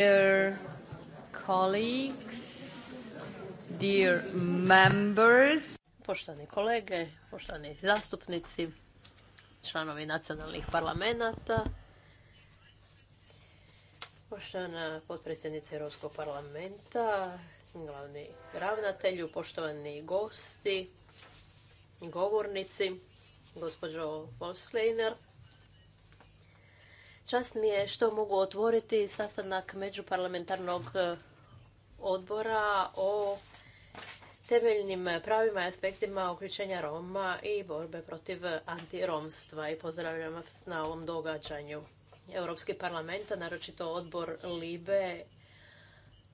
Dear colleagues, dear members. Poštovani kolege, poštovani zastupnici, članovi nacionalnih parlamenta, poštovana potpredsjednica Europskog parlamenta, glavni ravnatelju, poštovani gosti, govornici, gospođo Volskleiner, Čast mi je što mogu otvoriti sastanak međuparlamentarnog e, odbora o temeljnim pravima i aspektima uključenja Roma i borbe protiv antiromstva i pozdravljam vas na ovom događanju. Europski parlament, naročito odbor LIBE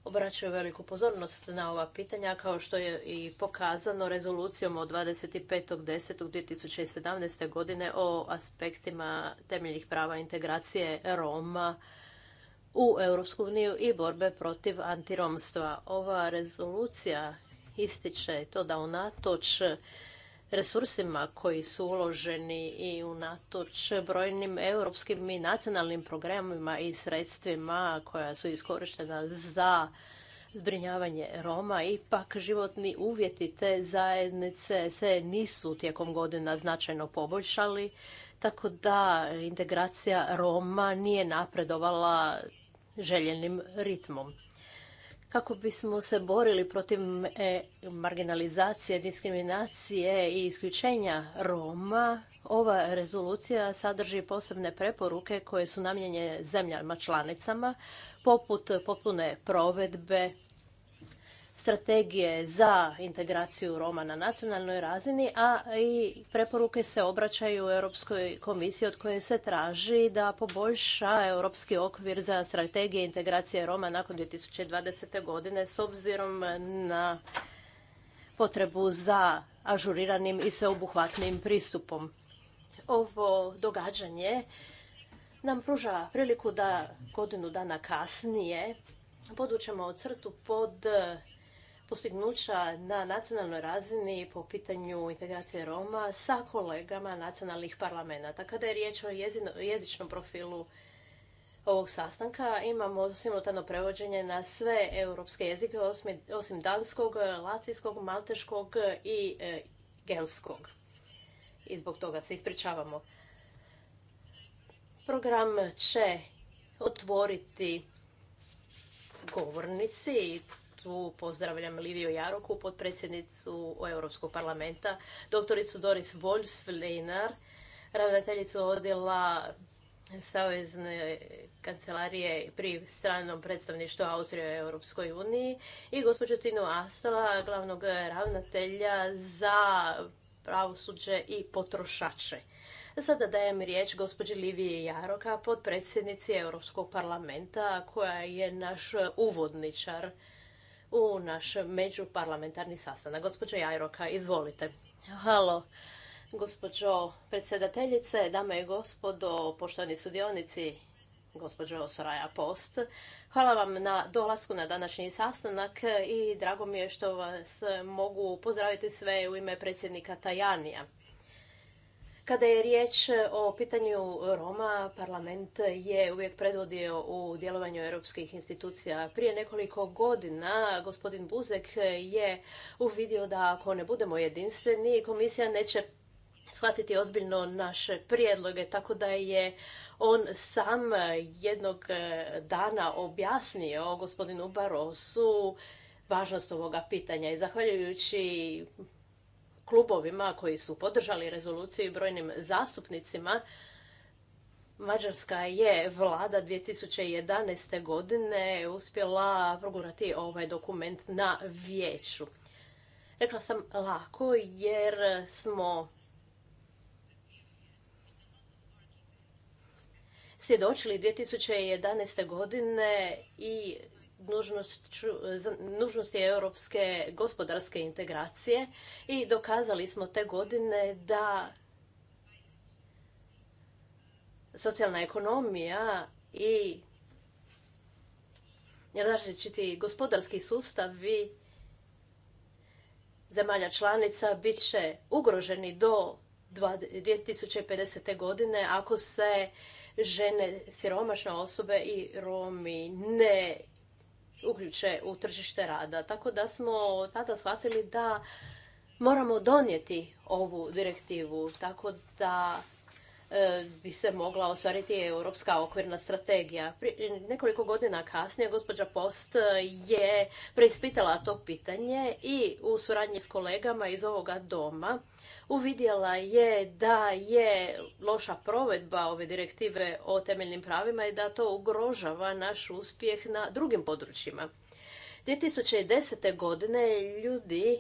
obraćaju veliku pozornost na ova pitanja, kao što je i pokazano rezolucijom od 25.10.2017. godine o aspektima temeljnih prava integracije Roma u Europsku uniju i borbe protiv antiromstva. Ova rezolucija ističe to da unatoč resursima koji su uloženi i unatoč brojnim europskim i nacionalnim programima i sredstvima koja su iskorištena za zbrinjavanje Roma, ipak životni uvjeti te zajednice se nisu tijekom godina značajno poboljšali, tako da integracija Roma nije napredovala željenim ritmom kako bismo se borili protiv e, marginalizacije, diskriminacije i isključenja Roma, ova rezolucija sadrži posebne preporuke koje su namijenjene zemljama članicama, poput potpune provedbe strategije za integraciju Roma na nacionalnoj razini, a i preporuke se obraćaju Europskoj komisiji od koje se traži da poboljša europski okvir za strategije integracije Roma nakon 2020. godine s obzirom na potrebu za ažuriranim i sveobuhvatnim pristupom. Ovo događanje nam pruža priliku da godinu dana kasnije budućemo crtu pod postignuća na nacionalnoj razini po pitanju integracije Roma sa kolegama nacionalnih parlamenta. Kada je riječ o jezičnom profilu ovog sastanka imamo simultano prevođenje na sve europske jezike osim danskog, latvijskog, malteškog i e, I zbog toga se ispričavamo. Program će otvoriti govornici Pozdravljam Liviju Jaroku, potpredsjednicu Europskog parlamenta, doktoricu Doris wolfs ravnateljicu odjela Savezne kancelarije pri stranom predstavništvu Austrije u Europskoj uniji i gospođu Tinu Astola, glavnog ravnatelja za pravosuđe i potrošače. Sada dajem riječ gospođi Liviji Jaroka, podpredsjednici Europskog parlamenta, koja je naš uvodničar u naš međuparlamentarni sastanak. Gospođa Jajroka, izvolite. Halo, gospođo predsjedateljice, dame i gospodo, poštovani sudionici, gospođo Soraja Post. Hvala vam na dolasku na današnji sastanak i drago mi je što vas mogu pozdraviti sve u ime predsjednika Tajanija. Kada je riječ e, o pitanju Roma, parlament je uvijek predvodio u djelovanju europskih institucija. Prije nekoliko godina gospodin Buzek je uvidio da ako ne budemo jedinstveni, komisija neće shvatiti ozbiljno naše prijedloge, tako da je on sam jednog e, dana objasnio gospodinu Barosu važnost ovoga pitanja i zahvaljujući klubovima koji su podržali rezoluciju i brojnim zastupnicima, Mađarska je vlada 2011. godine uspjela progurati ovaj dokument na vijeću. Rekla sam lako jer smo svjedočili 2011. godine i nužnosti europske gospodarske integracije i dokazali smo te godine da socijalna ekonomija i različiti gospodarski sustavi zemalja članica bit će ugroženi do 2050. godine ako se žene siromašne osobe i Romi ne uključe u tržište rada. Tako da smo tada shvatili da moramo donijeti ovu direktivu tako da e, bi se mogla ostvariti europska okvirna strategija. nekoliko godina kasnije gospođa Post je preispitala to pitanje i u suradnji s kolegama iz ovoga doma uvidjela je da je loša provedba ove direktive o temeljnim pravima i da to ugrožava naš uspjeh na drugim područjima. 2010. godine ljudi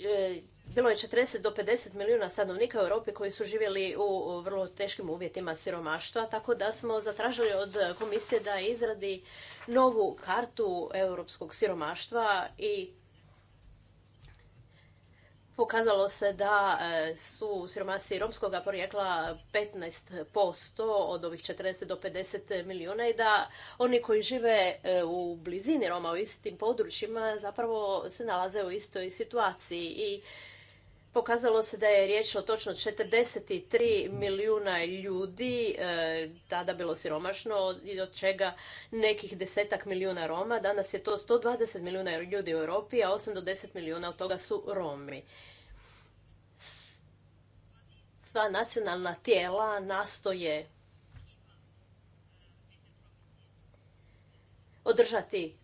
e, bilo je 40 do 50 milijuna stanovnika u Europi koji su živjeli u vrlo teškim uvjetima siromaštva, tako da smo zatražili od komisije da izradi novu kartu europskog siromaštva i Pokazalo se da e, su siromasi romskog porijekla 15% od ovih 40 do 50 milijuna i da oni koji žive e, u blizini Roma u istim područjima zapravo se nalaze u istoj situaciji i Pokazalo se da je riječ o točno 43 milijuna ljudi e, tada bilo siromašno i od čega nekih desetak milijuna Roma. Danas je to 120 milijuna ljudi u Europi, a 8 do 10 milijuna od toga su Romi sva nacionalna tijela nastoje održati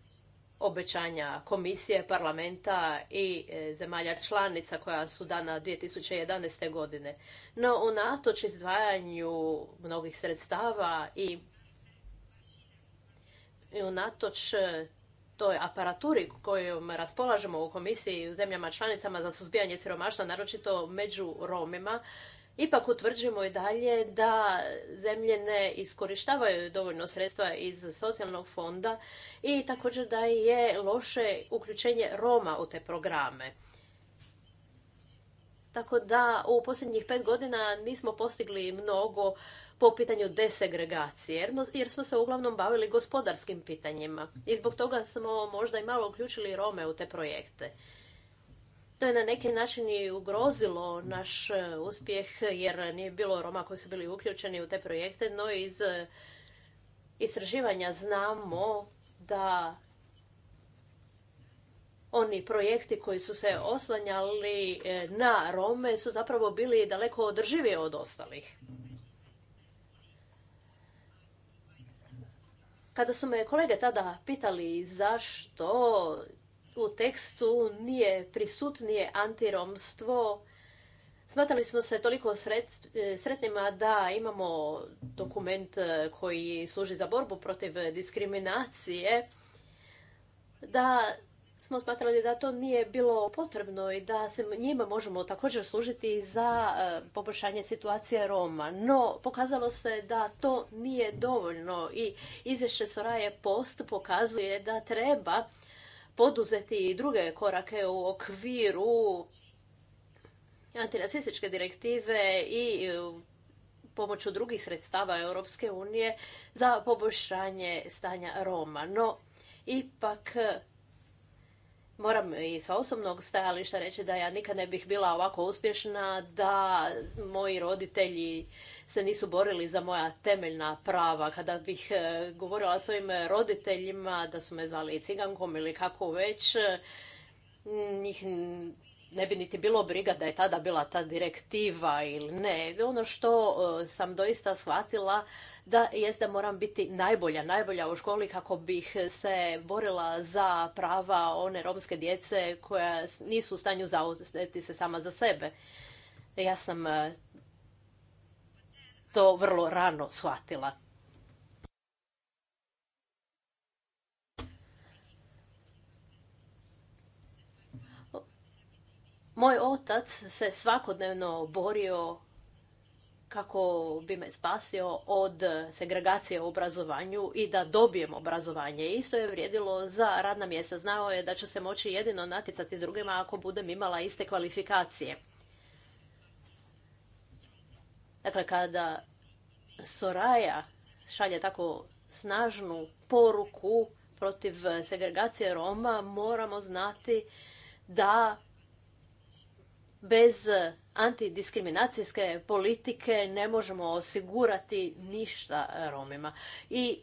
obećanja komisije, parlamenta i e, zemalja članica koja su dana 2011. godine. No, unatoč izdvajanju mnogih sredstava i, u unatoč e, toj aparaturi kojom raspolažemo u komisiji i u zemljama članicama za suzbijanje siromaštva, naročito među Romima, Ipak utvrđujemo i dalje da zemlje ne iskorištavaju dovoljno sredstva iz socijalnog fonda i također da je loše uključenje Roma u te programe. Tako da u posljednjih pet godina nismo postigli mnogo po pitanju desegregacije, jer smo se uglavnom bavili gospodarskim pitanjima. I zbog toga smo možda i malo uključili Rome u te projekte. To je na neki način i ugrozilo naš e, uspjeh jer nije bilo Roma koji su bili uključeni u te projekte, no iz e, istraživanja znamo da oni projekti koji su se oslanjali e, na Rome su zapravo bili daleko održivi od ostalih. Kada su me kolege tada pitali zašto u tekstu nije prisutnije antiromstvo, smatrali smo se toliko sretnima da imamo dokument e, koji služi za borbu protiv diskriminacije, da smo smatrali da to nije bilo potrebno i da se njima možemo također služiti za e, poboljšanje situacije Roma. No, pokazalo se da to nije dovoljno i izvješće Soraje Post pokazuje da treba poduzeti i druge korake u okviru antirasističke direktive i e, pomoću drugih sredstava Europske unije za poboljšanje stanja Roma. No, ipak Moram i sa osobnog stajališta reći da ja nikad ne bih bila ovako uspješna da moji roditelji se nisu borili za moja temeljna prava. Kada bih e, govorila svojim roditeljima da su me zvali cigankom ili kako već, njih ne bi niti bilo briga da je tada bila ta direktiva ili ne. Ono što e, sam doista shvatila da jest da moram biti najbolja, najbolja u školi kako bih se borila za prava one romske djece koja nisu u stanju zauzeti se sama za sebe. Ja sam e, to vrlo rano shvatila. Moj otac se svakodnevno borio kako bi me spasio od segregacije u obrazovanju i da dobijem obrazovanje. Isto je vrijedilo za radna mjesta. Znao je da ću se moći jedino naticati s drugima ako budem imala iste kvalifikacije. Dakle, kada Soraja šalje tako snažnu poruku protiv segregacije Roma, moramo znati da bez e, antidiskriminacijske politike ne možemo osigurati ništa e, Romima. I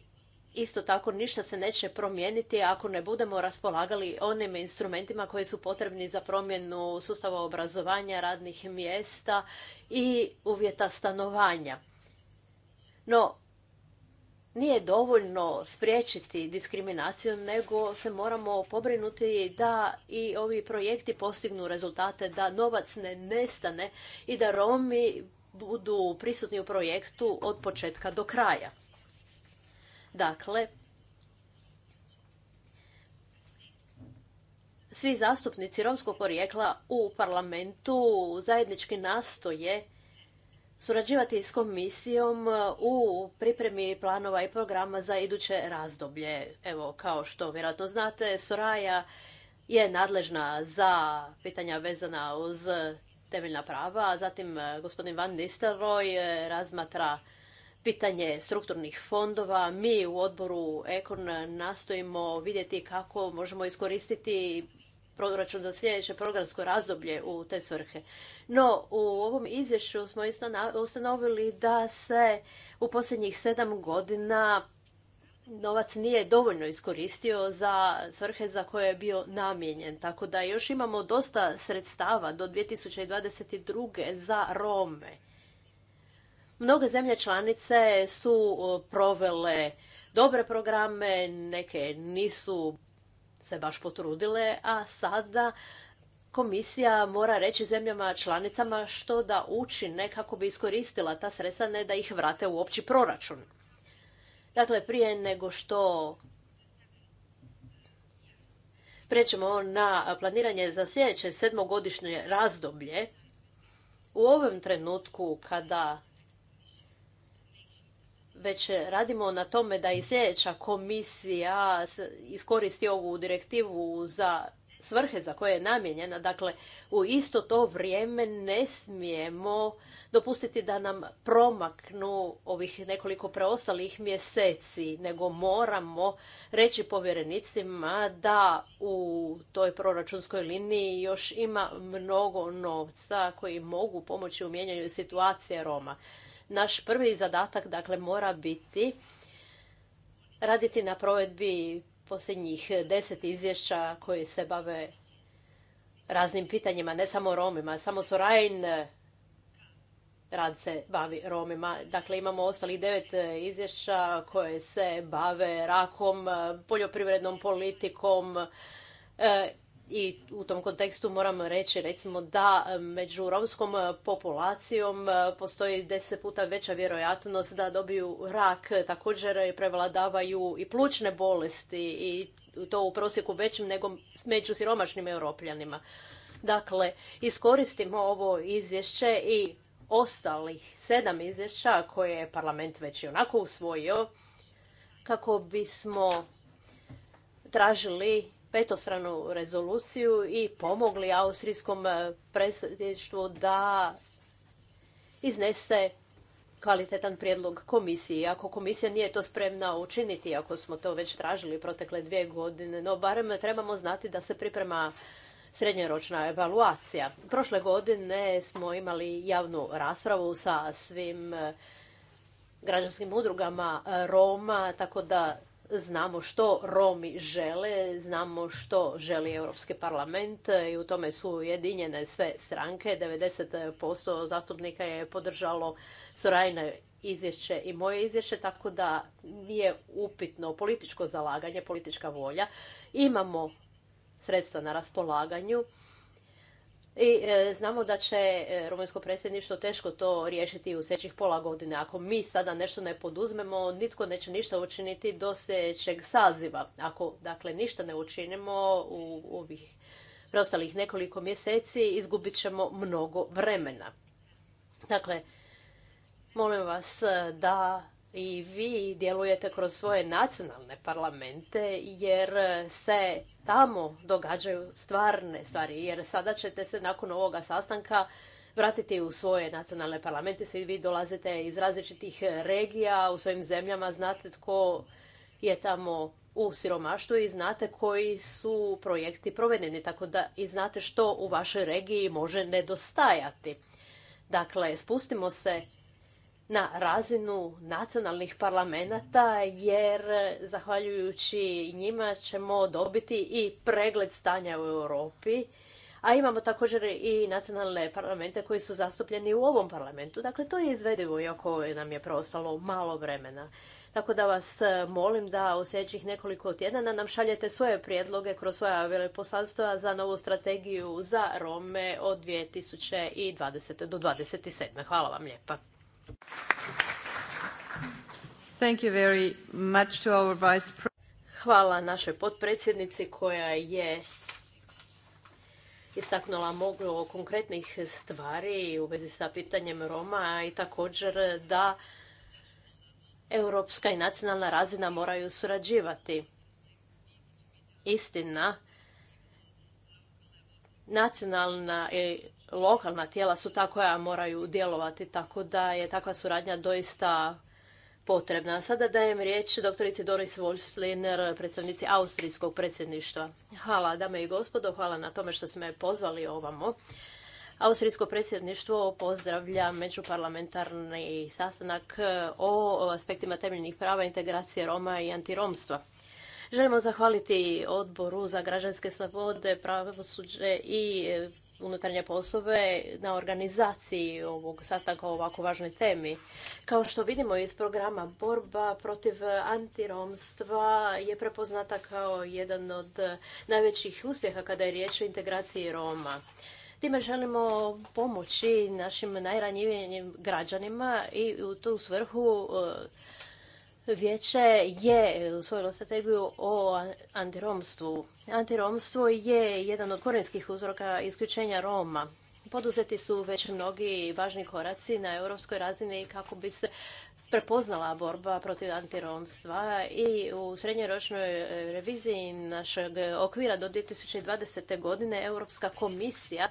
isto tako ništa se neće promijeniti ako ne budemo raspolagali onim instrumentima koji su potrebni za promjenu sustava obrazovanja, radnih mjesta i uvjeta stanovanja. No, nije dovoljno spriječiti diskriminaciju, nego se moramo pobrinuti da i ovi projekti postignu rezultate, da novac ne nestane i da Romi budu prisutni u projektu od početka do kraja. Dakle, svi zastupnici romskog porijekla u parlamentu zajednički nastoje surađivati s komisijom e, u pripremi planova i programa za iduće razdoblje. Evo, kao što vjerojatno znate, Soraja je nadležna za pitanja vezana uz temeljna prava, a zatim e, gospodin Van Nistelrooy e, razmatra pitanje strukturnih fondova. Mi u odboru Ekon nastojimo vidjeti kako možemo iskoristiti proračun za sljedeće programsko razdoblje u te svrhe. No, u ovom izvješću smo isto ustanovili da se u posljednjih sedam godina novac nije dovoljno iskoristio za svrhe za koje je bio namijenjen. Tako da još imamo dosta sredstava do 2022. za Rome. Mnoge zemlje članice su provele dobre programe, neke nisu se baš potrudile, a sada komisija mora reći zemljama članicama što da učine kako bi iskoristila ta sredstva, ne da ih vrate u opći proračun. Dakle, prije nego što prećemo na planiranje za sljedeće sedmogodišnje razdoblje, u ovom trenutku kada već radimo na tome da i sljedeća komisija iskoristi ovu direktivu za svrhe za koje je namijenjena. Dakle, u isto to vrijeme ne smijemo dopustiti da nam promaknu ovih nekoliko preostalih mjeseci, nego moramo reći povjerenicima da u toj proračunskoj liniji još ima mnogo novca koji mogu pomoći u mijenjanju situacije Roma. Naš prvi zadatak dakle mora biti raditi na provedbi posljednjih deset izvješća koji se bave raznim pitanjima, ne samo Romima. Samo Sorajn eh, rad se bavi Romima. Dakle, imamo ostalih devet eh, izvješća koje se bave rakom, eh, poljoprivrednom politikom, i u tom kontekstu moram reći recimo da e, među romskom e, populacijom e, postoji deset puta veća vjerojatnost da dobiju rak. Također prevladavaju i plućne bolesti i to u prosjeku većim nego među siromašnim europljanima. Dakle, iskoristimo ovo izvješće i ostalih sedam izvješća koje je parlament već i onako usvojio kako bismo tražili petostranu rezoluciju i pomogli austrijskom e, predsjedništvu da iznese kvalitetan prijedlog komisiji. Ako komisija nije to spremna učiniti, ako smo to već tražili protekle dvije godine, no barem trebamo znati da se priprema srednjoročna evaluacija. Prošle godine smo imali javnu raspravu sa svim e, građanskim udrugama Roma, tako da znamo što Romi žele, znamo što želi Europski parlament i u tome su ujedinjene sve stranke. 90% zastupnika je podržalo Sorajne izvješće i moje izvješće, tako da nije upitno političko zalaganje, politička volja. Imamo sredstva na raspolaganju i e, znamo da će e, rumunjsko predsjedništvo teško to riješiti u sljedećih pola godine. Ako mi sada nešto ne poduzmemo, nitko neće ništa učiniti do sljedećeg saziva. Ako dakle ništa ne učinimo u ovih preostalih nekoliko mjeseci, izgubit ćemo mnogo vremena. Dakle, molim vas e, da i vi djelujete kroz svoje nacionalne parlamente jer se tamo događaju stvarne stvari jer sada ćete se nakon ovoga sastanka vratiti u svoje nacionalne parlamente. Svi vi dolazite iz različitih regija u svojim zemljama, znate tko je tamo u siromaštvu i znate koji su projekti provedeni, tako da i znate što u vašoj regiji može nedostajati. Dakle, spustimo se na razinu nacionalnih parlamenata jer zahvaljujući njima ćemo dobiti i pregled stanja u Europi. A imamo također i nacionalne parlamente koji su zastupljeni u ovom parlamentu. Dakle, to je izvedivo iako nam je preostalo malo vremena. Tako da vas e, molim da u sljedećih nekoliko tjedana nam šaljete svoje prijedloge kroz svoja veleposlanstva za novu strategiju za Rome od 2020. do 2027. Hvala vam lijepa. Hvala našoj potpredsjednici koja je istaknula o konkretnih stvari u vezi sa pitanjem Roma i također da europska i nacionalna razina moraju surađivati. Istina, nacionalna i lokalna tijela su ta koja moraju djelovati, tako da je takva suradnja doista potrebna. Sada dajem riječ doktorici Doris Wolfsliner, predstavnici Austrijskog predsjedništva. Hvala, dame i gospodo, hvala na tome što ste me pozvali ovamo. Austrijsko predsjedništvo pozdravlja međuparlamentarni sastanak o aspektima temeljnih prava, integracije Roma i antiromstva. Želimo zahvaliti odboru za građanske slobode, pravosuđe i unutarnje poslove na organizaciji ovog sastanka o ovako važnoj temi. Kao što vidimo iz programa borba protiv antiromstva je prepoznata kao jedan od najvećih uspjeha kada je riječ o integraciji Roma. Time želimo pomoći našim najranjivijim građanima i u tu svrhu e, Vijeće je usvojilo strategiju o antiromstvu. Antiromstvo je jedan od korenskih uzroka isključenja Roma. Poduzeti su već mnogi važni koraci na europskoj razini kako bi se prepoznala borba protiv antiromstva i u srednjoročnoj e, reviziji našeg okvira do 2020. godine Europska komisija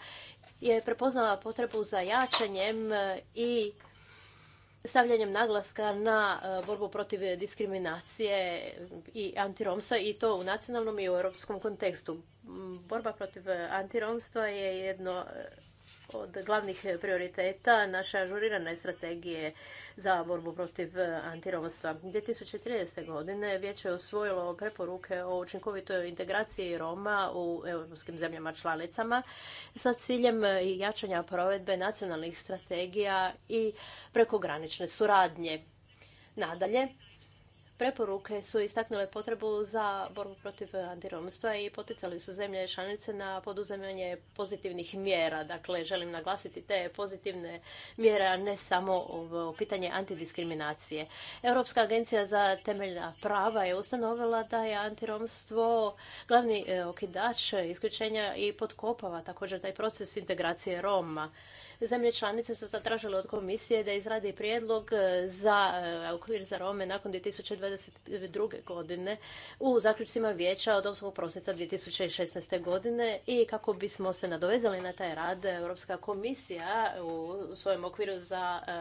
je prepoznala potrebu za jačanjem e, i stavljanjem naglaska na e, borbu protiv diskriminacije i antiromstva i to u nacionalnom i u europskom kontekstu. Borba protiv antiromstva je jedno od glavnih prioriteta naše ažurirane strategije za borbu protiv e, antiromstva. 2013. godine vijeće je osvojilo preporuke o učinkovitoj integraciji Roma u europskim zemljama članicama sa ciljem e, jačanja provedbe nacionalnih strategija i prekogranične suradnje. Nadalje, Preporuke su istaknule potrebu za borbu protiv antiromstva i poticali su zemlje članice na poduzimanje pozitivnih mjera. Dakle, želim naglasiti te pozitivne mjere, a ne samo pitanje antidiskriminacije. Europska agencija za temeljna prava je ustanovila da je antiromstvo glavni e, okidač isključenja i potkopava također taj proces integracije Roma. Zemlje članice su zatražile od komisije da izradi prijedlog e, za e, okvir za Rome nakon 2020 1992. godine u zaključcima vijeća od 8. prosinca 2016. godine i kako bismo se nadovezali na taj rad, Europska komisija u svojem okviru za e,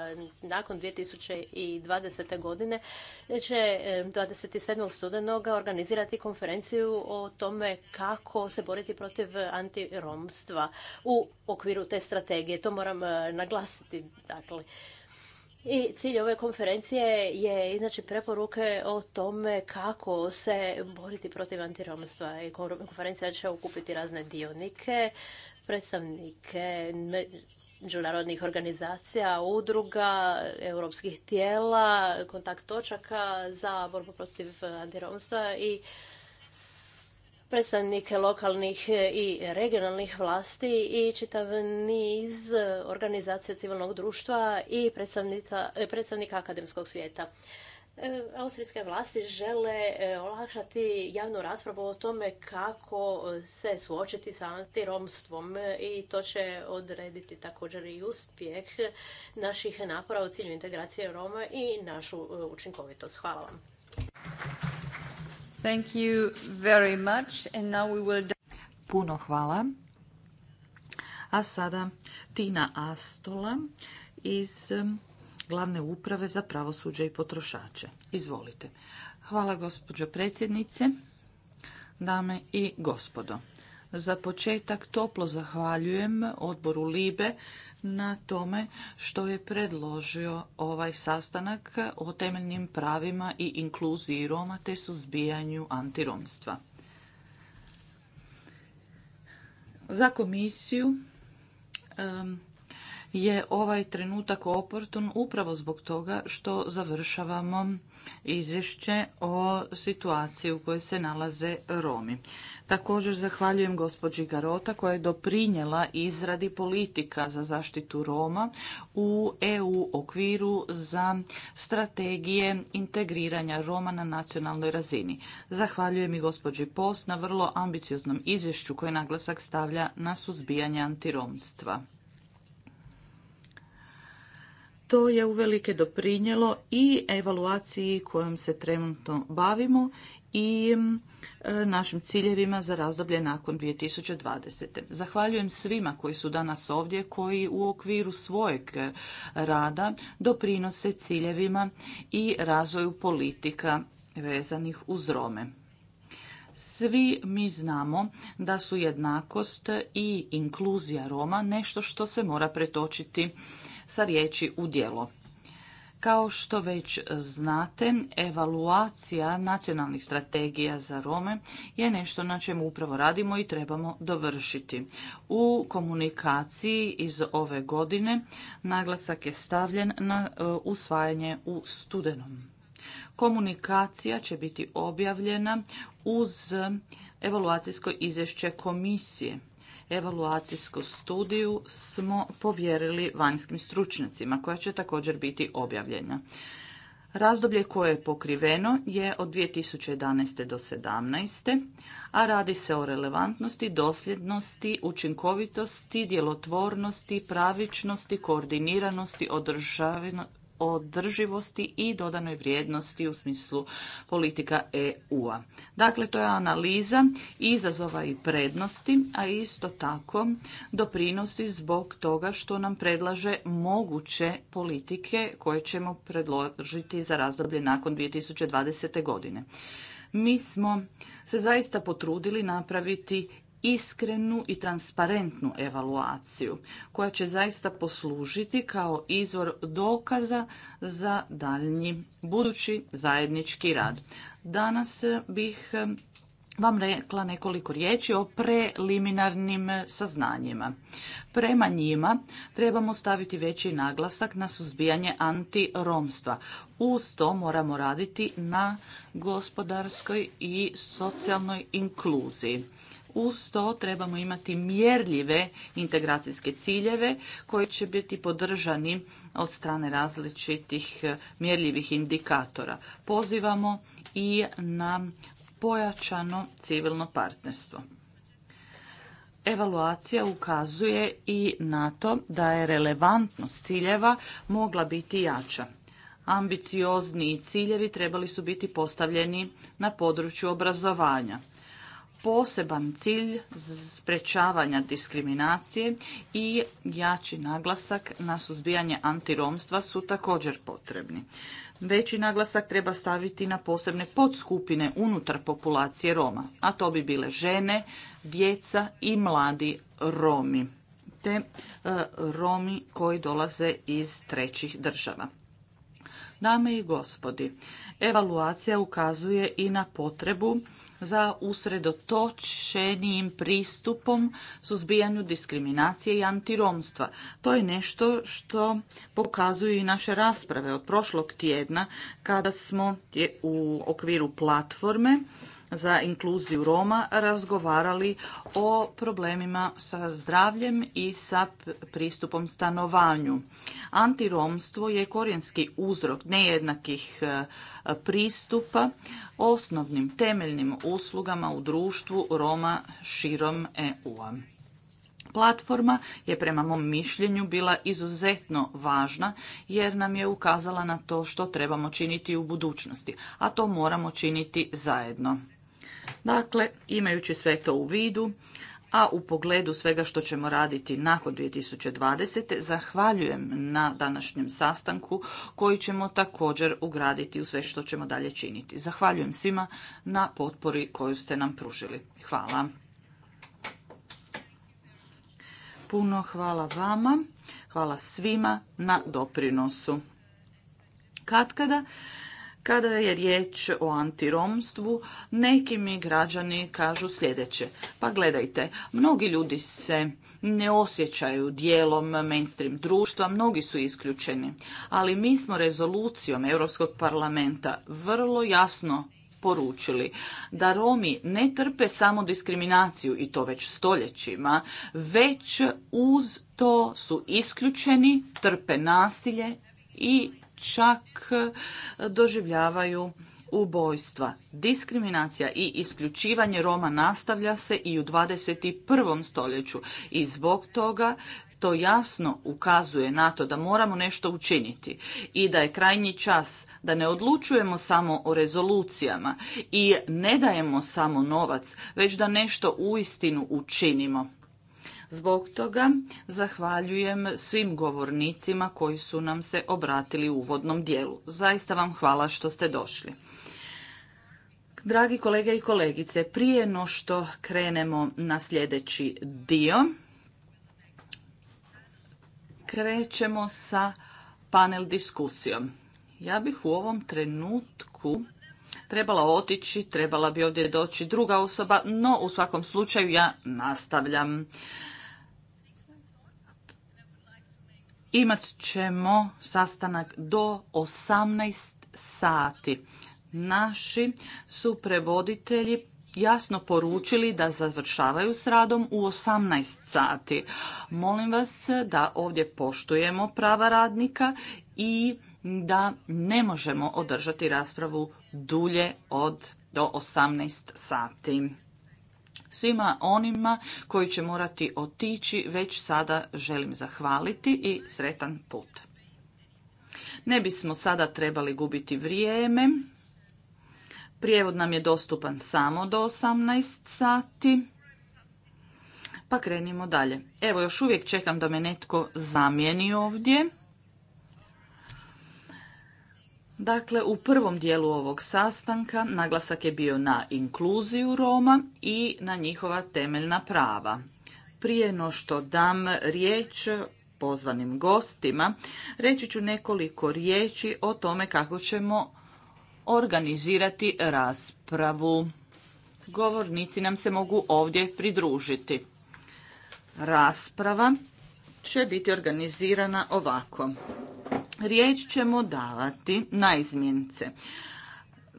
nakon 2020. godine će 27. E, studenoga organizirati konferenciju o tome kako se boriti protiv antiromstva u okviru te strategije. To moram e, naglasiti. Dakle, i cilj ove konferencije je iznaći preporuke o tome kako se boriti protiv antiromstva. I konferencija će okupiti razne dionike, predstavnike međunarodnih organizacija, udruga, europskih tijela, kontakt točaka za borbu protiv antiromstva i predstavnike lokalnih e, i regionalnih vlasti i čitav niz e, organizacija civilnog društva i e, predstavnika akademskog svijeta. Austrijske vlasti žele olakšati javnu raspravu o tome kako se suočiti sa antiromstvom i to će odrediti također i uspjeh naših napora u cilju integracije Roma i našu učinkovitost. Hvala vam. Thank you very much. Puno hvala. A sada Tina Astola iz um, glavne uprave za pravosuđe i potrošače. Izvolite. Hvala gospođo predsjednice, dame i gospodo. Za početak toplo zahvaljujem odboru Libe na tome što je predložio ovaj sastanak o temeljnim pravima i inkluziji Roma te suzbijanju antiromstva. Za komisiju je ovaj trenutak oportun upravo zbog toga što završavamo izvješće o situaciji u kojoj se nalaze Romi. Također zahvaljujem gospođi Garota koja je doprinjela izradi politika za zaštitu Roma u EU okviru za strategije integriranja Roma na nacionalnoj razini. Zahvaljujem i gospođi Post na vrlo ambicioznom izvješću koje naglasak stavlja na suzbijanje antiromstva. To je uvelike doprinjelo i evaluaciji kojom se trenutno bavimo i e, našim ciljevima za razdoblje nakon 2020. Zahvaljujem svima koji su danas ovdje, koji u okviru svojeg rada doprinose ciljevima i razvoju politika vezanih uz Rome. Svi mi znamo da su jednakost i inkluzija Roma nešto što se mora pretočiti sa riječi u djelo. Kao što već znate, evaluacija nacionalnih strategija za Rome je nešto na čemu upravo radimo i trebamo dovršiti. U komunikaciji iz ove godine naglasak je stavljen na e, usvajanje u studenom. Komunikacija će biti objavljena uz evaluacijsko izvješće komisije evaluacijsku studiju smo povjerili vanjskim stručnjacima koja će također biti objavljena. Razdoblje koje je pokriveno je od 2011. do 2017. a radi se o relevantnosti, dosljednosti, učinkovitosti, djelotvornosti, pravičnosti, koordiniranosti, održivosti i dodanoj vrijednosti u smislu politika EU-a. Dakle, to je analiza izazova i prednosti, a isto tako doprinosi zbog toga što nam predlaže moguće politike koje ćemo predložiti za razdoblje nakon 2020. godine mi smo se zaista potrudili napraviti iskrenu i transparentnu evaluaciju koja će zaista poslužiti kao izvor dokaza za daljnji budući zajednički rad. Danas eh, bih eh, vam rekla nekoliko riječi o preliminarnim eh, saznanjima. Prema njima trebamo staviti veći naglasak na suzbijanje antiromstva. Uz to moramo raditi na gospodarskoj i socijalnoj inkluziji. Uz to trebamo imati mjerljive integracijske ciljeve koji će biti podržani od strane različitih mjerljivih indikatora. Pozivamo i na pojačano civilno partnerstvo. Evaluacija ukazuje i na to da je relevantnost ciljeva mogla biti jača. Ambiciozni ciljevi trebali su biti postavljeni na području obrazovanja poseban cilj sprečavanja diskriminacije i jači naglasak na suzbijanje antiromstva su također potrebni. Veći naglasak treba staviti na posebne podskupine unutar populacije Roma, a to bi bile žene, djeca i mladi Romi, te e, Romi koji dolaze iz trećih država. Dame i gospodi, evaluacija ukazuje i na potrebu za usredotočenijim pristupom suzbijanju diskriminacije i antiromstva. To je nešto što pokazuju i naše rasprave od prošlog tjedna kada smo u okviru platforme za inkluziju Roma razgovarali o problemima sa zdravljem i sa pristupom stanovanju. Antiromstvo je korijenski uzrok nejednakih e, pristupa osnovnim temeljnim uslugama u društvu Roma širom EU-a. Platforma je prema mom mišljenju bila izuzetno važna jer nam je ukazala na to što trebamo činiti u budućnosti, a to moramo činiti zajedno. Dakle, imajući sve to u vidu, a u pogledu svega što ćemo raditi nakon 2020. zahvaljujem na današnjem sastanku koji ćemo također ugraditi u sve što ćemo dalje činiti. Zahvaljujem svima na potpori koju ste nam pružili. Hvala. Puno hvala vama, hvala svima na doprinosu. Katkada kada je riječ o antiromstvu, neki mi građani kažu sljedeće. Pa gledajte, mnogi ljudi se ne osjećaju dijelom mainstream društva, mnogi su isključeni, ali mi smo rezolucijom Europskog parlamenta vrlo jasno poručili da Romi ne trpe samo diskriminaciju i to već stoljećima, već uz to su isključeni, trpe nasilje i čak e, doživljavaju ubojstva. Diskriminacija i isključivanje Roma nastavlja se i u 21. stoljeću i zbog toga to jasno ukazuje na to da moramo nešto učiniti i da je krajnji čas da ne odlučujemo samo o rezolucijama i ne dajemo samo novac, već da nešto uistinu učinimo. Zbog toga zahvaljujem svim govornicima koji su nam se obratili u uvodnom dijelu. Zaista vam hvala što ste došli. Dragi kolege i kolegice, prije no što krenemo na sljedeći dio, krećemo sa panel diskusijom. Ja bih u ovom trenutku trebala otići, trebala bi ovdje doći druga osoba, no u svakom slučaju ja nastavljam. imat ćemo sastanak do 18 sati. Naši su prevoditelji jasno poručili da završavaju s radom u 18 sati. Molim vas da ovdje poštujemo prava radnika i da ne možemo održati raspravu dulje od do 18 sati. Svima onima koji će morati otići već sada želim zahvaliti i sretan put. Ne bismo sada trebali gubiti vrijeme. Prijevod nam je dostupan samo do 18 sati. Pa krenimo dalje. Evo, još uvijek čekam da me netko zamijeni ovdje. Dakle, u prvom dijelu ovog sastanka naglasak je bio na inkluziju Roma i na njihova temeljna prava. Prije no što dam riječ pozvanim gostima, reći ću nekoliko riječi o tome kako ćemo organizirati raspravu. Govornici nam se mogu ovdje pridružiti. Rasprava će biti organizirana ovako riječ ćemo davati na izmjence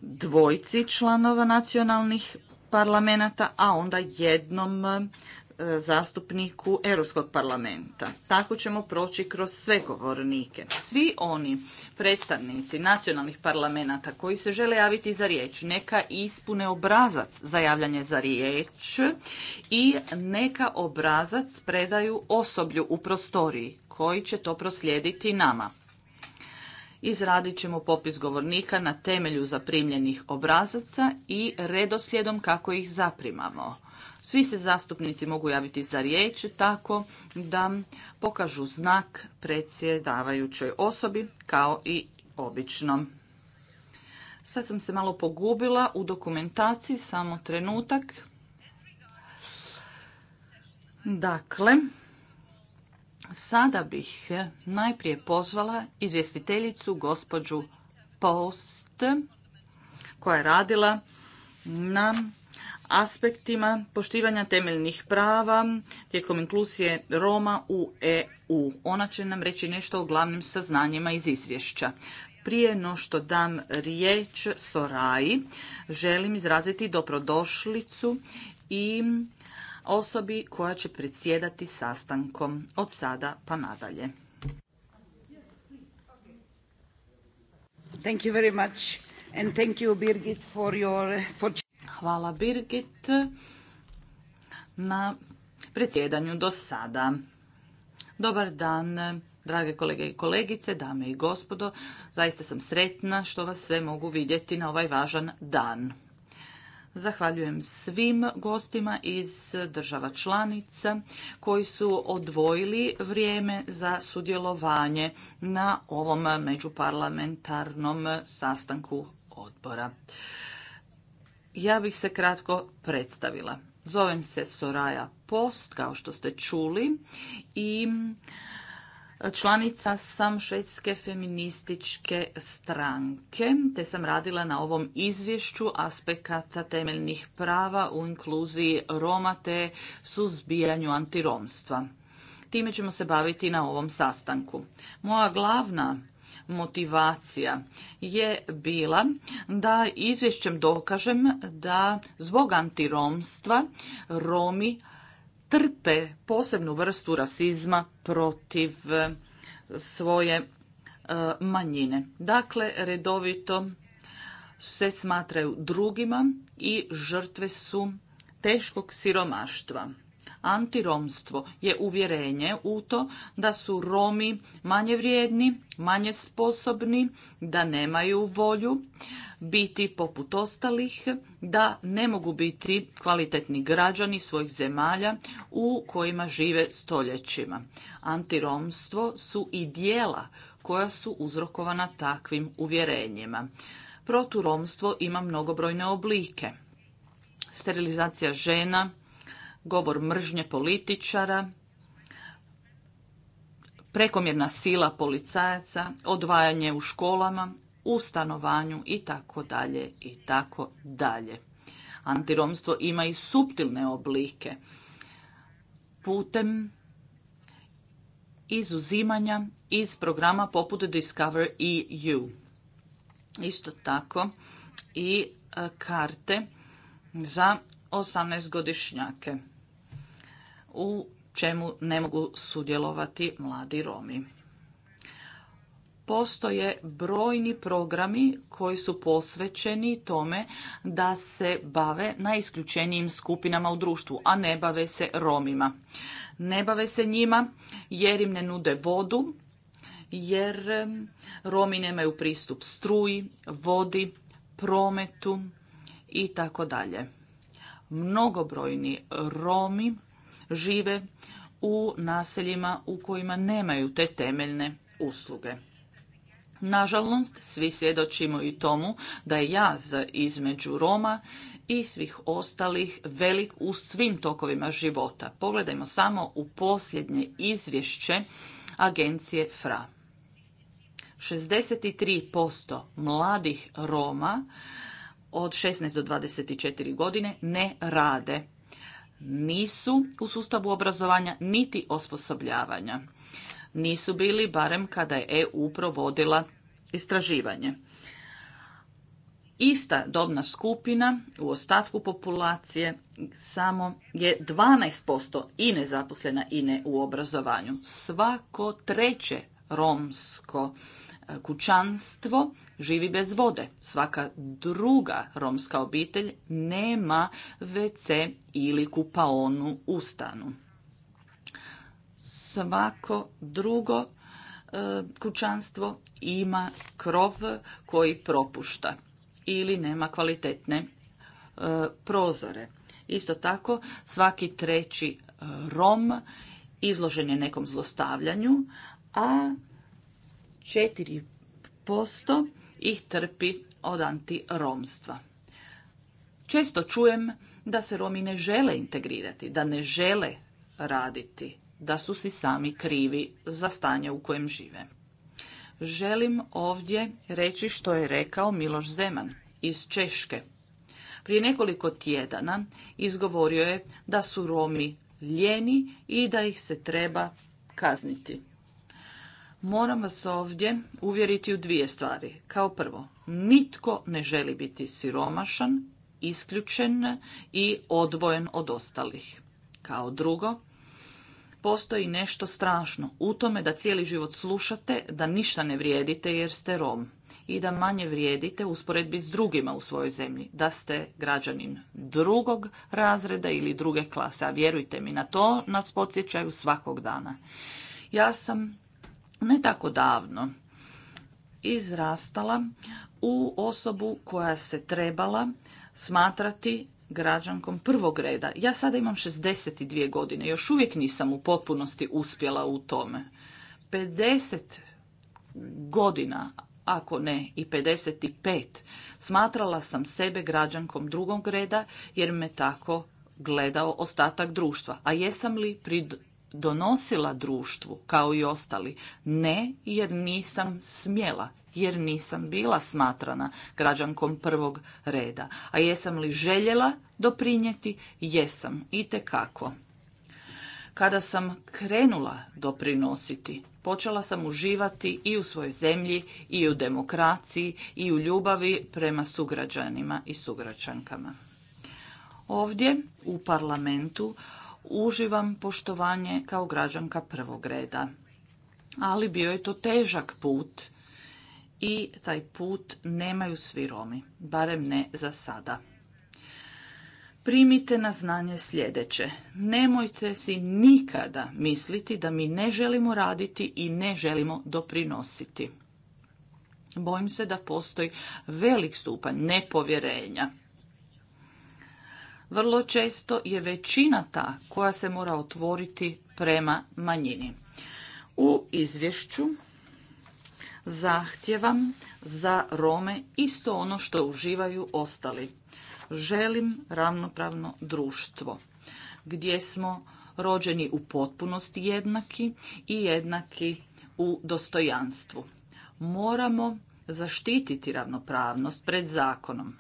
dvojci članova nacionalnih parlamenta, a onda jednom e, zastupniku Europskog parlamenta. Tako ćemo proći kroz sve govornike. Svi oni predstavnici nacionalnih parlamenta koji se žele javiti za riječ, neka ispune obrazac za javljanje za riječ i neka obrazac predaju osoblju u prostoriji koji će to proslijediti nama. Izradit ćemo popis govornika na temelju zaprimljenih obrazaca i redoslijedom kako ih zaprimamo. Svi se zastupnici mogu javiti za riječ tako da pokažu znak predsjedavajućoj osobi kao i obično. Sad sam se malo pogubila u dokumentaciji, samo trenutak. Dakle, Sada bih najprije pozvala izvjestiteljicu gospođu Post koja je radila na aspektima poštivanja temeljnih prava tijekom inklusije Roma u EU. Ona će nam reći nešto o glavnim saznanjima iz izvješća. Prije no što dam riječ Soraji, želim izraziti dobrodošlicu i osobi koja će predsjedati sastankom od sada pa nadalje. Thank you very much and thank you Birgit for your for... Hvala Birgit na predsjedanju do sada. Dobar dan, drage kolege i kolegice, dame i gospodo. Zaista sam sretna što vas sve mogu vidjeti na ovaj važan dan. Zahvaljujem svim gostima iz država članica koji su odvojili vrijeme za sudjelovanje na ovom međuparlamentarnom sastanku odbora. Ja bih se kratko predstavila. Zovem se Soraja Post, kao što ste čuli, i Članica sam švedske feminističke stranke, te sam radila na ovom izvješću aspekata temeljnih prava u inkluziji Roma te suzbijanju antiromstva. Time ćemo se baviti na ovom sastanku. Moja glavna motivacija je bila da izvješćem dokažem da zbog antiromstva Romi trpe posebnu vrstu rasizma protiv eh, svoje eh, manjine. Dakle, redovito se smatraju drugima i žrtve su teškog siromaštva. Antiromstvo je uvjerenje u to da su Romi manje vrijedni, manje sposobni, da nemaju volju biti poput ostalih, da ne mogu biti kvalitetni građani svojih zemalja u kojima žive stoljećima. Antiromstvo su i dijela koja su uzrokovana takvim uvjerenjima. Proturomstvo ima mnogobrojne oblike. Sterilizacija žena, govor mržnje političara, prekomjerna sila policajaca, odvajanje u školama, u stanovanju i tako dalje i tako dalje. Antiromstvo ima i suptilne oblike putem izuzimanja iz programa poput Discover EU. Isto tako i e, karte za 18-godišnjake u čemu ne mogu sudjelovati mladi Romi. Postoje brojni programi koji su posvećeni tome da se bave najisključenijim skupinama u društvu, a ne bave se Romima. Ne bave se njima jer im ne nude vodu, jer Romi nemaju pristup struji, vodi, prometu i tako dalje. Mnogobrojni Romi žive u naseljima u kojima nemaju te temeljne usluge. Nažalost, svi svjedočimo i tomu da je jaz između Roma i svih ostalih velik u svim tokovima života. Pogledajmo samo u posljednje izvješće agencije FRA. 63% mladih Roma od 16 do 24 godine ne rade nisu u sustavu obrazovanja niti osposobljavanja. Nisu bili barem kada je EU provodila istraživanje. Ista dobna skupina u ostatku populacije samo je 12% i nezaposlena i ne u obrazovanju. Svako treće romsko E, kućanstvo živi bez vode. Svaka druga romska obitelj nema WC ili kupaonu u stanu. Svako drugo e, kućanstvo ima krov koji propušta ili nema kvalitetne e, prozore. Isto tako svaki treći Rom izložen je nekom zlostavljanju, a 4% ih trpi od antiromstva. Često čujem da se Romi ne žele integrirati, da ne žele raditi, da su si sami krivi za stanje u kojem žive. Želim ovdje reći što je rekao Miloš Zeman iz Češke. Prije nekoliko tjedana izgovorio je da su Romi ljeni i da ih se treba kazniti. Moram vas ovdje uvjeriti u dvije stvari. Kao prvo, nitko ne želi biti siromašan, isključen i odvojen od ostalih. Kao drugo, postoji nešto strašno u tome da cijeli život slušate da ništa ne vrijedite jer ste Rom i da manje vrijedite usporedbi s drugima u svojoj zemlji, da ste građanin drugog razreda ili druge klase. A vjerujte mi, na to nas podsjećaju svakog dana. Ja sam ne tako davno izrastala u osobu koja se trebala smatrati građankom prvog reda. Ja sada imam 62 godine, još uvijek nisam u potpunosti uspjela u tome. 50 godina, ako ne i 55, smatrala sam sebe građankom drugog reda jer me tako gledao ostatak društva. A jesam li donosila društvu kao i ostali. Ne jer nisam smjela, jer nisam bila smatrana građankom prvog reda. A jesam li željela doprinijeti? Jesam, i Kada sam krenula doprinositi, počela sam uživati i u svojoj zemlji, i u demokraciji, i u ljubavi prema sugrađanima i sugrađankama. Ovdje u parlamentu uživam poštovanje kao građanka prvog reda. Ali bio je to težak put i taj put nemaju svi Romi, barem ne za sada. Primite na znanje sljedeće. Nemojte si nikada misliti da mi ne želimo raditi i ne želimo doprinositi. Bojim se da postoji velik stupanj nepovjerenja vrlo često je većina ta koja se mora otvoriti prema manjini. U izvješću zahtjevam za Rome isto ono što uživaju ostali. Želim ravnopravno društvo gdje smo rođeni u potpunosti jednaki i jednaki u dostojanstvu. Moramo zaštititi ravnopravnost pred zakonom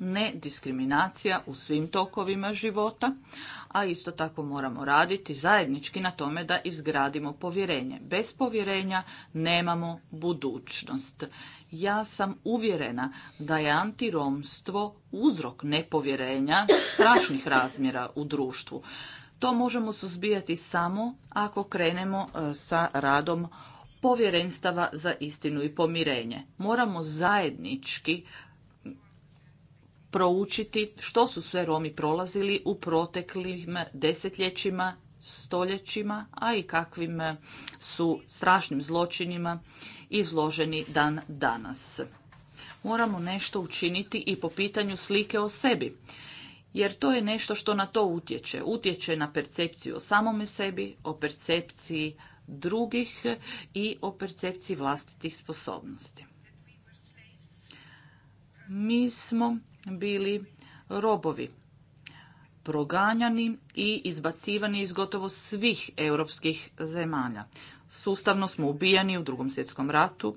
ne diskriminacija u svim tokovima života, a isto tako moramo raditi zajednički na tome da izgradimo povjerenje. Bez povjerenja nemamo budućnost. Ja sam uvjerena da je antiromstvo uzrok nepovjerenja strašnih razmjera u društvu. To možemo suzbijati samo ako krenemo e, sa radom povjerenstava za istinu i pomirenje. Moramo zajednički proučiti što su sve Romi prolazili u proteklim desetljećima, stoljećima, a i kakvim su strašnim zločinima izloženi dan danas. Moramo nešto učiniti i po pitanju slike o sebi, jer to je nešto što na to utječe. Utječe na percepciju o samome sebi, o percepciji drugih i o percepciji vlastitih sposobnosti. Mi smo bili robovi, proganjani i izbacivani iz gotovo svih europskih zemalja. Sustavno smo ubijani u drugom svjetskom ratu,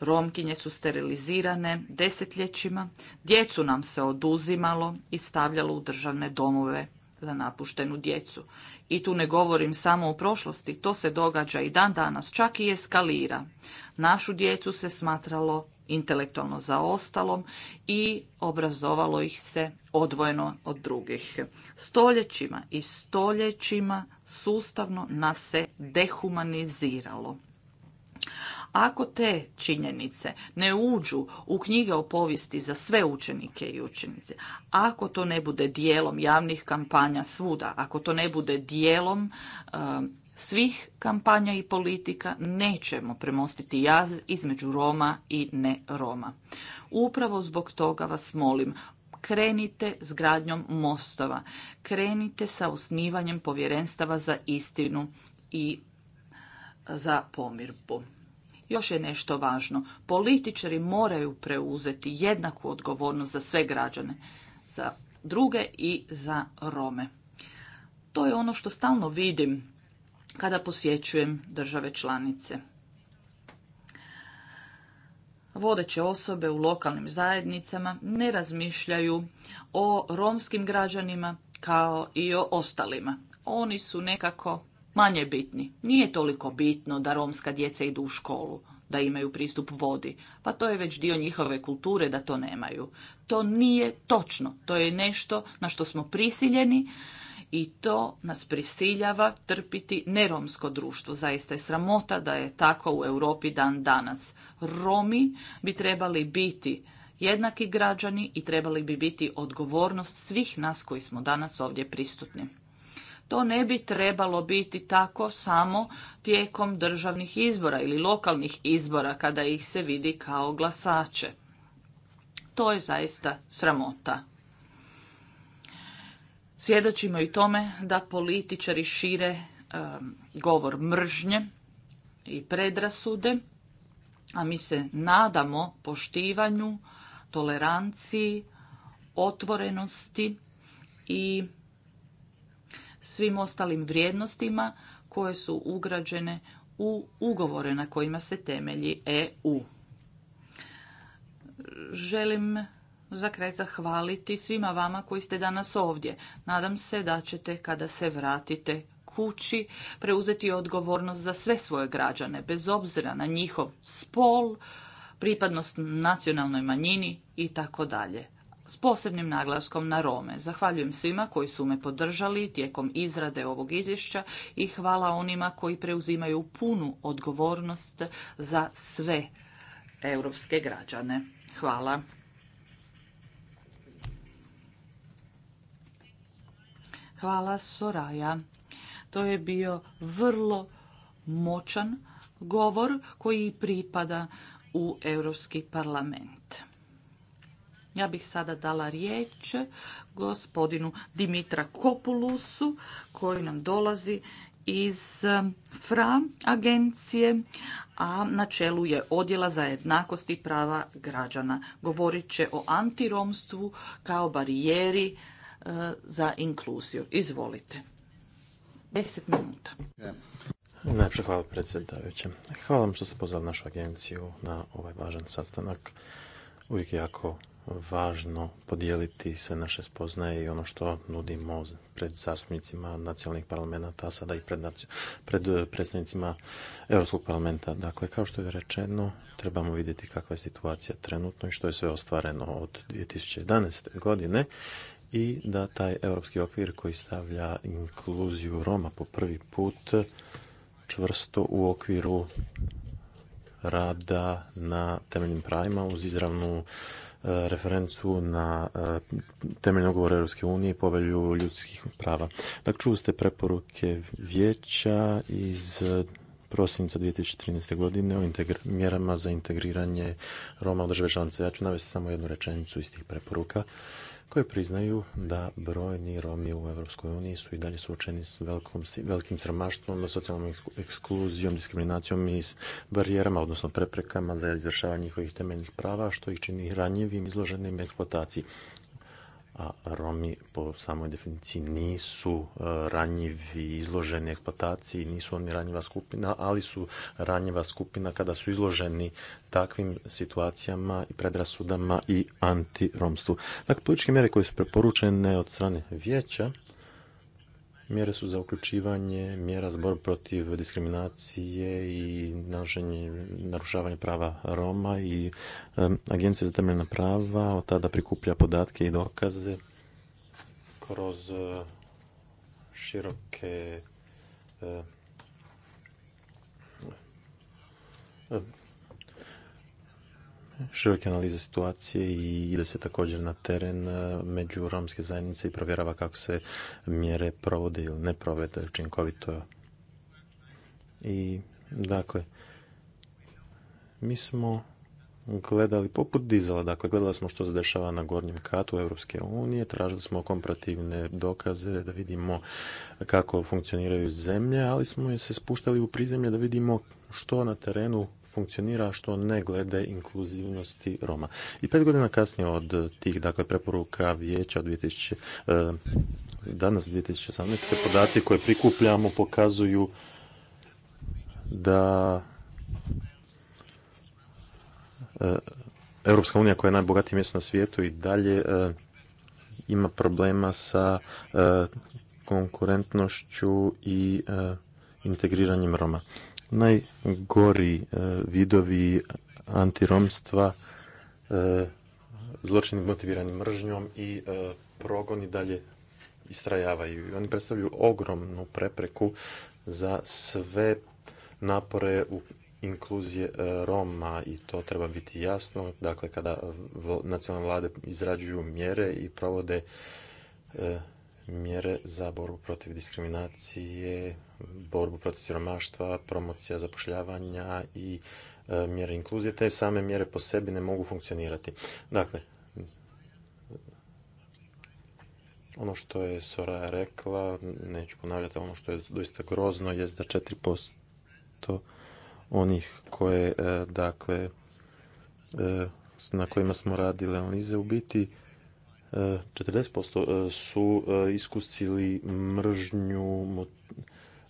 romkinje su sterilizirane desetljećima, djecu nam se oduzimalo i stavljalo u državne domove za napuštenu djecu. I tu ne govorim samo o prošlosti, to se događa i dan danas, čak i eskalira. Našu djecu se smatralo intelektualno zaostalom i obrazovalo ih se odvojeno od drugih. Stoljećima i stoljećima sustavno nas se dehumaniziralo. Ako te činjenice ne uđu u knjige o povijesti za sve učenike i učenice, ako to ne bude dijelom javnih kampanja svuda, ako to ne bude dijelom svih kampanja i politika nećemo premostiti jaz između Roma i ne Roma. Upravo zbog toga vas molim, krenite s gradnjom mostova, krenite sa osnivanjem povjerenstava za istinu i za pomirbu. Još je nešto važno. Političari moraju preuzeti jednaku odgovornost za sve građane, za druge i za Rome. To je ono što stalno vidim kada posjećujem države članice. Vodeće osobe u lokalnim zajednicama ne razmišljaju o romskim građanima kao i o ostalima. Oni su nekako manje bitni. Nije toliko bitno da romska djeca idu u školu, da imaju pristup vodi. Pa to je već dio njihove kulture da to nemaju. To nije točno. To je nešto na što smo prisiljeni i to nas prisiljava trpiti neromsko društvo. Zaista je sramota da je tako u Europi dan danas. Romi bi trebali biti jednaki građani i trebali bi biti odgovornost svih nas koji smo danas ovdje prisutni. To ne bi trebalo biti tako samo tijekom državnih izbora ili lokalnih izbora kada ih se vidi kao glasače. To je zaista sramota. Svjedočimo i tome da političari šire govor mržnje i predrasude, a mi se nadamo poštivanju, toleranciji, otvorenosti i svim ostalim vrijednostima koje su ugrađene u ugovore na kojima se temelji EU. Želim za kraj zahvaliti svima vama koji ste danas ovdje. Nadam se da ćete kada se vratite kući preuzeti odgovornost za sve svoje građane, bez obzira na njihov spol, pripadnost nacionalnoj manjini i tako dalje. S posebnim naglaskom na Rome. Zahvaljujem svima koji su me podržali tijekom izrade ovog izvješća i hvala onima koji preuzimaju punu odgovornost za sve europske građane. Hvala. Hvala Soraja. To je bio vrlo moćan govor koji pripada u Europski parlament. Ja bih sada dala riječ gospodinu Dimitra Kopulusu koji nam dolazi iz um, FRA agencije, a na čelu je odjela za jednakost i prava građana. Govorit će o antiromstvu kao barijeri E, za inkluziju. Izvolite. 10 minuta. Najprej hvala predsjedavajućem. Hvala vam što ste pozvali našu agenciju na ovaj važan sastanak. Uvijek je jako važno podijeliti se naše spoznaje i ono što nudimo pred zastupnicima nacionalnih parlamenta, a sada i pred, pred e, predstavnicima Europskog parlamenta. Dakle, kao što je rečeno, trebamo vidjeti kakva je situacija trenutno i što je sve ostvareno od 2011. godine i da taj europski okvir koji stavlja inkluziju Roma po prvi put čvrsto u okviru rada na temeljnim pravima uz izravnu e, referencu na e, temeljni ugovor Europske unije i povelju ljudskih prava. Dakle, čuli ste preporuke vijeća iz prosinca 2013. godine o mjerama za integriranje Roma u države članice. Ja ću navesti samo jednu rečenicu iz tih preporuka koje priznaju da brojni Romi u EU su i dalje suočeni s velikom, velikim sramaštvom, socijalnom ekskluzijom, diskriminacijom i barijerama, odnosno preprekama za izvršavanje njihovih temeljnih prava, što ih čini ranjivim, izloženim eksploataciji a Romi po samoj definiciji nisu e, ranjivi, izloženi eksploataciji, nisu oni ranjiva skupina, ali su ranjiva skupina kada su izloženi takvim situacijama i predrasudama i antiromstvu. Dakle, političke mjere koje su preporučene od strane vijeća Mjere su za uključivanje, mjera za protiv diskriminacije i narušavanje prava Roma i Agencija za temeljna prava od tada prikuplja podatke i dokaze kroz e, široke e, e, široke analize situacije i ide se također na teren e, među romske zajednice i provjerava kako se mjere provode ili ne provode učinkovito. I dakle, mi smo gledali poput dizela, dakle gledali smo što se dešava na gornjem katu Europske unije, tražili smo komparativne dokaze da vidimo kako funkcioniraju zemlje, ali smo se spuštali u prizemlje da vidimo što na terenu funkcionira, što ne glede inkluzivnosti Roma. I pet godina kasnije od tih dakle, preporuka vijeća 2000, eh, danas 2018. podaci koje prikupljamo pokazuju da eh, Europska unija koja je najbogatije mjesto na svijetu i dalje eh, ima problema sa eh, konkurentnošću i eh, integriranjem Roma najgori e, vidovi antiromstva e, zločini motivirani mržnjom i e, progoni dalje istrajavaju. I oni predstavljaju ogromnu prepreku za sve napore u inkluzije Roma i to treba biti jasno. Dakle, kada nacionalne vlade izrađuju mjere i provode mjere za borbu protiv diskriminacije, borbu protiv siromaštva, promocija zapošljavanja i e, mjere inkluzije. Te same mjere po sebi ne mogu funkcionirati. Dakle, ono što je Sora rekla, neću ponavljati, ono što je doista grozno je da 4% onih koje, e, dakle, e, na kojima smo radili analize u biti 40% e, su e, iskusili mržnju,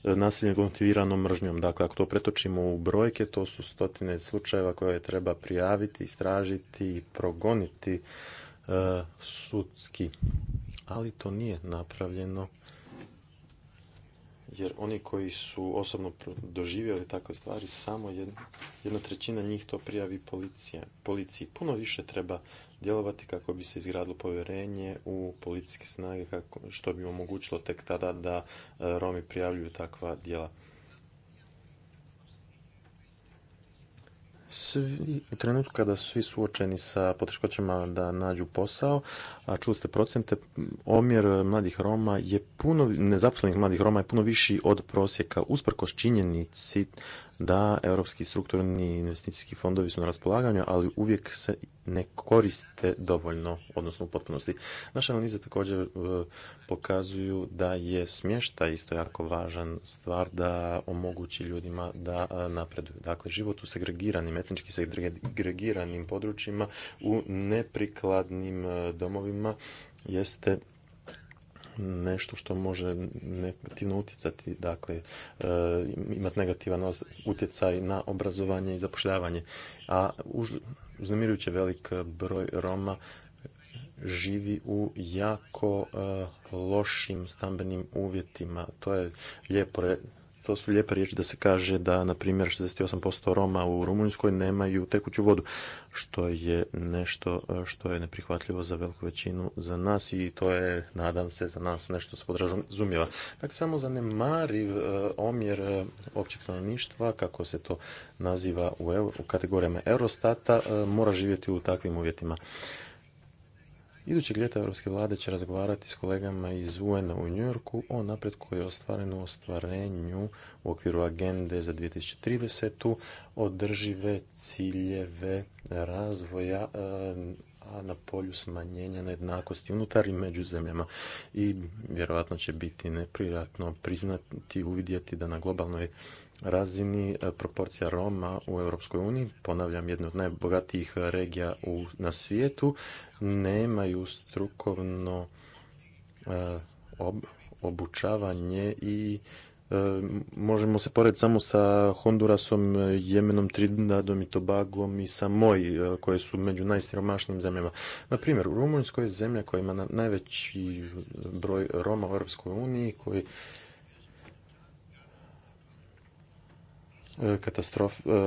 e, nasilje motivirano mržnjom. Dakle, ako to pretočimo u brojke, to su stotine slučajeva koje treba prijaviti, istražiti i progoniti sudski. Ali to nije napravljeno jer oni koji su osobno doživjeli takve stvari, samo jedna trećina njih to prijavi policiji. Puno više treba djelovati kako bi se izgradilo povjerenje u policijske snage kako, što bi omogućilo tek tada da e, Romi prijavljuju takva djela. Svi, u trenutku kada su svi suočeni sa poteškoćama da nađu posao, a čuli ste procente, omjer mladih Roma je puno, nezaposlenih mladih Roma je puno viši od prosjeka, usprkos činjenici da europski strukturni investicijski fondovi su na raspolaganju, ali uvijek se ne koriste dovoljno, odnosno u potpunosti. Naše analize također e, pokazuju da je smještaj isto jako važan stvar da omogući ljudima da e, napreduju. Dakle, život u segregiranim, etnički segregiranim područjima, u neprikladnim e, domovima jeste nešto što može negativno utjecati, dakle e, imati negativan utjecaj na obrazovanje i zapošljavanje. A uznamirujuće velik broj Roma živi u jako e, lošim stambenim uvjetima. To je lijepo to su lijepe riječi da se kaže da, na primjer, 68% Roma u Rumunjskoj nemaju tekuću vodu, što je nešto e, što je neprihvatljivo za veliku većinu za nas i to je, nadam se, za nas nešto se podrazumijeva. Dakle, samo zanemariv e, omjer e, općeg stanovništva, kako se to naziva u, u kategorijama Eurostata, mora živjeti u takvim uvjetima. Idućeg ljeta Europske vlade će razgovarati s kolegama iz UN-a u Njujorku o napretku koji je ostvaren u ostvarenju u okviru agende za 2030. održive ciljeve razvoja e, a na polju smanjenja nejednakosti unutar i među zemljama. I vjerojatno će biti neprijatno priznati, uvidjeti da na globalnoj razini e, proporcija Roma u Europskoj uniji, ponavljam, jedna od najbogatijih regija u, na svijetu, nemaju strukovno e, obučavanje i e, možemo se porediti samo sa Hondurasom, Jemenom, Trinidadom i Tobagom i sa koje su među najsiromašnijim zemljama. Na primjer, u Rumunjskoj je zemlja koja ima najveći broj Roma u Europskoj uniji, koji E, e,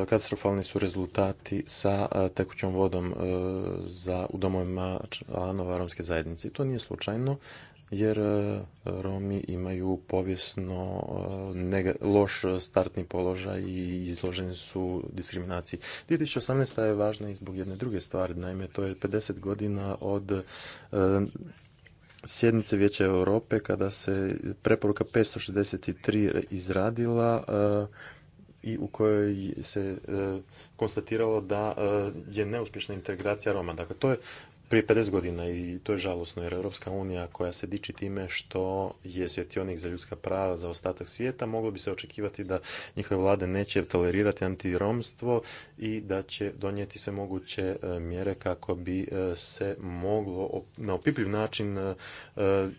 katastrofalni su rezultati sa e, tekućom vodom za, u domovima članova romske zajednice. To nije slučajno jer Romi imaju povijesno loš startni položaj i izloženi su diskriminaciji. 2018. je važna i zbog jedne druge stvari. Naime, to je 50 godina od sjednice Vijeća Europe kada se preporuka 563 izradila i u kojoj se e, konstatiralo da e, je neuspješna integracija Roma. Dakle, to je prije 50 godina i to je žalosno jer Europska unija koja se diči time što je svjetionik za ljudska prava za ostatak svijeta moglo bi se očekivati da njihove vlade neće tolerirati antiromstvo i da će donijeti sve moguće e, mjere kako bi e, se moglo na opipljiv način e,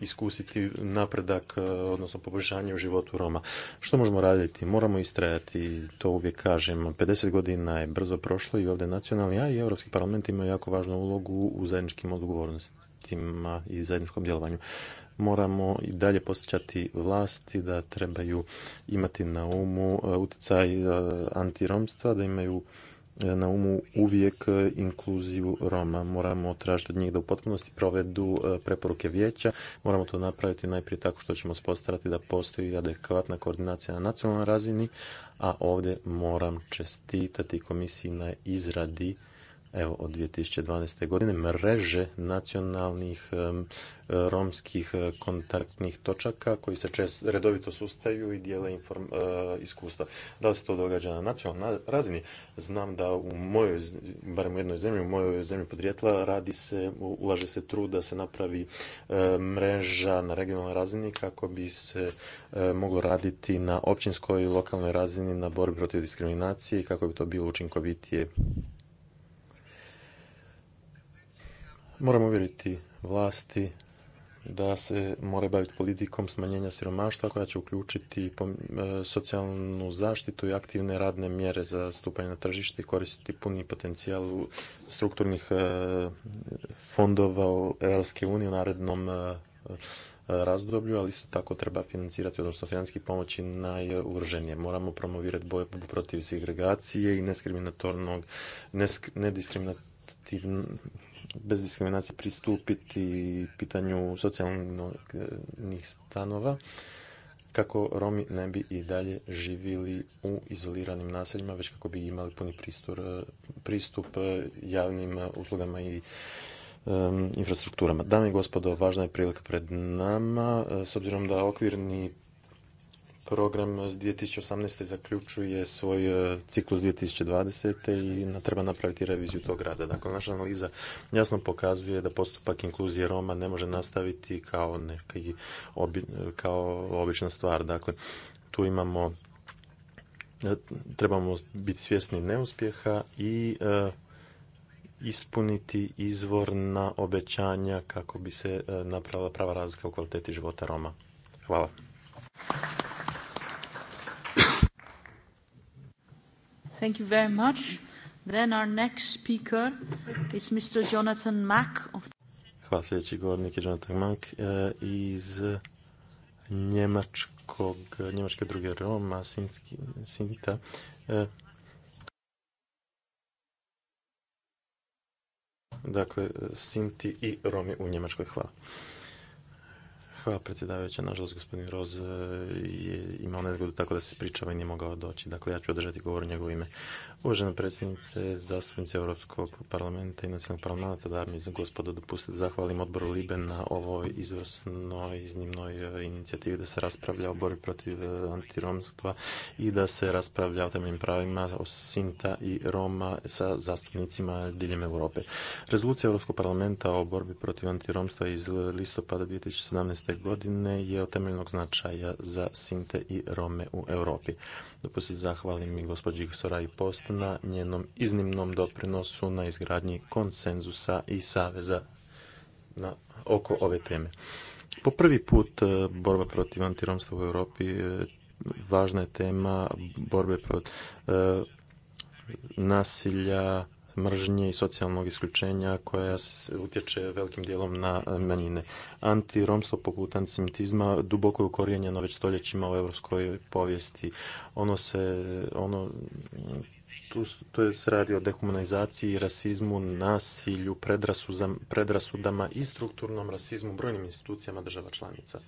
iskusiti napredak odnosno poboljšanje u životu Roma. Što možemo raditi? Moramo istrajati, to uvijek kažem. 50 godina je brzo prošlo i ovdje nacionalni, a i Europski parlament imaju jako važnu ulogu u zajedničkim odgovornostima i zajedničkom djelovanju. Moramo i dalje posjećati vlasti da trebaju imati na umu e, utjecaj e, antiromstva, da imaju e, na umu uvijek inkluziju Roma. Moramo tražiti od njih da u potpunosti provedu preporuke vijeća. Moramo to napraviti najprije tako što ćemo spostarati da postoji adekvatna koordinacija na nacionalnoj razini, a ovdje moram čestitati komisiji na izradi evo od 2012. godine mreže nacionalnih romskih kontaktnih točaka koji se čest, redovito sustaju i dijele e, iskustva. Da li se to događa na nacionalnoj razini? Znam da u mojoj, barem u jednoj zemlji, u mojoj zemlji podrijetla radi se, ulaže se trud da se napravi e, mreža na regionalnoj razini kako bi se e, moglo raditi na općinskoj i lokalnoj razini na borbi protiv diskriminacije i kako bi to bilo učinkovitije Moramo uvjeriti vlasti da se mora baviti politikom smanjenja siromaštva koja će uključiti e, socijalnu zaštitu i aktivne radne mjere za stupanje na tržište i koristiti puni potencijal strukturnih e, fondova Europske unije u narednom e, razdoblju, ali isto tako treba financirati, odnosno financijski pomoći najugroženije. Moramo promovirati borbu protiv segregacije i neskriminatornog, bez diskriminacije pristupiti pitanju socijalnih stanova kako Romi ne bi i dalje živjeli u izoliranim naseljima, već kako bi imali puni pristup, pristup e, javnim uslugama i infrastrukturama. Dame i gospodo, važna je prilika pred nama, e, s obzirom da okvirni program 2018. zaključuje svoj e, ciklus 2020. i treba napraviti reviziju tog rada. Dakle, naša analiza jasno pokazuje da postupak inkluzije Roma ne može nastaviti kao, neki, kao obična stvar. Dakle, tu imamo e, trebamo biti svjesni neuspjeha i e, ispuniti ispuniti izvorna obećanja kako bi se napravila prava razlika u kvaliteti života Roma. Hvala. Thank you very much. Then our next speaker is Mr. Jonathan Mack. Of... Hvala, sljedeći govornik Jonathan Mack e, iz njemačkog, njemačke druge Roma, Sinski, Sinta. E, dakle, Sinti i Romi u Njemačkoj. Hvala. Hvala predsjedavajuća. Nažalost, gospodin Roz e, je imao nezgodu tako da se spričava i nije mogao doći. Dakle, ja ću održati govor u njegovo ime. Uvažena predsjednice, zastupnice Europskog parlamenta i nacionalnog parlamenta, mi i gospodo, dopustite zahvalim odboru Libe na ovoj izvrsnoj, iznimnoj e, inicijativi da se raspravlja o borbi protiv e, antiromstva i da se raspravlja o temeljnim pravima o Sinta i Roma sa zastupnicima diljem Europe. Rezolucija Europskog parlamenta o borbi protiv antiromstva iz listopada 2017 godine je od temeljnog značaja za Sinte i Rome u Europi. Dopustite zahvalim i gospođi i Post na njenom iznimnom doprinosu na izgradnji konsenzusa i saveza na, oko ove teme. Po prvi put e, borba protiv antiromstva u Europi e, važna je tema borbe protiv e, nasilja, mržnje i socijalnog isključenja koja utječe velikim dijelom na e, manjine. Antiromstvo poput antisemitizma duboko je ukorijenjeno već stoljećima u europskoj povijesti. Ono se, ono, tu, tu se radi o dehumanizaciji, rasizmu, nasilju, predrasudama i strukturnom rasizmu brojnim institucijama država članica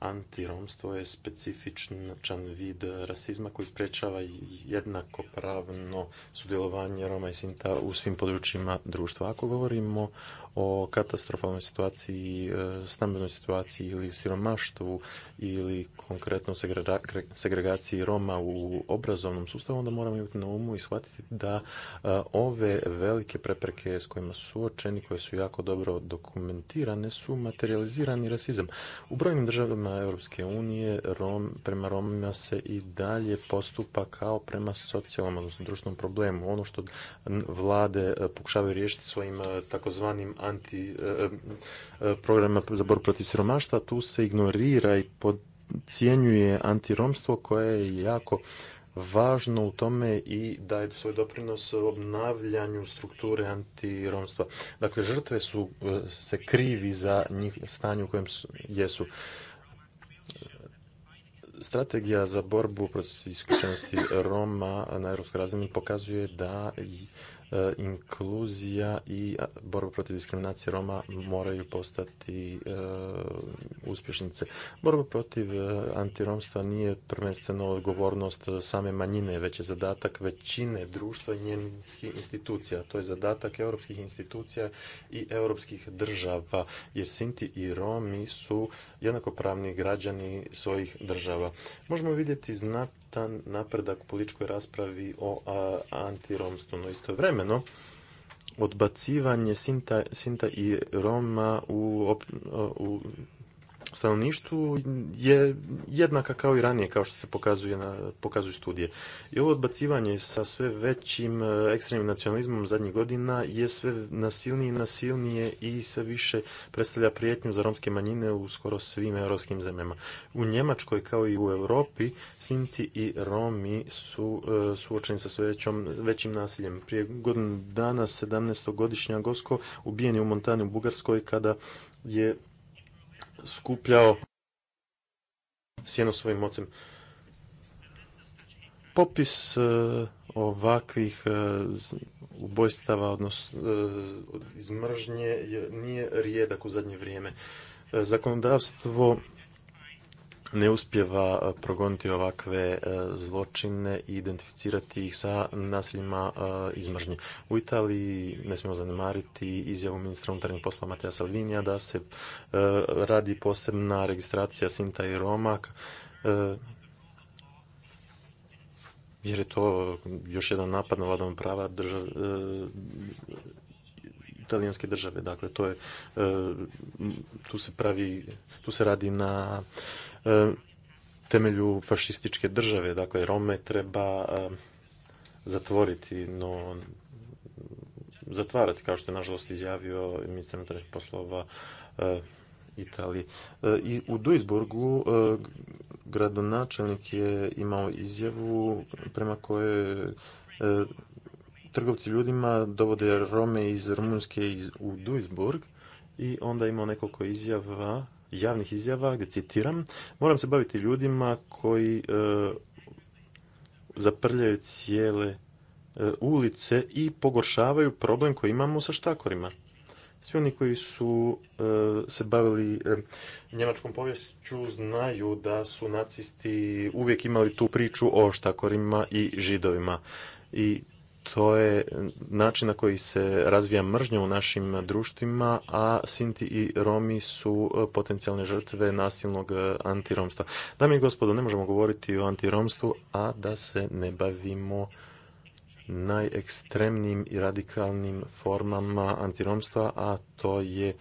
antiromstvo je specifičan vid rasizma koji sprečava jednako pravno sudjelovanje Roma i Sinta u svim područjima društva. Ako govorimo o katastrofalnoj situaciji, e, stambenoj situaciji ili siromaštvu ili konkretno segregaciji Roma u obrazovnom sustavu, onda moramo imati na umu i shvatiti da e, ove velike prepreke s kojima su suočeni, koje su jako dobro dokumentirane, su materializirani rasizam. U brojnim državama Europske unije prema Romima se i dalje postupa kao prema socijalnom, odnosno društvenom problemu. Ono što vlade e, pokušavaju riješiti svojim e, takozvanim anti e, programima za borbu protiv siromaštva, tu se ignorira i podcjenjuje antiromstvo koje je jako važno u tome i daje svoj doprinos obnavljanju strukture antiromstva. Dakle, žrtve su se krivi za njih stanje u kojem jesu strategija za borbu protiv isključenosti Roma na europskoj razini pokazuje da E, inkluzija i borba protiv diskriminacije Roma moraju postati e, uspješnice. Borba protiv e, antiromstva nije prvenstveno odgovornost same manjine, već je zadatak većine društva i njenih institucija. To je zadatak europskih institucija i europskih država, jer Sinti i Romi su jednakopravni građani svojih država. Možemo vidjeti znak taj napredak u političkoj raspravi o antiromstvu. No istovremeno, odbacivanje Sinta, i Roma u, u stanovništvu je jednaka kao i ranije, kao što se pokazuje na, pokazuju studije. I ovo odbacivanje sa sve većim e, ekstremnim nacionalizmom zadnjih godina je sve nasilnije i nasilnije i sve više predstavlja prijetnju za romske manjine u skoro svim europskim zemljama. U Njemačkoj kao i u Europi Sinti i Romi su e, suočeni sa sve većom, većim nasiljem. Prije godinu dana 17-godišnja Gosko ubijen je u Montani u Bugarskoj kada je skupljao sjeno svojim ocem. Popis e, ovakvih e, ubojstava, odnosno e, iz mržnje, nije rijedak u zadnje vrijeme. Zakonodavstvo ne uspjeva e, progoniti ovakve e, zločine i identificirati ih sa nasiljima e, izmržnje. U Italiji ne smijemo zanemariti izjavu ministra unutarnjih posla Matija Salvinija da se radi posebna registracija Sinta i Roma jer je to još jedan napad na vladom prava italijanske države. Dakle, to je, tu se pravi, tu se radi na E, temelju fašističke države. Dakle, Rome treba e, zatvoriti, no zatvarati, kao što je nažalost izjavio ministar unutarnjih poslova e, Italije. I u Duisburgu gradonačelnik je imao izjavu prema kojoj trgovci ljudima dovode Rome iz Rumunjske u Duisburg i onda imao nekoliko izjava javnih izjava gdje citiram, moram se baviti ljudima koji e, zaprljaju cijele e, ulice i pogoršavaju problem koji imamo sa štakorima. Svi oni koji su e, se bavili njemačkom poviješću znaju da su nacisti uvijek imali tu priču o štakorima i židovima. I to je način na koji se razvija mržnja u našim društvima, a Sinti i Romi su e, potencijalne žrtve nasilnog e, antiromstva. Dame i gospodo, ne možemo govoriti o antiromstvu, a da se ne bavimo najekstremnijim i radikalnim formama antiromstva, a to je e,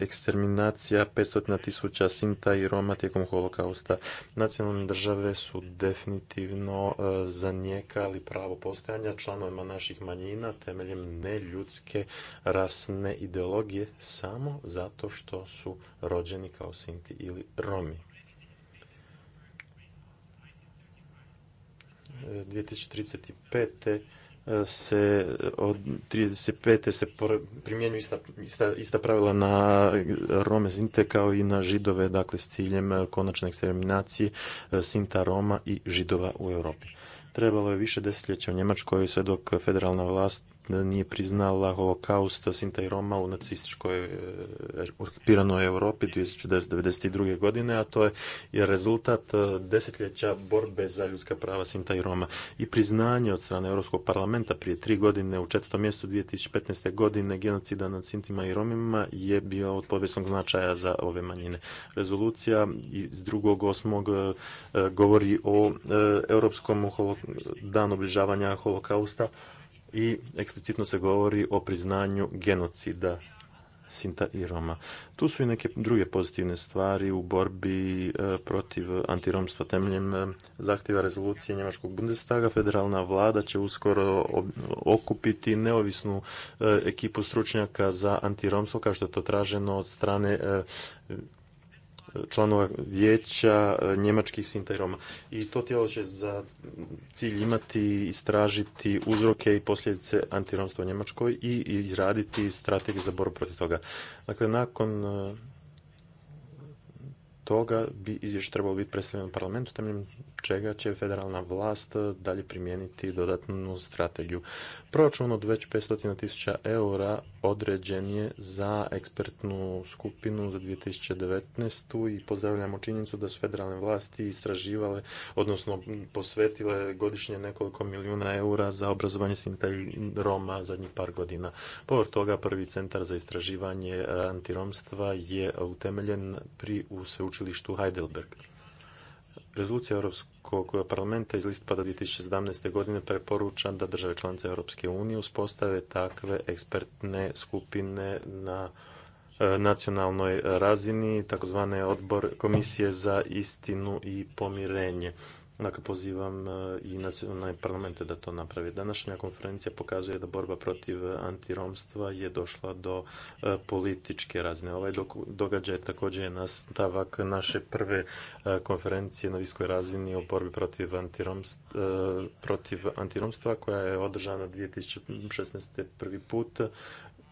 eksterminacija 500.000 tisuća Sinta i Roma tijekom holokausta. Nacionalne države su definitivno e, zanijekali pravo postojanja članovima naših manjina temeljem neljudske rasne ideologije samo zato što su rođeni kao Sinti ili Romi. 2035 eh, se od 35. se primjenjuju ista, ista, pravila na Rome Zinte kao i na Židove, dakle s ciljem eh, konačne eksterminacije eh, Sinta Roma i Židova u Europi. Trebalo je više desetljeća u Njemačkoj sve dok federalna vlast nije priznala holokaust Sinta i Roma u nacističkoj e, okupiranoj Europi 1992. godine, a to je rezultat e, desetljeća borbe za ljudska prava Sinta i Roma. I priznanje od strane Europskog parlamenta prije tri godine u četvrtom mjestu 2015. godine genocida nad Sintima i Romima je bio od povijesnog značaja za ove manjine. Rezolucija iz drugog osmog e, govori o Europskom danu obližavanja holokausta i eksplicitno se govori o priznanju genocida Sinta i Roma. Tu su i neke druge pozitivne stvari u borbi e, protiv antiromstva temeljem e, zahtjeva rezolucije Njemačkog Bundestaga. Federalna vlada će uskoro okupiti neovisnu e, ekipu stručnjaka za antiromstvo, kao što je to traženo od strane članova vijeća e, njemačkih sintajroma. I to tijelo će za cilj imati istražiti uzroke i posljedice antiromstva u Njemačkoj i izraditi strategiju za borbu protiv toga. Dakle, nakon e, toga bi izvješće trebalo biti predstavljeno parlamentu temeljem čega će federalna vlast e, dalje primijeniti dodatnu strategiju. Proračun od već 500.000 tisuća eura određen je za ekspertnu skupinu za 2019. i pozdravljamo činjenicu da su federalne vlasti istraživale, odnosno posvetile godišnje nekoliko milijuna eura za obrazovanje Roma zadnjih par godina. Povr toga prvi centar za istraživanje e, antiromstva je utemeljen pri u sveučilištu Heidelberg. Rezolucija Europskog parlamenta iz listopada 2017. godine preporuča da države članice Europske unije uspostave takve ekspertne skupine na e, nacionalnoj razini, takozvane odbor komisije za istinu i pomirenje. Dakle, pozivam e, i nacionalne parlamente da to naprave. Današnja konferencija pokazuje da borba protiv antiromstva je došla do e, političke razine. Ovaj događaj također je nastavak naše prve e, konferencije na viskoj razini o borbi protiv antiromstva, protiv antiromstva koja je održana 2016. prvi put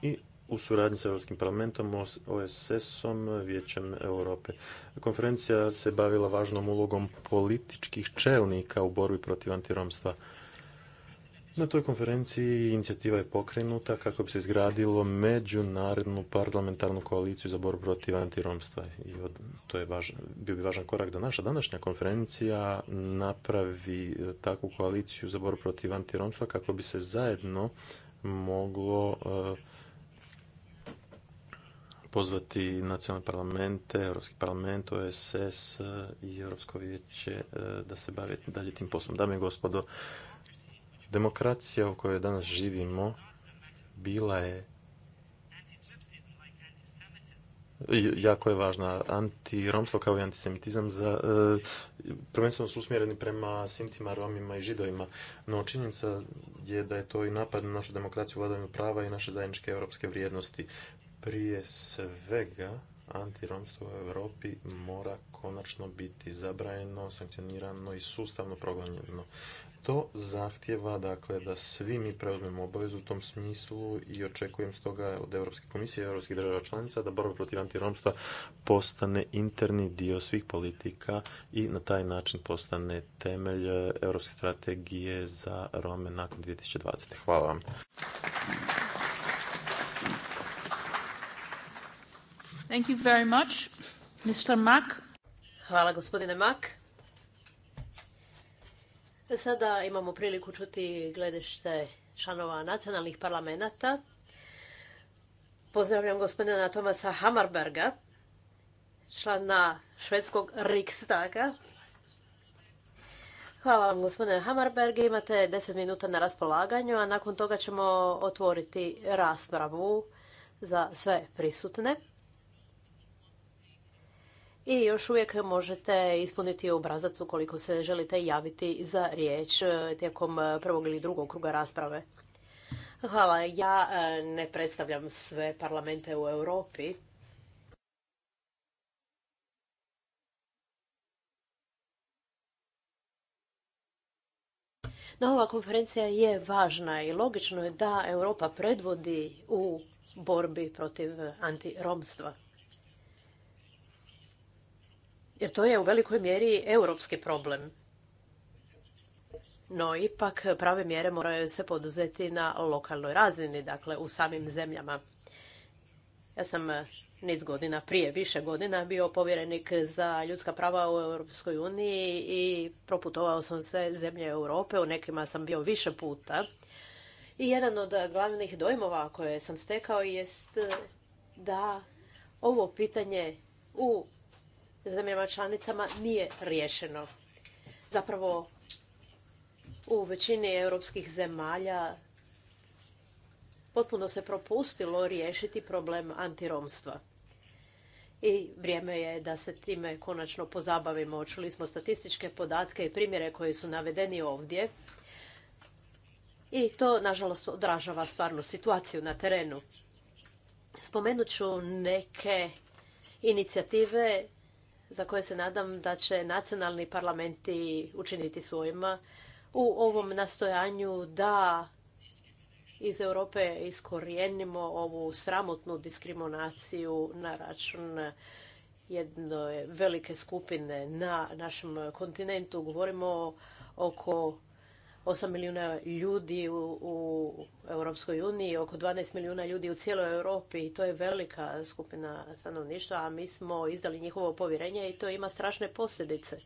i u suradnji sa Europskim parlamentom, OSS-om, Vijećem Europe. Konferencija se bavila važnom ulogom političkih čelnika u borbi protiv antiromstva. Na toj konferenciji inicijativa je pokrenuta kako bi se izgradilo međunarodnu parlamentarnu koaliciju za borbu protiv antiromstva. I to je važan, bio bi važan korak da naša današnja konferencija napravi e, takvu koaliciju za borbu protiv antiromstva kako bi se zajedno moglo e, pozvati nacionalne parlamente, Europski parlament, OSS e, i Europsko vijeće e, da se bave dalje tim poslom. Dame i gospodo, demokracija u kojoj danas živimo bila je jako je važna. Antiromstvo kao i antisemitizam za, e, prvenstveno su usmjereni prema Sintima, Romima i Židovima. No činjenica je da je to i napad na našu demokraciju, vladavinu prava i naše zajedničke europske vrijednosti prije svega antiromstvo u Europi mora konačno biti zabranjeno, sankcionirano i sustavno progonjeno. To zahtjeva dakle da svi mi preuzmemo obavezu u tom smislu i očekujem stoga od Europske komisije i Europskih država članica da borba protiv antiromstva postane interni dio svih politika i na taj način postane temelj Europske strategije za Rome nakon 2020. Hvala vam. Thank you very Mr. Hvala gospodine Mak. Sada imamo priliku čuti gledešte članova nacionalnih parlamenta. Pozdravljam gospodina Tomasa Hamarberga, člana švedskog Riksdaga. Hvala vam gospodine Hammarberg, imate 10 minuta na raspolaganju, a nakon toga ćemo otvoriti raspravu za sve prisutne. I još uvijek možete ispuniti obrazac ukoliko se želite javiti za riječ e, tijekom e, prvog ili drugog kruga rasprave. Hvala. Ja e, ne predstavljam sve parlamente u Europi. No, ova konferencija je važna i logično je da Europa predvodi u borbi protiv antiromstva jer to je u velikoj mjeri europski problem. No, ipak prave mjere moraju se poduzeti na lokalnoj razini, dakle u samim zemljama. Ja sam niz godina prije, više godina bio povjerenik za ljudska prava u Europskoj uniji i proputovao sam sve zemlje Europe, u nekima sam bio više puta. I jedan od glavnih dojmova koje sam stekao jest da ovo pitanje u zemljama članicama nije riješeno. Zapravo, u većini europskih zemalja potpuno se propustilo riješiti problem antiromstva. I vrijeme je da se time konačno pozabavimo. Čuli smo statističke podatke i primjere koji su navedeni ovdje. I to, nažalost, odražava stvarnu situaciju na terenu. Spomenut ću neke inicijative za koje se nadam da će nacionalni parlamenti učiniti svojima u ovom nastojanju da iz Europe iskorijenimo ovu sramotnu diskriminaciju na račun jedne velike skupine na našem kontinentu. Govorimo oko 8 milijuna ljudi u, u Europskoj uniji, oko 12 milijuna ljudi u cijeloj Europi i to je velika skupina stanovništva, a mi smo izdali njihovo povjerenje i to ima strašne posljedice.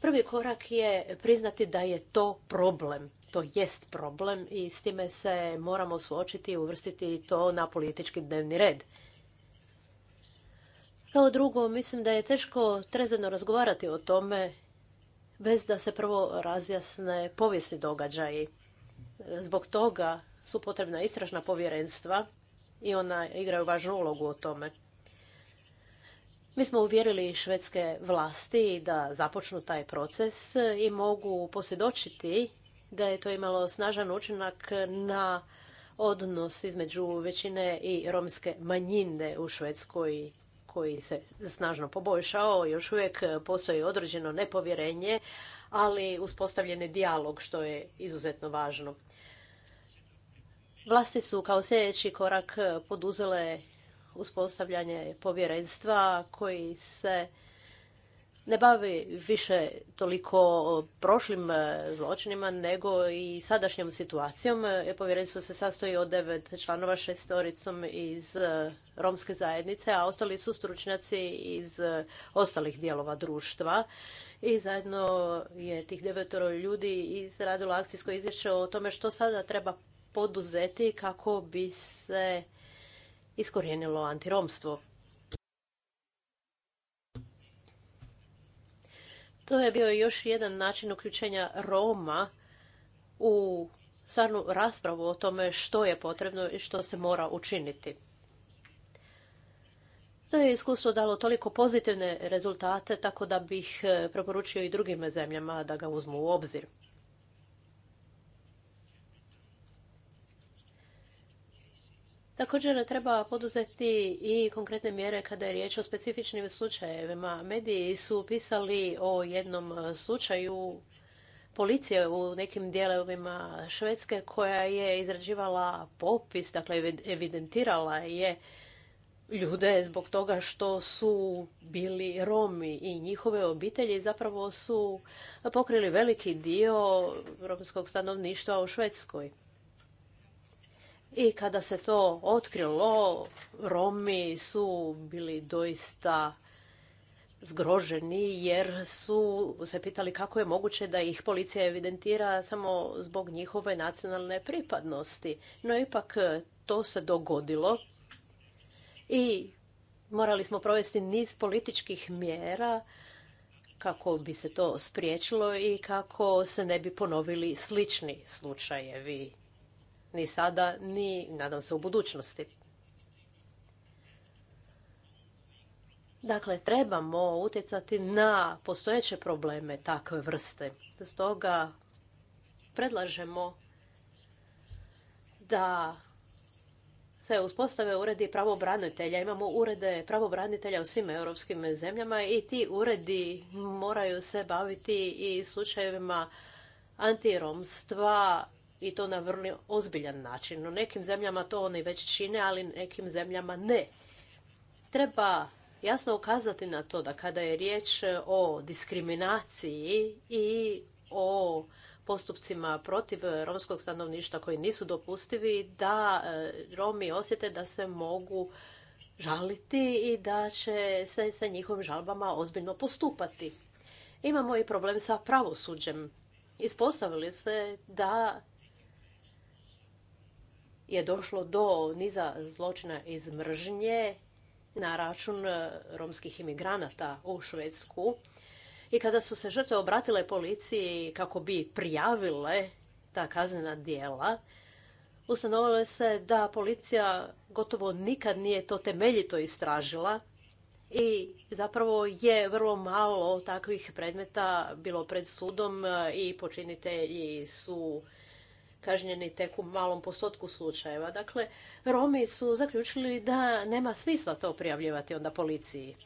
Prvi korak je priznati da je to problem. To jest problem i s time se moramo suočiti i uvrstiti to na politički dnevni red. Kao drugo, mislim da je teško trezano razgovarati o tome bez da se prvo razjasne povijesni događaji. Zbog toga su potrebna istražna povjerenstva i ona igraju važnu ulogu o tome. Mi smo uvjerili švedske vlasti da započnu taj proces i mogu posvjedočiti da je to imalo snažan učinak na odnos između većine i romske manjine u Švedskoj koji se snažno poboljšao, još uvijek e, postoji određeno nepovjerenje, ali uspostavljen je dijalog što je izuzetno važno. Vlasti su kao sljedeći korak e, poduzele uspostavljanje povjerenstva koji se ne bavi više toliko prošlim e, zločinima nego i sadašnjom situacijom. E, povjerenstvo se sastoji od devet članova, šestoricom iz e, romske zajednice, a ostali su stručnjaci iz ostalih dijelova društva. I zajedno je tih devetoro ljudi izradilo akcijsko izvješće o tome što sada treba poduzeti kako bi se iskorijenilo antiromstvo. To je bio još jedan način uključenja Roma u stvarnu raspravu o tome što je potrebno i što se mora učiniti. To je iskustvo dalo toliko pozitivne rezultate, tako da bih eh, preporučio i drugim zemljama da ga uzmu u obzir. Također treba poduzeti i konkretne mjere kada je riječ o specifičnim slučajevima. Mediji su pisali o jednom slučaju policije u nekim dijelovima Švedske koja je izrađivala popis, dakle evidentirala je ljude zbog toga što su bili Romi i njihove obitelji zapravo su pokrili veliki dio romskog stanovništva u Švedskoj. I kada se to otkrilo, Romi su bili doista zgroženi jer su se pitali kako je moguće da ih policija evidentira samo zbog njihove nacionalne pripadnosti. No ipak to se dogodilo i morali smo provesti niz političkih mjera kako bi se to spriječilo i kako se ne bi ponovili slični slučajevi ni sada, ni nadam se u budućnosti. Dakle, trebamo utjecati na postojeće probleme takve vrste. Stoga predlažemo da se uspostave uredi pravobranitelja. Imamo urede pravobranitelja u svim europskim zemljama i ti uredi moraju se baviti i slučajevima antiromstva, i to na vrlo ozbiljan način. U nekim zemljama to oni već čine, ali nekim zemljama ne. Treba jasno ukazati na to da kada je riječ o diskriminaciji i o postupcima protiv romskog stanovništva koji nisu dopustivi, da e, Romi osjete da se mogu žaliti i da će se sa njihovim žalbama ozbiljno postupati. Imamo i problem sa pravosuđem. Ispostavili se da je došlo do niza zločina iz mržnje na račun e, romskih imigranata u Švedsku. I kada su se žrtve obratile policiji kako bi prijavile ta kaznena djela, ustanovilo se da policija gotovo nikad nije to temeljito istražila i zapravo je vrlo malo takvih predmeta bilo pred sudom e, i počinitelji su kažnjeni tek u malom postotku slučajeva. Dakle, Romi su zaključili da nema smisla to prijavljivati onda policiji.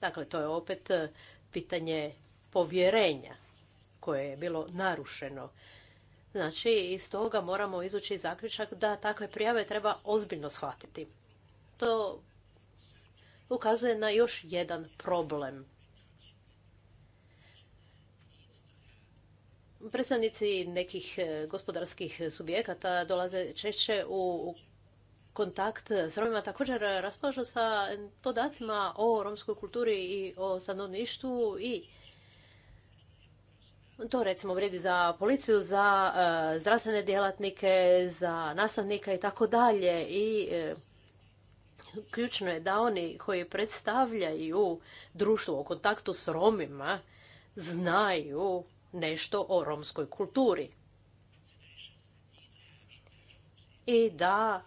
Dakle, to je opet e, pitanje povjerenja koje je bilo narušeno. Znači, iz toga moramo izući zaključak da takve prijave treba ozbiljno shvatiti. To ukazuje na još jedan problem predstavnici nekih e, gospodarskih subjekata dolaze češće u kontakt s Romima također e, raspolažu sa podacima o romskoj kulturi i o stanovništvu i to recimo vrijedi za policiju, za e, zdravstvene djelatnike, za nastavnike i tako dalje. I ključno je da oni koji predstavljaju društvo u kontaktu s Romima znaju nešto o romskoj kulturi. I da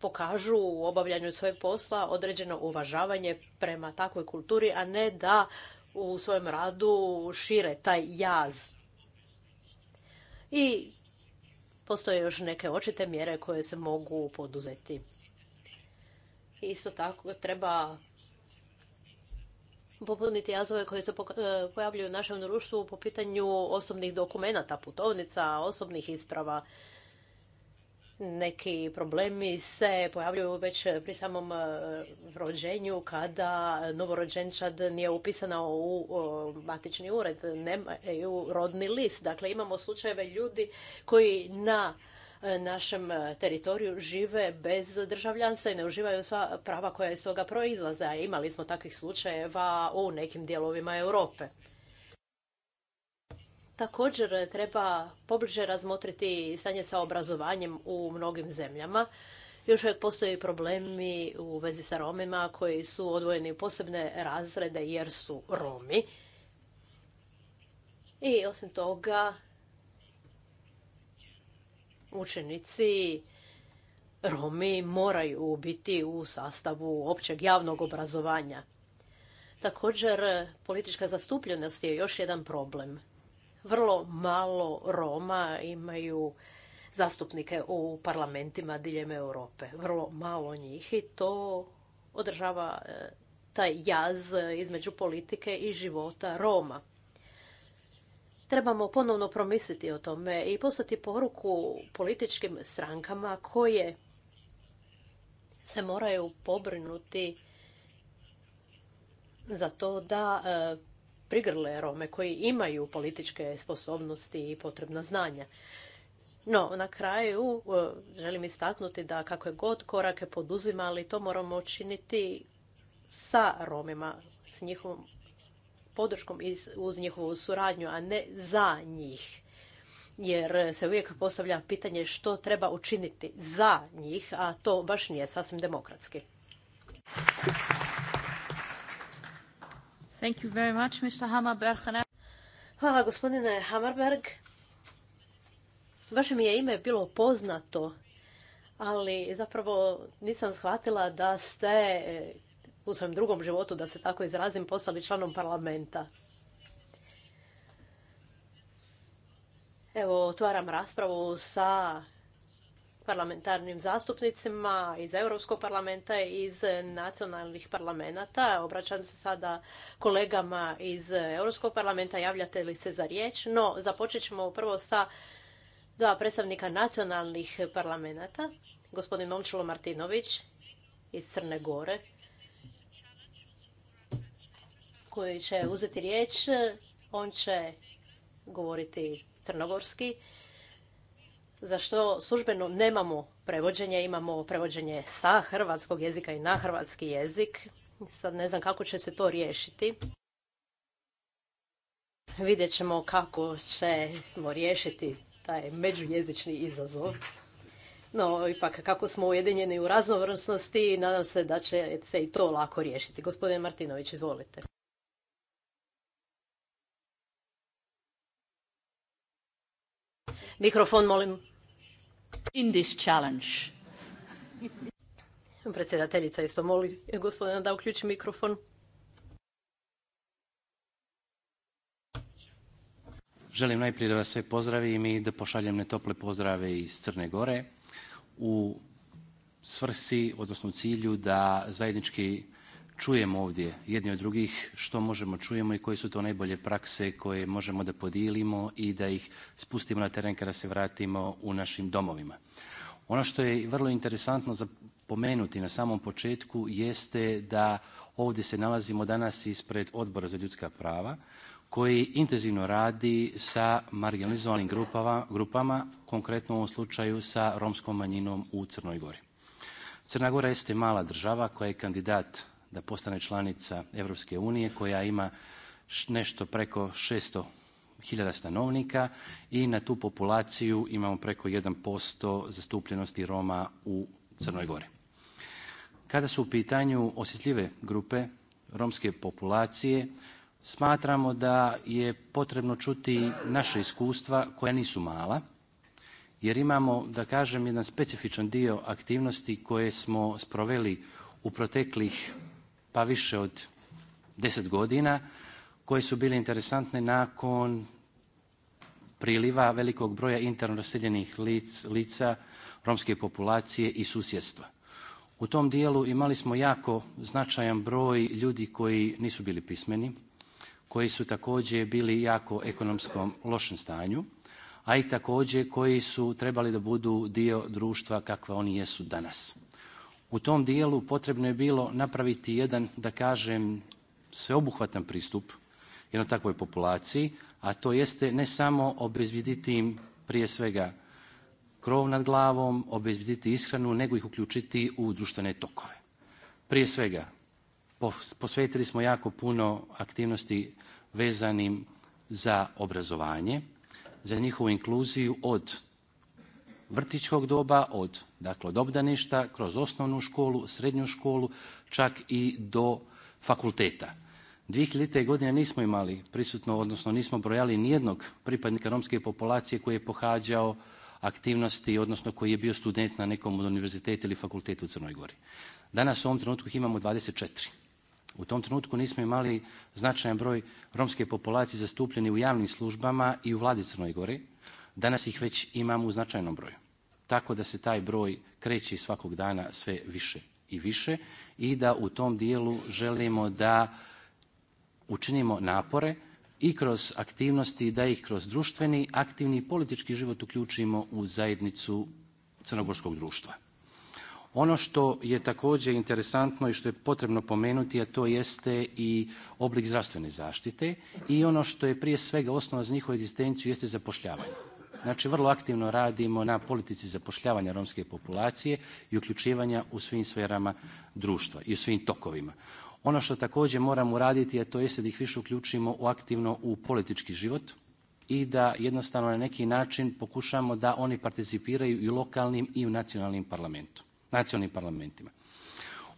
pokažu u obavljanju svojeg posla određeno uvažavanje prema takvoj kulturi, a ne da u svojem radu šire taj jaz. I postoje još neke očite mjere koje se mogu poduzeti. Isto tako treba popuniti jazove koje se e, pojavljuju u našem društvu po pitanju osobnih dokumenata, putovnica, osobnih isprava. Neki problemi se pojavljuju već pri samom e, rođenju kada novorođenčad nije upisana u matični ured, nemaju rodni list. Dakle, imamo slučajeve ljudi koji na našem e, teritoriju žive bez državljanstva i ne uživaju sva prava koja iz toga proizlaze, imali smo takvih slučajeva u nekim dijelovima Europe. Također e, treba pobliže razmotriti stanje sa obrazovanjem u mnogim zemljama. Još uvijek postoje problemi u vezi sa Romima koji su odvojeni u posebne razrede jer su Romi. I osim toga učenici Romi moraju biti u sastavu općeg javnog obrazovanja. Također, politička zastupljenost je još jedan problem. Vrlo malo Roma imaju zastupnike u parlamentima diljem Europe. Vrlo malo njih i to održava e, taj jaz između politike i života Roma trebamo ponovno promisliti o tome i poslati poruku političkim strankama koje se moraju pobrinuti za to da e, prigrle Rome koji imaju političke sposobnosti i potrebna znanja. No, na kraju e, želim istaknuti da kako je god korake poduzimali, to moramo činiti sa Romima, s njihovom podrškom uz njihovu suradnju, a ne za njih. Jer se uvijek postavlja pitanje što treba učiniti za njih, a to baš nije sasvim demokratski. Thank you very much, Mr. Hvala gospodine Hammerberg. Vaše mi je ime bilo poznato, ali zapravo nisam shvatila da ste u svojem drugom životu, da se tako izrazim, postali članom parlamenta. Evo, otvaram raspravu sa parlamentarnim zastupnicima iz Europskog parlamenta i iz nacionalnih parlamenta. Obraćam se sada kolegama iz Europskog parlamenta, javljate li se za riječ? No, započet ćemo prvo sa dva predstavnika nacionalnih parlamenta, gospodin Momčilo Martinović iz Crne Gore koji će uzeti riječ. On će govoriti crnogorski, za što službeno nemamo prevođenje, imamo prevođenje sa hrvatskog jezika i na hrvatski jezik. Sad ne znam kako će se to riješiti. Vidjet ćemo kako ćemo riješiti taj međujezični izazov. No, ipak, kako smo ujedinjeni u raznovrsnosti, nadam se da će se i to lako riješiti. Gospodine Martinović, izvolite. Mikrofon, molim. In this challenge. Predsjedateljica isto moli gospodina da uključi mikrofon. Želim najprije da vas sve pozdravim i da pošaljem netople pozdrave iz Crne Gore u svrsi, odnosno u cilju da zajednički čujemo ovdje jedni od drugih, što možemo čujemo i koje su to najbolje prakse koje možemo da podijelimo i da ih spustimo na teren kada se vratimo u našim domovima. Ono što je vrlo interesantno za pomenuti na samom početku jeste da ovdje se nalazimo danas ispred Odbora za ljudska prava koji intenzivno radi sa marginalizovanim grupama, grupama, konkretno u ovom slučaju sa romskom manjinom u Crnoj Gori. Crna Gora jeste mala država koja je kandidat da postane članica Europske unije koja ima nešto preko 600.000 stanovnika i na tu populaciju imamo preko 1% zastupljenosti Roma u Crnoj Gori. Kada su u pitanju osjetljive grupe romske populacije, smatramo da je potrebno čuti naša iskustva koja nisu mala, jer imamo, da kažem, jedan specifičan dio aktivnosti koje smo sproveli u proteklih pa više od deset godina koje su bile interesantne nakon priliva velikog broja interno raseljenih lica romske populacije i susjedstva. U tom dijelu imali smo jako značajan broj ljudi koji nisu bili pismeni, koji su također bili jako ekonomskom lošem stanju, a i također koji su trebali da budu dio društva kakva oni jesu danas. U tom dijelu potrebno je bilo napraviti jedan, da kažem, sveobuhvatan pristup jednoj takvoj populaciji, a to jeste ne samo obezviditi im prije svega krov nad glavom, obezviditi ishranu, nego ih uključiti u društvene tokove. Prije svega, posvetili smo jako puno aktivnosti vezanim za obrazovanje, za njihovu inkluziju od vrtičkog doba, od, dakle, od obdaništa, kroz osnovnu školu, srednju školu, čak i do fakulteta. 2000. godine nismo imali prisutno, odnosno nismo brojali nijednog pripadnika romske populacije koji je pohađao aktivnosti, odnosno koji je bio student na nekom od univerziteta ili fakultetu u Crnoj Gori. Danas u ovom trenutku ih imamo 24. U tom trenutku nismo imali značajan broj romske populacije zastupljeni u javnim službama i u vladi Crnoj Gori. Danas ih već imamo u značajnom broju. Tako da se taj broj kreće svakog dana sve više i više i da u tom dijelu želimo da učinimo napore i kroz aktivnosti da ih kroz društveni, aktivni i politički život uključimo u zajednicu crnogorskog društva. Ono što je također interesantno i što je potrebno pomenuti, a to jeste i oblik zdravstvene zaštite i ono što je prije svega osnova za njihovu egzistenciju jeste zapošljavanje. Znači vrlo aktivno radimo na politici zapošljavanja romske populacije i uključivanja u svim sferama društva i u svim tokovima. Ono što također moramo raditi, je to jeste da ih više uključimo u aktivno u politički život i da jednostavno na neki način pokušamo da oni participiraju i u lokalnim i u nacionalnim nacionalnim parlamentima.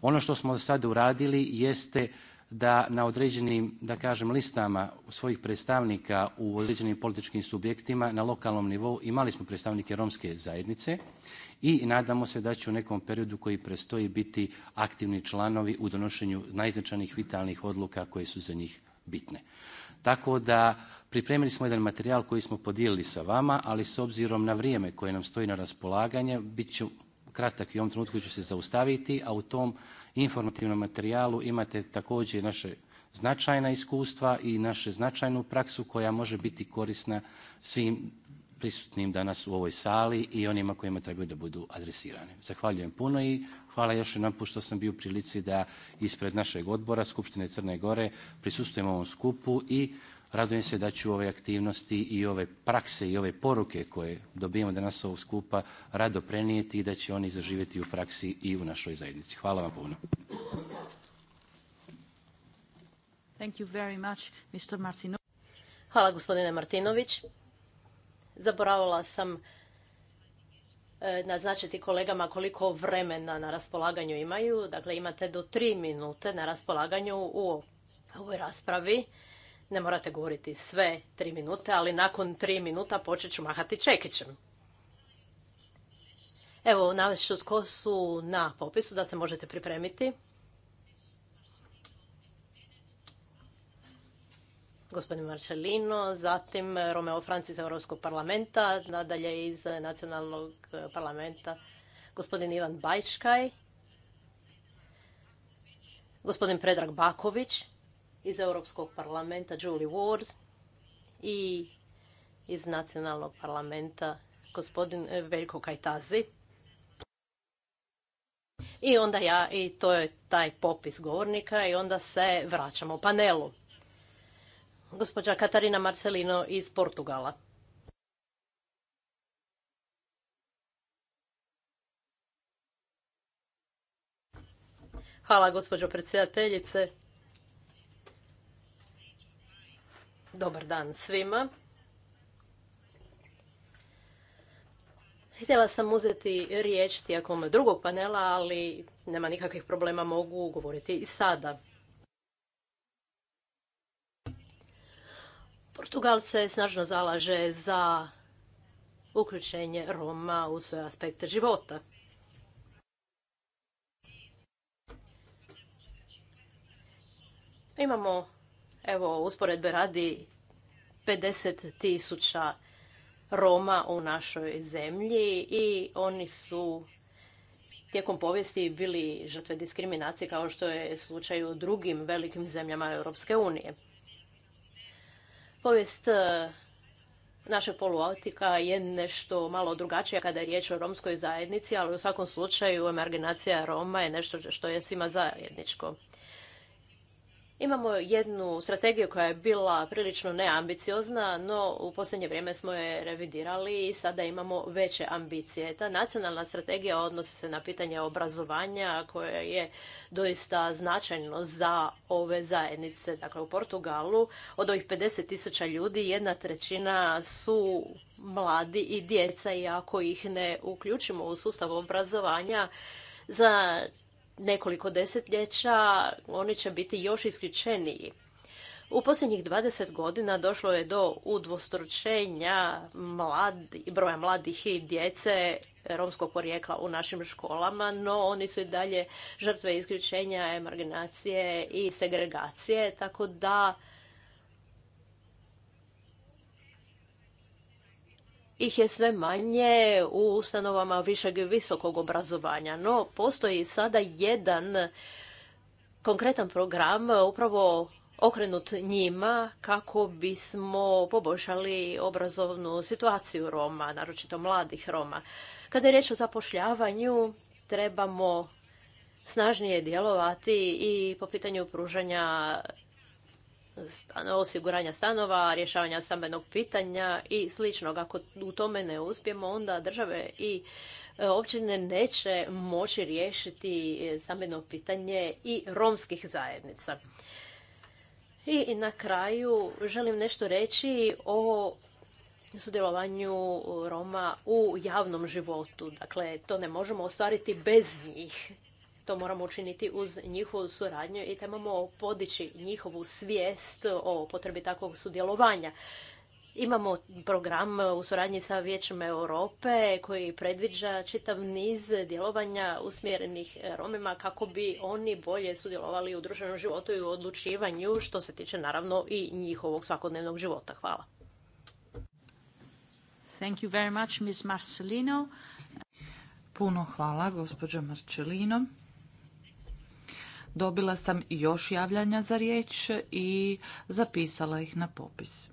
Ono što smo do sada uradili jeste da na određenim, da kažem, listama svojih predstavnika u određenim političkim subjektima na lokalnom nivou imali smo predstavnike romske zajednice i nadamo se da će u nekom periodu koji prestoji biti aktivni članovi u donošenju najznačajnijih vitalnih odluka koje su za njih bitne. Tako da pripremili smo jedan materijal koji smo podijelili sa vama, ali s obzirom na vrijeme koje nam stoji na raspolaganje bit ću kratak i u ovom trenutku ću se zaustaviti, a u tom informativnom materijalu imate također naše značajna iskustva i našu značajnu praksu koja može biti korisna svim prisutnim danas u ovoj sali i onima kojima trebaju da budu adresirani. Zahvaljujem puno i hvala još jednom što sam bio u prilici da ispred našeg odbora Skupštine Crne Gore prisustvujem ovom skupu i Radujem se da ću ove aktivnosti i ove prakse i ove poruke koje dobijemo danas ovog skupa rado prenijeti i da će oni zaživjeti u praksi i u našoj zajednici. Hvala vam puno. Hvala gospodine Martinović. Zaboravila sam e, naznačiti kolegama koliko vremena na raspolaganju imaju. Dakle, imate do tri minute na raspolaganju u ovoj raspravi. Ne morate govoriti sve tri minute, ali nakon tri minuta počet ću mahati čekićem. Evo, navešću tko su na popisu da se možete pripremiti. Gospodin Marčelino, zatim Romeo Franci iz Europskog parlamenta, nadalje iz nacionalnog parlamenta gospodin Ivan Bajčkaj, gospodin Predrag Baković, iz Europskog parlamenta Julie Ward i iz nacionalnog parlamenta gospodin eh, Veljko Kajtazi. I onda ja, i to je taj popis govornika i onda se vraćamo panelu. Gospođa Katarina Marcelino iz Portugala. Hvala gospođo predsjedateljice. Dobar dan svima. Htjela sam uzeti riječ tijekom drugog panela, ali nema nikakvih problema, mogu govoriti i sada. Portugal se snažno zalaže za uključenje Roma u sve aspekte života. Imamo Evo, usporedbe radi 50 tisuća Roma u našoj zemlji i oni su tijekom povijesti bili žrtve diskriminacije kao što je slučaj u drugim velikim zemljama Europske unije. Povijest e, naše poluautika je nešto malo drugačija kada je riječ o romskoj zajednici, ali u svakom slučaju emarginacija Roma je nešto što je svima zajedničko. Imamo jednu strategiju koja je bila prilično neambiciozna, no u posljednje vrijeme smo je revidirali i sada imamo veće ambicije. Ta nacionalna strategija odnosi se na pitanje obrazovanja koje je doista značajno za ove zajednice. Dakle, u Portugalu od ovih 50 tisuća ljudi jedna trećina su mladi i djeca i ako ih ne uključimo u sustav obrazovanja, za nekoliko desetljeća oni će biti još isključeniji. U posljednjih 20 godina došlo je do udvostručenja mladi, broja mladih i djece romskog porijekla u našim školama, no oni su i dalje žrtve isključenja, emarginacije i segregacije, tako da ih je sve manje u ustanovama višeg i visokog obrazovanja. No, postoji sada jedan konkretan program upravo okrenut njima kako bismo poboljšali obrazovnu situaciju Roma, naročito mladih Roma. Kada je riječ o zapošljavanju, trebamo snažnije djelovati i po pitanju pružanja osiguranja stanova, rješavanja stambenog pitanja i sličnog. Ako u tome ne uspijemo, onda države i e, općine neće moći riješiti e, stambeno pitanje i romskih zajednica. I na kraju želim nešto reći o sudjelovanju Roma u javnom životu. Dakle, to ne možemo ostvariti bez njih to moramo učiniti uz njihovu suradnju i trebamo podići njihovu svijest o potrebi takvog sudjelovanja. Imamo program u suradnji sa Vijećem Europe koji predviđa čitav niz djelovanja usmjerenih Romima kako bi oni bolje sudjelovali u društvenom životu i u odlučivanju što se tiče naravno i njihovog svakodnevnog života. Hvala. Thank you very much, Ms. Marcelino. Puno hvala, gospođo Marcelino. Dobila sam još javljanja za riječ i zapisala ih na popis.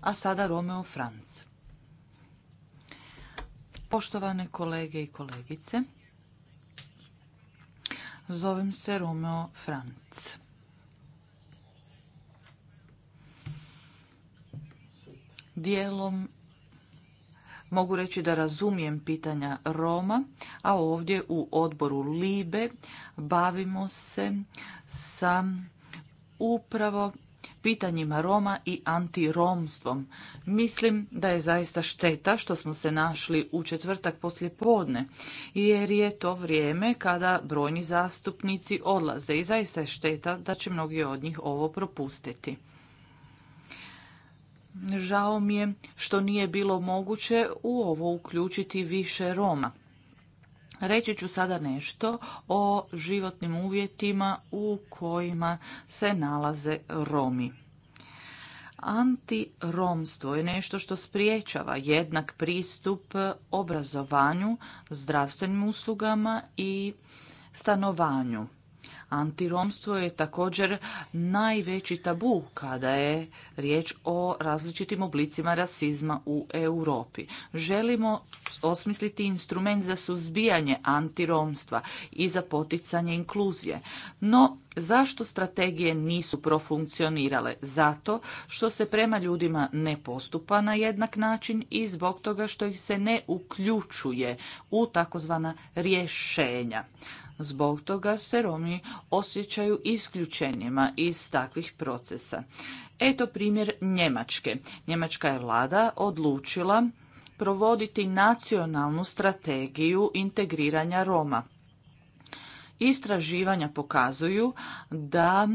A sada Romeo Franc. Poštovane kolege i kolegice, zovem se Romeo Franc. Dijelom mogu reći da razumijem pitanja Roma, a ovdje u odboru Libe bavimo se sa upravo pitanjima Roma i antiromstvom. Mislim da je zaista šteta što smo se našli u četvrtak poslijepodne, jer je to vrijeme kada brojni zastupnici odlaze i zaista je šteta da će mnogi od njih ovo propustiti. Žao mi je što nije bilo moguće u ovo uključiti više Roma. Reći ću sada nešto o životnim uvjetima u kojima se nalaze Romi. Antiromstvo je nešto što spriječava jednak pristup obrazovanju, zdravstvenim uslugama i stanovanju. Antiromstvo je također najveći tabu kada je riječ o različitim oblicima rasizma u Europi. Želimo osmisliti instrument za suzbijanje antiromstva i za poticanje inkluzije. No, zašto strategije nisu profunkcionirale? Zato što se prema ljudima ne postupa na jednak način i zbog toga što ih se ne uključuje u takozvana rješenja. Zbog toga se Romi osjećaju isključenima iz takvih procesa. Eto primjer Njemačke. Njemačka je vlada odlučila provoditi nacionalnu strategiju integriranja Roma. Istraživanja pokazuju da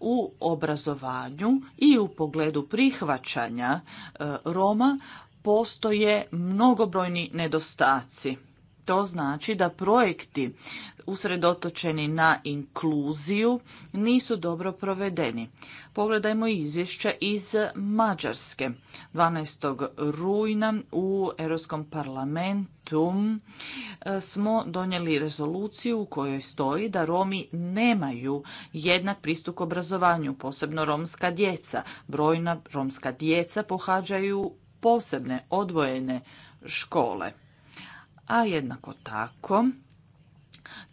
u obrazovanju i u pogledu prihvaćanja e, Roma postoje mnogobrojni nedostaci to znači da projekti usredotočeni na inkluziju nisu dobro provedeni. Pogledajmo izvješća iz Mađarske. 12. rujna u Europskom parlamentu e, smo donijeli rezoluciju u kojoj stoji da Romi nemaju jednak pristup obrazovanju, posebno romska djeca. Brojna romska djeca pohađaju posebne odvojene škole a jednako tako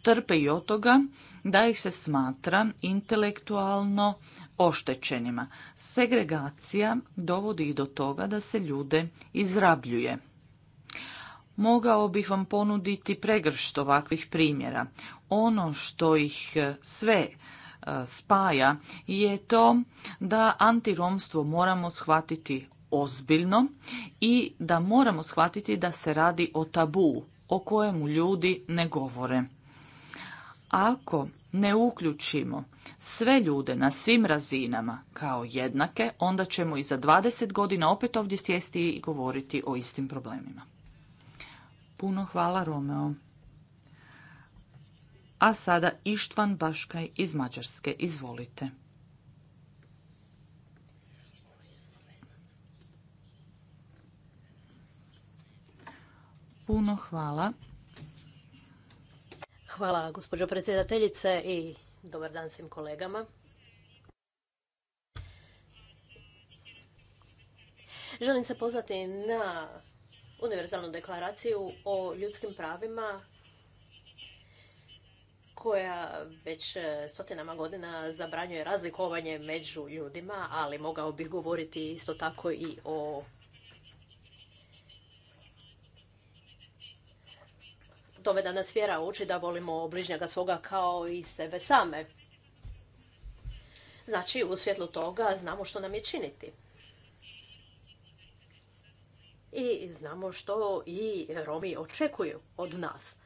trpe i od toga da ih se smatra intelektualno oštećenima. Segregacija dovodi i do toga da se ljude izrabljuje. Mogao bih vam ponuditi pregršt ovakvih primjera. Ono što ih e, sve e, spaja je to da antiromstvo moramo shvatiti ozbiljno i da moramo shvatiti da se radi o tabu o kojemu ljudi ne govore. Ako ne uključimo sve ljude na svim razinama kao jednake, onda ćemo i za 20 godina opet ovdje sjesti i govoriti o istim problemima. Puno hvala Romeo. A sada Ištvan Baškaj iz Mađarske. Izvolite. puno hvala. Hvala gospođo predsjedateljice i dobar dan svim kolegama. Želim se pozvati na univerzalnu deklaraciju o ljudskim pravima koja već stotinama godina zabranjuje razlikovanje među ljudima, ali mogao bih govoriti isto tako i o tome da nas vjera uči da volimo bližnjega svoga kao i sebe same. Znači, u svjetlu toga znamo što nam je činiti. I znamo što i Romi očekuju od nas.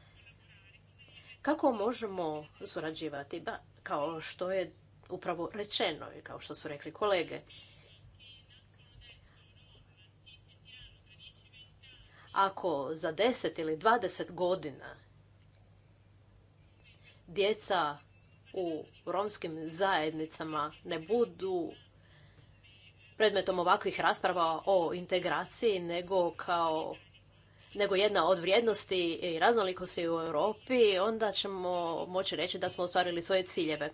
Kako možemo surađivati? kao što je upravo rečeno i kao što su rekli kolege. Ako za 10 ili 20 godina djeca u romskim zajednicama ne budu predmetom ovakvih rasprava o integraciji, nego kao nego jedna od vrijednosti i raznolikosti u Europi, onda ćemo moći reći da smo ostvarili svoje ciljeve.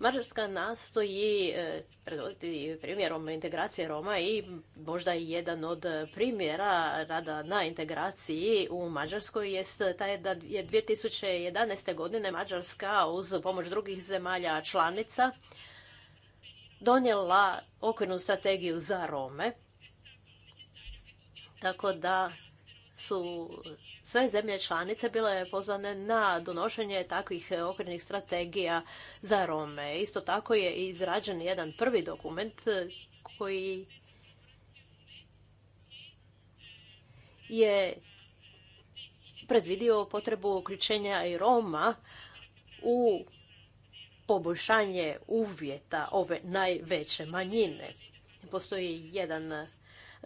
Mađarska nastoji e, predvoditi primjerom integracije Roma i možda i jedan od primjera rada na integraciji u Mađarskoj je taj da je 2011. godine Mađarska uz pomoć drugih zemalja članica donijela okvirnu strategiju za Rome. Tako da su sve zemlje članice bile pozvane na donošenje takvih e, okvirnih strategija za Rome. Isto tako je izrađen jedan prvi dokument e, koji je predvidio potrebu uključenja i Roma u poboljšanje uvjeta ove najveće manjine. Postoji jedan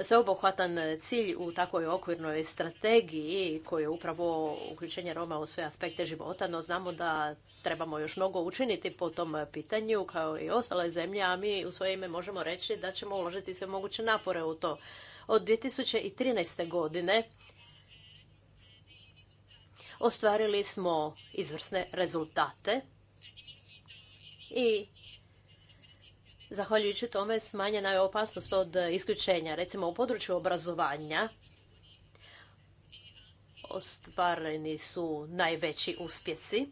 sveobuhvatan cilj u takvoj okvirnoj strategiji koji je upravo uključenje Roma u sve aspekte života, no znamo da trebamo još mnogo učiniti po tom pitanju kao i ostale zemlje, a mi u svoje ime možemo reći da ćemo uložiti sve moguće napore u to. Od 2013. godine ostvarili smo izvrsne rezultate i Zahvaljujući tome smanjena je opasnost od isključenja. Recimo u području obrazovanja ostvareni su najveći uspjesi.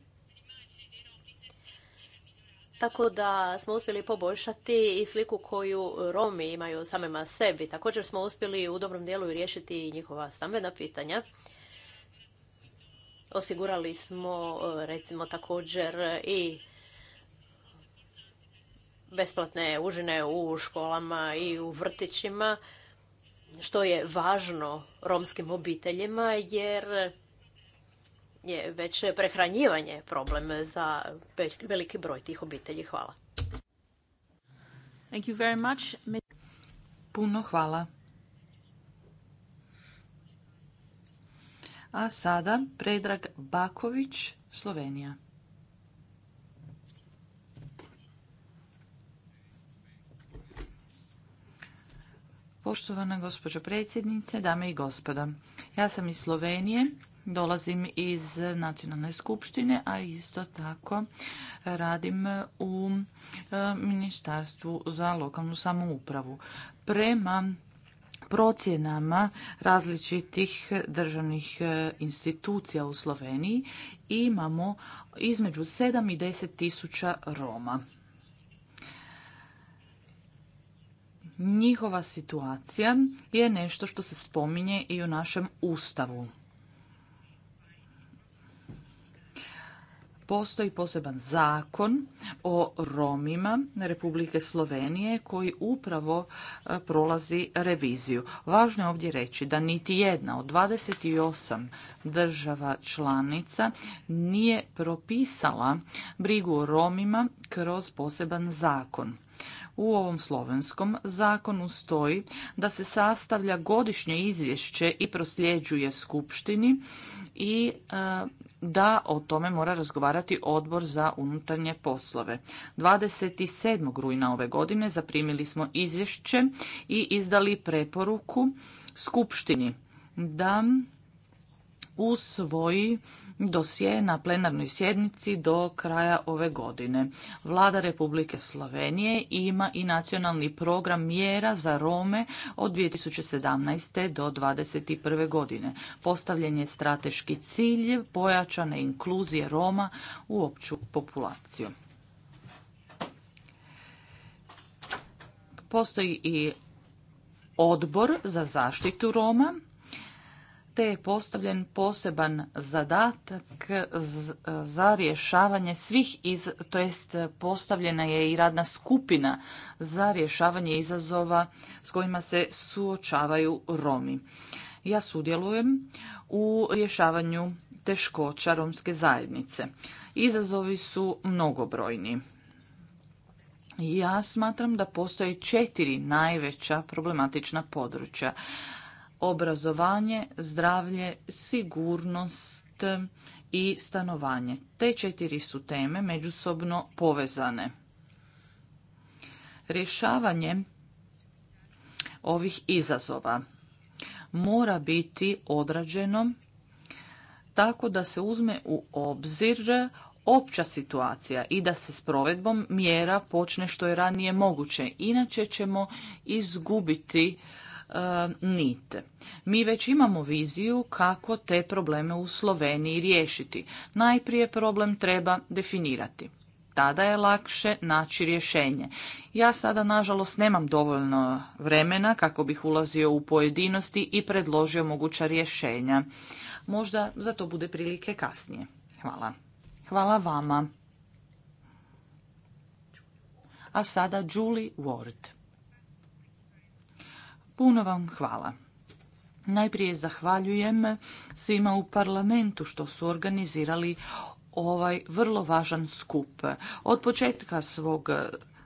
Tako da smo uspjeli poboljšati i sliku koju Romi imaju samima sebi. Također smo uspjeli u dobrom dijelu riješiti njihova stambena pitanja. Osigurali smo recimo također i besplatne užine u školama i u vrtićima, što je važno romskim obiteljima jer je već prehranjivanje problem za veliki broj tih obitelji. Hvala. Thank you very Puno hvala. A sada Predrag Baković, Slovenija. Poštovana gospođo predsjednice, dame i gospodo. Ja sam iz Slovenije, dolazim iz nacionalne skupštine, a isto tako radim u e, ministarstvu za lokalnu samoupravu. Prema procjenama različitih državnih e, institucija u Sloveniji imamo između 7 i 10 tisuća Roma. Njihova situacija je nešto što se spominje i u našem ustavu. Postoji poseban zakon o Romima Republike Slovenije koji upravo e, prolazi reviziju. Važno je ovdje reći da niti jedna od 28 država članica nije propisala brigu o Romima kroz poseban zakon. U ovom slovenskom zakonu stoji da se sastavlja godišnje izvješće i prosljeđuje skupštini i e, da o tome mora razgovarati odbor za unutarnje poslove. 27. rujna ove godine zaprimili smo izvješće i izdali preporuku skupštini da usvoji dosje na plenarnoj sjednici do kraja ove godine. Vlada Republike Slovenije ima i nacionalni program mjera za Rome od 2017. do 2021. godine. Postavljen je strateški cilj pojačane inkluzije Roma u opću populaciju. Postoji i odbor za zaštitu Roma te je postavljen poseban zadatak za rješavanje svih, iz, to jest postavljena je i radna skupina za rješavanje izazova s kojima se suočavaju Romi. Ja sudjelujem u rješavanju teškoća romske zajednice. Izazovi su mnogobrojni. Ja smatram da postoje četiri najveća problematična područja obrazovanje, zdravlje, sigurnost i stanovanje. Te četiri su teme međusobno povezane. Rješavanje ovih izazova mora biti odrađeno tako da se uzme u obzir opća situacija i da se s provedbom mjera počne što je ranije moguće. Inače ćemo izgubiti E, nit. Mi već imamo viziju kako te probleme u Sloveniji riješiti. Najprije problem treba definirati. Tada je lakše naći rješenje. Ja sada, nažalost, nemam dovoljno vremena kako bih ulazio u pojedinosti i predložio moguća rješenja. Možda za to bude prilike kasnije. Hvala. Hvala vama. A sada Julie Ward. Puno vam hvala. Najprije zahvaljujem svima u parlamentu što su organizirali ovaj vrlo važan skup. Od početka svog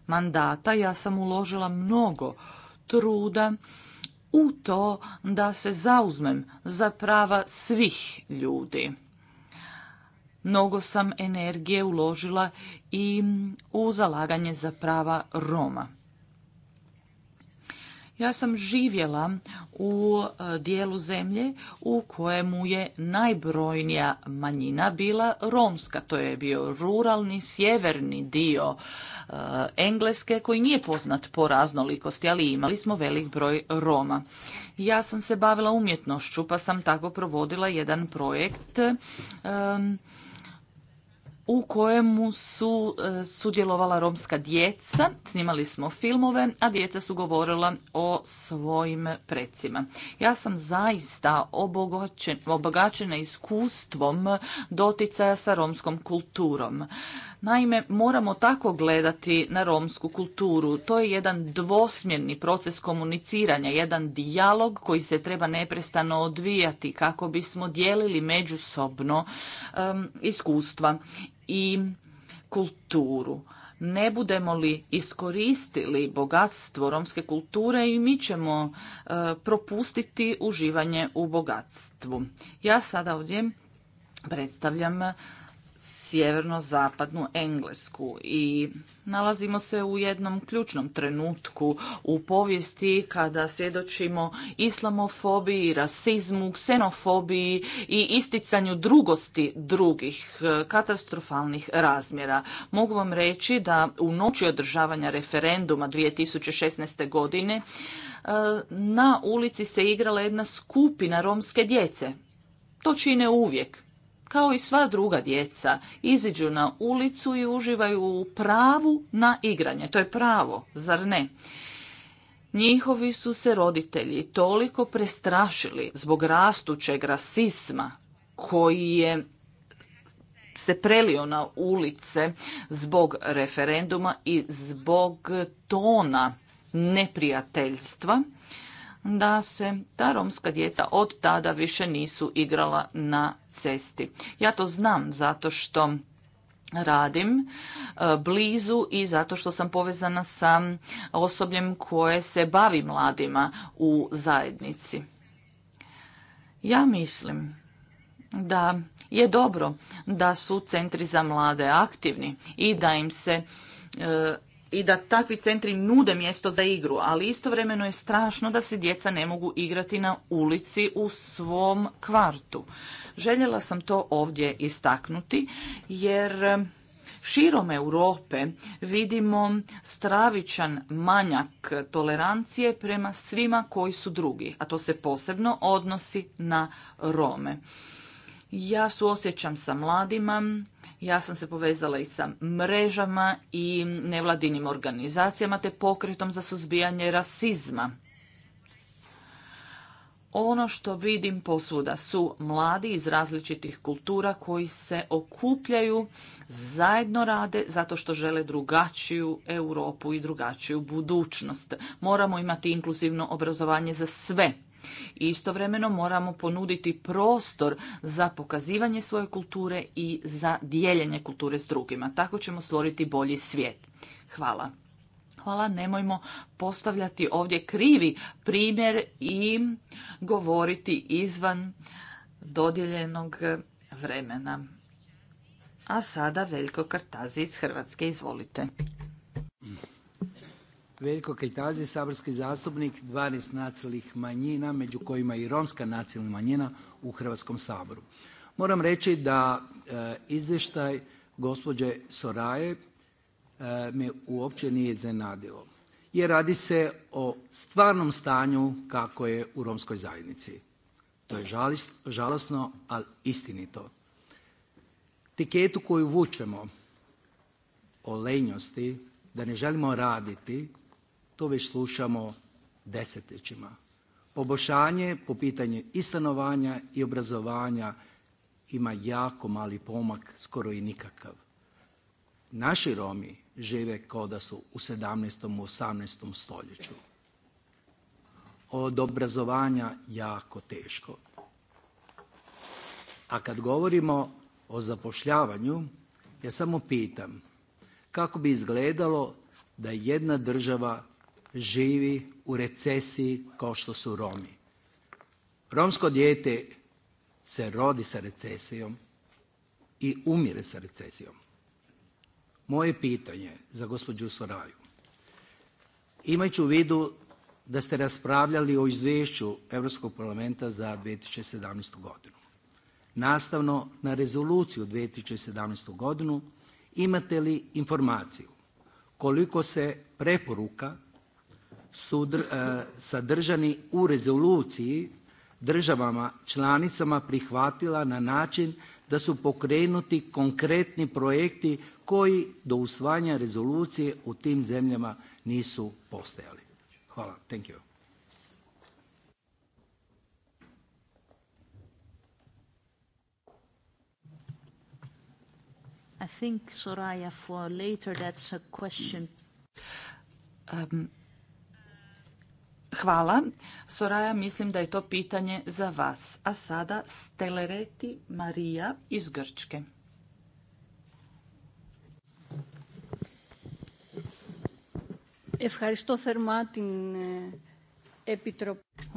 mandata ja sam uložila mnogo truda u to da se zauzmem za prava svih ljudi. Mnogo sam energije uložila i u zalaganje za prava Roma. Ja sam živjela u e, dijelu zemlje u kojemu je najbrojnija manjina bila romska. To je bio ruralni sjeverni dio e, Engleske koji nije poznat po raznolikosti, ali imali smo velik broj Roma. Ja sam se bavila umjetnošću pa sam tako provodila jedan projekt u kojemu su e, sudjelovala romska djeca. Snimali smo filmove, a djeca su govorila o svojim precima. Ja sam zaista obogačena iskustvom doticaja sa romskom kulturom. Naime, moramo tako gledati na romsku kulturu. To je jedan dvosmjerni proces komuniciranja, jedan dijalog koji se treba neprestano odvijati kako bismo dijelili međusobno iskustva i kulturu. Ne budemo li iskoristili bogatstvo romske kulture i mi ćemo e, propustiti uživanje u bogatstvu. Ja sada ovdje predstavljam sjeverno-zapadnu Englesku i nalazimo se u jednom ključnom trenutku u povijesti kada svjedočimo islamofobiji, rasizmu, ksenofobiji i isticanju drugosti drugih e, katastrofalnih razmjera. Mogu vam reći da u noći održavanja referenduma 2016. godine e, na ulici se igrala jedna skupina romske djece. To čine uvijek kao i sva druga djeca, iziđu na ulicu i uživaju u pravu na igranje. To je pravo, zar ne? Njihovi su se roditelji toliko prestrašili zbog rastućeg rasisma koji je se prelio na ulice zbog referenduma i zbog tona neprijateljstva da se ta romska djeca od tada više nisu igrala na cesti. Ja to znam zato što radim e, blizu i zato što sam povezana sa osobljem koje se bavi mladima u zajednici. Ja mislim da je dobro da su centri za mlade aktivni i da im se e, i da takvi centri nude mjesto za igru, ali istovremeno je strašno da se djeca ne mogu igrati na ulici u svom kvartu. Željela sam to ovdje istaknuti jer širom Europe vidimo stravičan manjak tolerancije prema svima koji su drugi, a to se posebno odnosi na Rome. Ja suosjećam sa mladima ja sam se povezala i sa mrežama i nevladinim organizacijama te pokretom za suzbijanje rasizma. Ono što vidim posvuda su mladi iz različitih kultura koji se okupljaju, zajedno rade zato što žele drugačiju Europu i drugačiju budućnost. Moramo imati inkluzivno obrazovanje za sve Istovremeno moramo ponuditi prostor za pokazivanje svoje kulture i za dijeljenje kulture s drugima. Tako ćemo stvoriti bolji svijet. Hvala. Hvala, nemojmo postavljati ovdje krivi primjer i govoriti izvan dodjeljenog vremena. A sada Veljko Kartazi iz Hrvatske, izvolite. Veljko Kajtazi, saborski zastupnik 12 nacionalnih manjina među kojima i romska nacionalna manjina u Hrvatskom saboru. Moram reći da e, izvještaj gospođe Soraje e, me uopće nije iznenadilo jer radi se o stvarnom stanju kako je u romskoj zajednici. To je žalosno, ali istinito. Tiketu koju vučemo o lenjosti, da ne želimo raditi, to već slušamo desetljećima. Poboljšanje po pitanju i stanovanja i obrazovanja ima jako mali pomak, skoro i nikakav. Naši Romi žive kao da su u 17. u 18. stoljeću. Od obrazovanja jako teško. A kad govorimo o zapošljavanju, ja samo pitam kako bi izgledalo da jedna država živi u recesiji kao što su Romi. Romsko dijete se rodi sa recesijom i umire sa recesijom. Moje pitanje za gospođu Soraju. Imajući u vidu da ste raspravljali o izvješću Europskog parlamenta za 2017. godinu. Nastavno na rezoluciju 2017. godinu, imate li informaciju koliko se preporuka su e, sadržani u rezoluciji državama članicama prihvatila na način da su pokrenuti konkretni projekti koji do usvajanja rezolucije u tim zemljama nisu postojali. Hvala. Thank you. I think, for later that's a question. Um, Hvala. Soraja, mislim da je to pitanje za vas. A sada Stelereti Marija iz Grčke.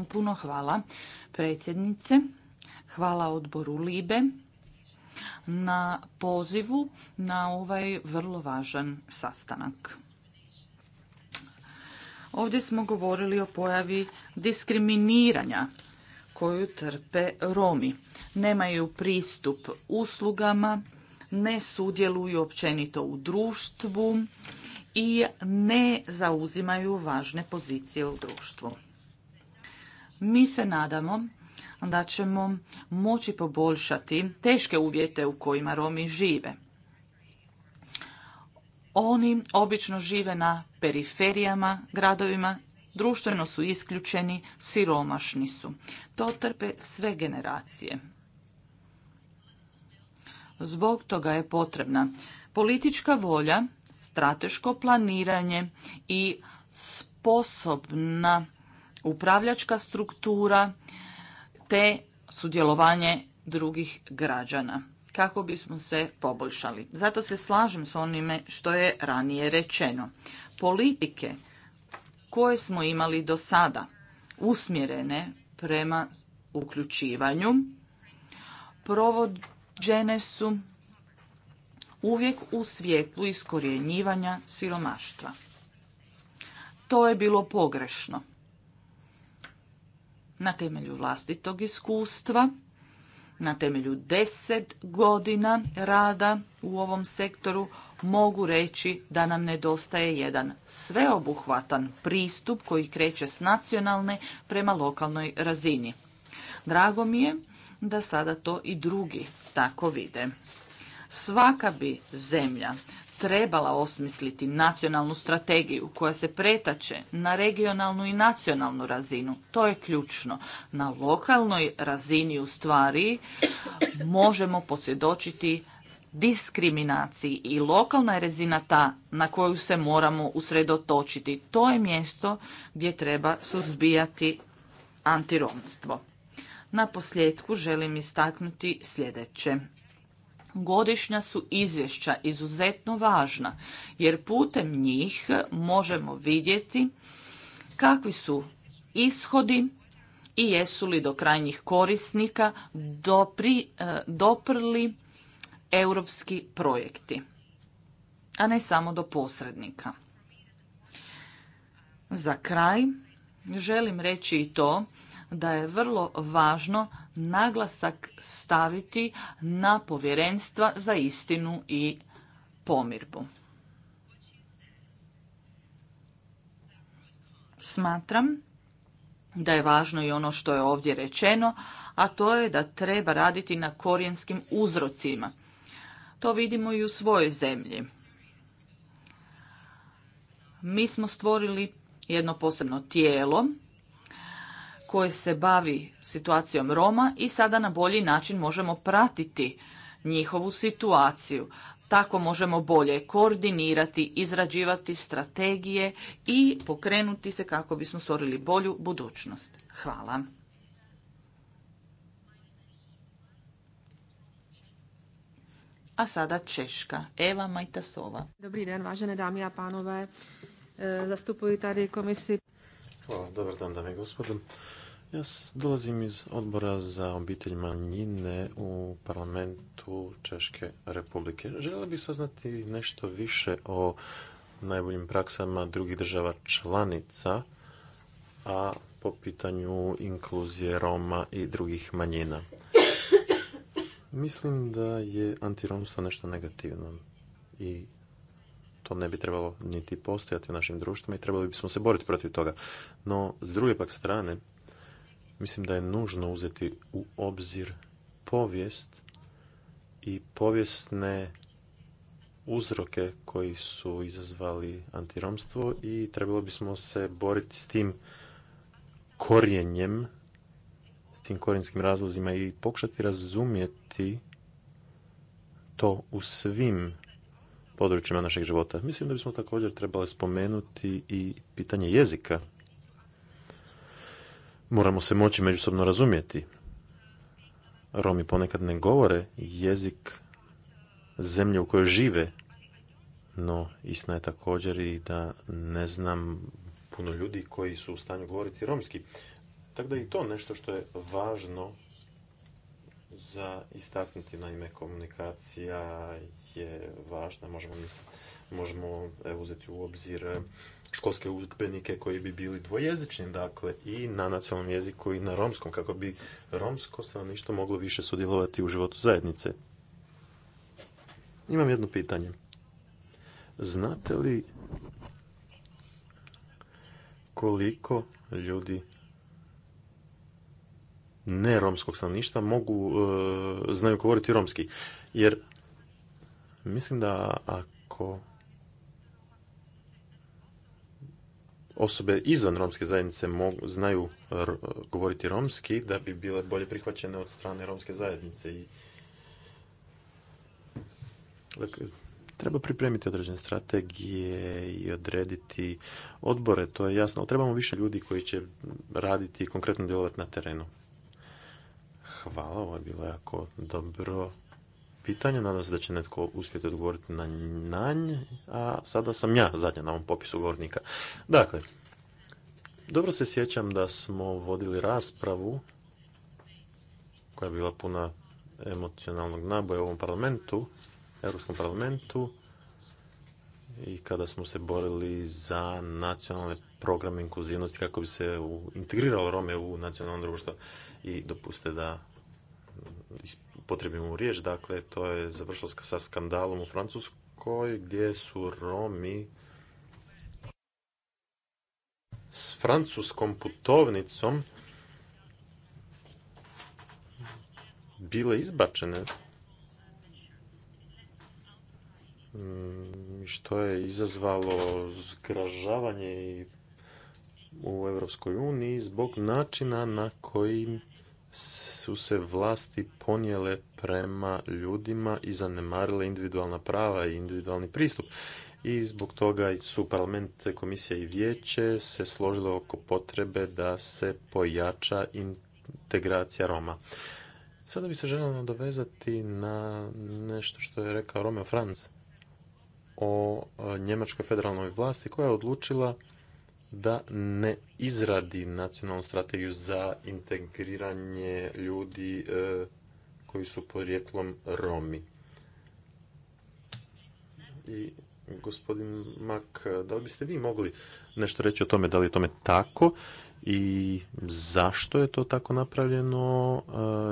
Puno hvala predsjednice, hvala odboru Libe na pozivu na ovaj vrlo važan sastanak. Ovdje smo govorili o pojavi diskriminiranja koju trpe Romi. Nemaju pristup uslugama, ne sudjeluju općenito u društvu i ne zauzimaju važne pozicije u društvu. Mi se nadamo da ćemo moći poboljšati teške uvjete u kojima Romi žive. Oni obično žive na periferijama, gradovima, društveno su isključeni, siromašni su. To trpe sve generacije. Zbog toga je potrebna politička volja, strateško planiranje i sposobna upravljačka struktura te sudjelovanje drugih građana kako bismo se poboljšali. Zato se slažem s onime što je ranije rečeno. Politike koje smo imali do sada usmjerene prema uključivanju provođene su uvijek u svjetlu iskorjenjivanja siromaštva. To je bilo pogrešno. Na temelju vlastitog iskustva na temelju deset godina rada u ovom sektoru mogu reći da nam nedostaje jedan sveobuhvatan pristup koji kreće s nacionalne prema lokalnoj razini. Drago mi je da sada to i drugi tako vide. Svaka bi zemlja trebala osmisliti nacionalnu strategiju koja se pretače na regionalnu i nacionalnu razinu. To je ključno. Na lokalnoj razini u stvari možemo posvjedočiti diskriminaciji i lokalna je rezina ta na koju se moramo usredotočiti. To je mjesto gdje treba suzbijati antiromstvo. Na posljedku želim istaknuti sljedeće. Godišnja su izvješća izuzetno važna jer putem njih možemo vidjeti kakvi su ishodi i jesu li do krajnjih korisnika dopri, e, doprli europski projekti, a ne samo do posrednika. Za kraj želim reći i to da je vrlo važno naglasak staviti na povjerenstva za istinu i pomirbu. Smatram da je važno i ono što je ovdje rečeno, a to je da treba raditi na korijenskim uzrocima. To vidimo i u svojoj zemlji. Mi smo stvorili jedno posebno tijelo koje se bavi situacijom Roma i sada na bolji način možemo pratiti njihovu situaciju. Tako možemo bolje koordinirati, izrađivati strategije i pokrenuti se kako bismo stvorili bolju budućnost. Hvala. A sada Češka. Eva Majtasova. Dobri dan, važene dame i panove. Zastupuju tady Hvala, dobar dan, dame i gospodin. Ja dolazim iz odbora za obitelj manjine u parlamentu Češke republike. Želio bih saznati nešto više o najboljim praksama drugih država članica, a po pitanju inkluzije Roma i drugih manjina. Mislim da je antiromstvo nešto negativno i to ne bi trebalo niti postojati u našim društvima i trebali bismo se boriti protiv toga. No, s druge pak strane, Mislim da je nužno uzeti u obzir povijest i povijesne uzroke koji su izazvali antiromstvo i trebalo bismo se boriti s tim korijenjem, s tim korijenskim razlozima i pokušati razumjeti to u svim područjima našeg života. Mislim da bismo također trebali spomenuti i pitanje jezika Moramo se moći međusobno razumjeti. Romi ponekad ne govore jezik zemlje u kojoj žive, no istina je također i da ne znam puno ljudi koji su u stanju govoriti romski. Tako da i to nešto što je važno za istaknuti. Naime, komunikacija je važna. Možemo, možemo uzeti u obzir školske udžbenike koji bi bili dvojezični, dakle i na nacionalnom jeziku i na romskom, kako bi romsko stanovništvo moglo više sudjelovati u životu zajednice. Imam jedno pitanje. Znate li koliko ljudi ne romskog stanovništva mogu, e, znaju govoriti romski? Jer mislim da ako osobe izvan romske zajednice mogu, znaju govoriti romski da bi bile bolje prihvaćene od strane romske zajednice. I, dakle, treba pripremiti određene strategije i odrediti odbore, to je jasno, ali trebamo više ljudi koji će raditi i konkretno djelovati na terenu. Hvala, ovo je bilo jako dobro pitanja. Nadam se da će netko uspjeti odgovoriti na nanj, a sada sam ja zadnja na ovom popisu govornika. Dakle, dobro se sjećam da smo vodili raspravu koja je bila puna emocionalnog naboja u ovom parlamentu, Europskom parlamentu, i kada smo se borili za nacionalne programe inkluzivnosti kako bi se integriralo Rome u nacionalno društvo i dopuste da u riječ, dakle to je završilo sa skandalom u Francuskoj gdje su Romi s francuskom putovnicom bile izbačene mm, što je izazvalo zgražavanje u Europskoj uniji zbog načina na koji su se vlasti ponijele prema ljudima i zanemarile individualna prava i individualni pristup. I zbog toga su parlament, komisija i vijeće se složile oko potrebe da se pojača integracija Roma. Sada bi se želio nadovezati na nešto što je rekao Romeo Franz o e, njemačkoj federalnoj vlasti koja je odlučila da ne izradi nacionalnu strategiju za integriranje ljudi e, koji su porijeklom Romi. I gospodin Mak, da li biste vi mogli nešto reći o tome, da li je tome tako i zašto je to tako napravljeno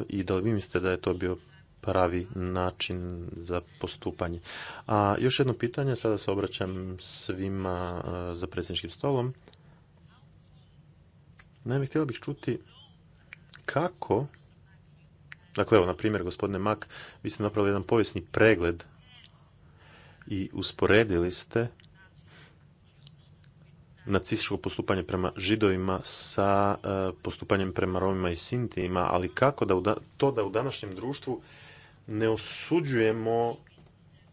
e, i da li vi mislite da je to bio pravi način za postupanje. A još jedno pitanje, sada se obraćam svima e, za predsjedničkim stolom. Naime, htjela bih čuti kako, dakle evo, na primjer, gospodine Mak, vi ste napravili jedan povijesni pregled i usporedili ste nacističko postupanje prema židovima sa e, postupanjem prema Romima i Sintijima, ali kako da to da u današnjem društvu ne osuđujemo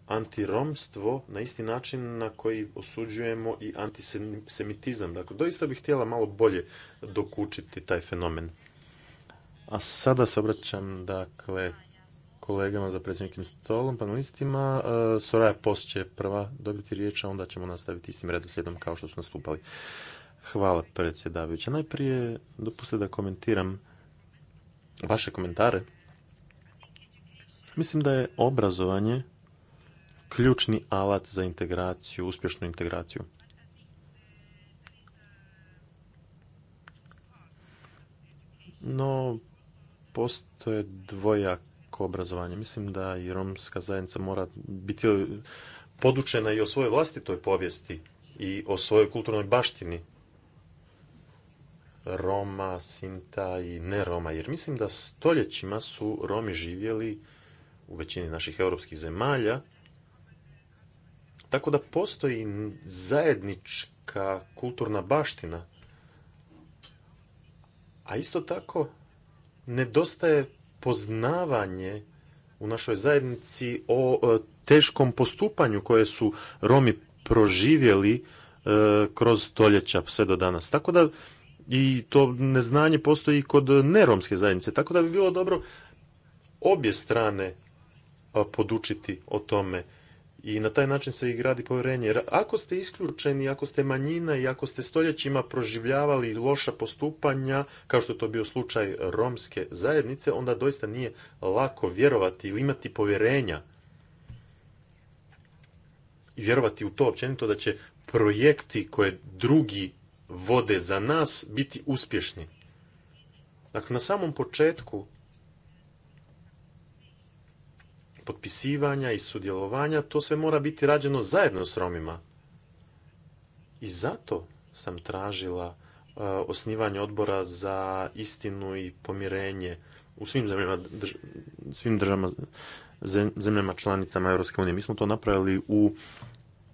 antiromstvo na isti način na koji osuđujemo i antisemitizam. Dakle, doista bih htjela malo bolje dokučiti taj fenomen. A sada se obraćam, dakle, kolegama za predsjednikim stolom, panelistima. E, Soraja Post će prva dobiti riječ, a onda ćemo nastaviti istim redoslijedom kao što su nastupali. Hvala predsjedavajuća. Najprije dopustite da komentiram vaše komentare Mislim da je obrazovanje ključni alat za integraciju, uspješnu integraciju. No, postoje dvojako obrazovanje. Mislim da i romska zajednica mora biti podučena i o svojoj vlastitoj povijesti i o svojoj kulturnoj baštini Roma, Sinta i ne Roma, jer mislim da stoljećima su Romi živjeli u većini naših europskih zemalja, tako da postoji zajednička kulturna baština, a isto tako nedostaje poznavanje u našoj zajednici o e, teškom postupanju koje su Romi proživjeli e, kroz stoljeća sve do danas. Tako da i to neznanje postoji i kod neromske zajednice. Tako da bi bilo dobro obje strane podučiti o tome. I na taj način se i gradi povjerenje. Jer ako ste isključeni, ako ste manjina i ako ste stoljećima proživljavali loša postupanja, kao što je to bio slučaj romske zajednice, onda doista nije lako vjerovati ili imati povjerenja. I vjerovati u to općenito da će projekti koje drugi vode za nas biti uspješni. Dakle, na samom početku potpisivanja i sudjelovanja, to sve mora biti rađeno zajedno s Romima. I zato sam tražila e, osnivanje odbora za istinu i pomirenje u svim zemljama, svim državama, zemljama članicama Europske unije. Mi smo to napravili u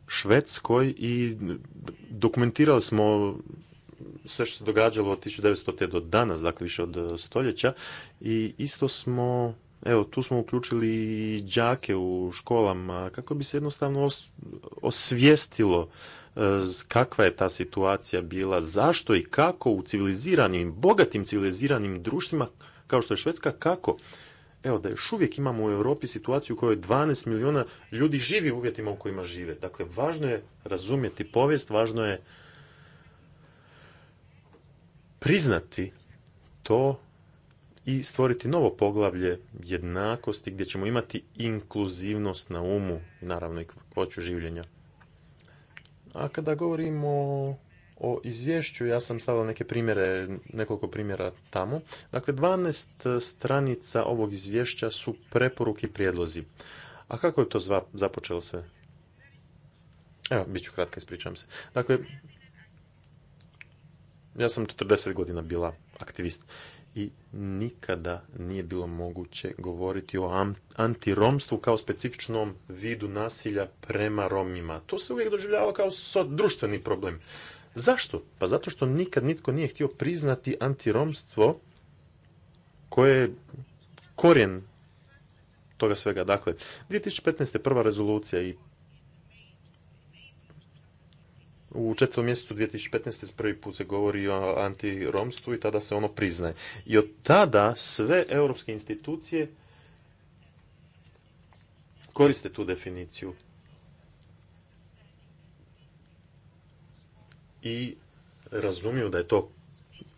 Švedskoj i dokumentirali smo sve što se događalo od 1900. do danas, dakle više od stoljeća i isto smo Evo, tu smo uključili i đake u školama kako bi se jednostavno osvijestilo e, kakva je ta situacija bila, zašto i kako u civiliziranim, bogatim civiliziranim društvima kao što je Švedska, kako? Evo, da još uvijek imamo u Europi situaciju u kojoj 12 milijuna ljudi živi u uvjetima u kojima žive. Dakle, važno je razumjeti povijest, važno je priznati to i stvoriti novo poglavlje jednakosti gdje ćemo imati inkluzivnost na umu, naravno i kvoću življenja. A kada govorimo o izvješću, ja sam stavio neke primjere, nekoliko primjera tamo. Dakle, 12 stranica ovog izvješća su preporuki i prijedlozi. A kako je to zva, započelo sve? Evo, bit ću kratka, ispričavam se. Dakle, ja sam 40 godina bila aktivist i nikada nije bilo moguće govoriti o antiromstvu kao specifičnom vidu nasilja prema Romima. To se uvijek doživljavalo kao društveni problem. Zašto? Pa zato što nikad nitko nije htio priznati antiromstvo koje je korijen toga svega. Dakle, 2015. prva rezolucija i u četvrtom mjesecu 2015. prvi put se govori o antiromstvu i tada se ono priznaje. I od tada sve europske institucije koriste tu definiciju. I razumiju da je to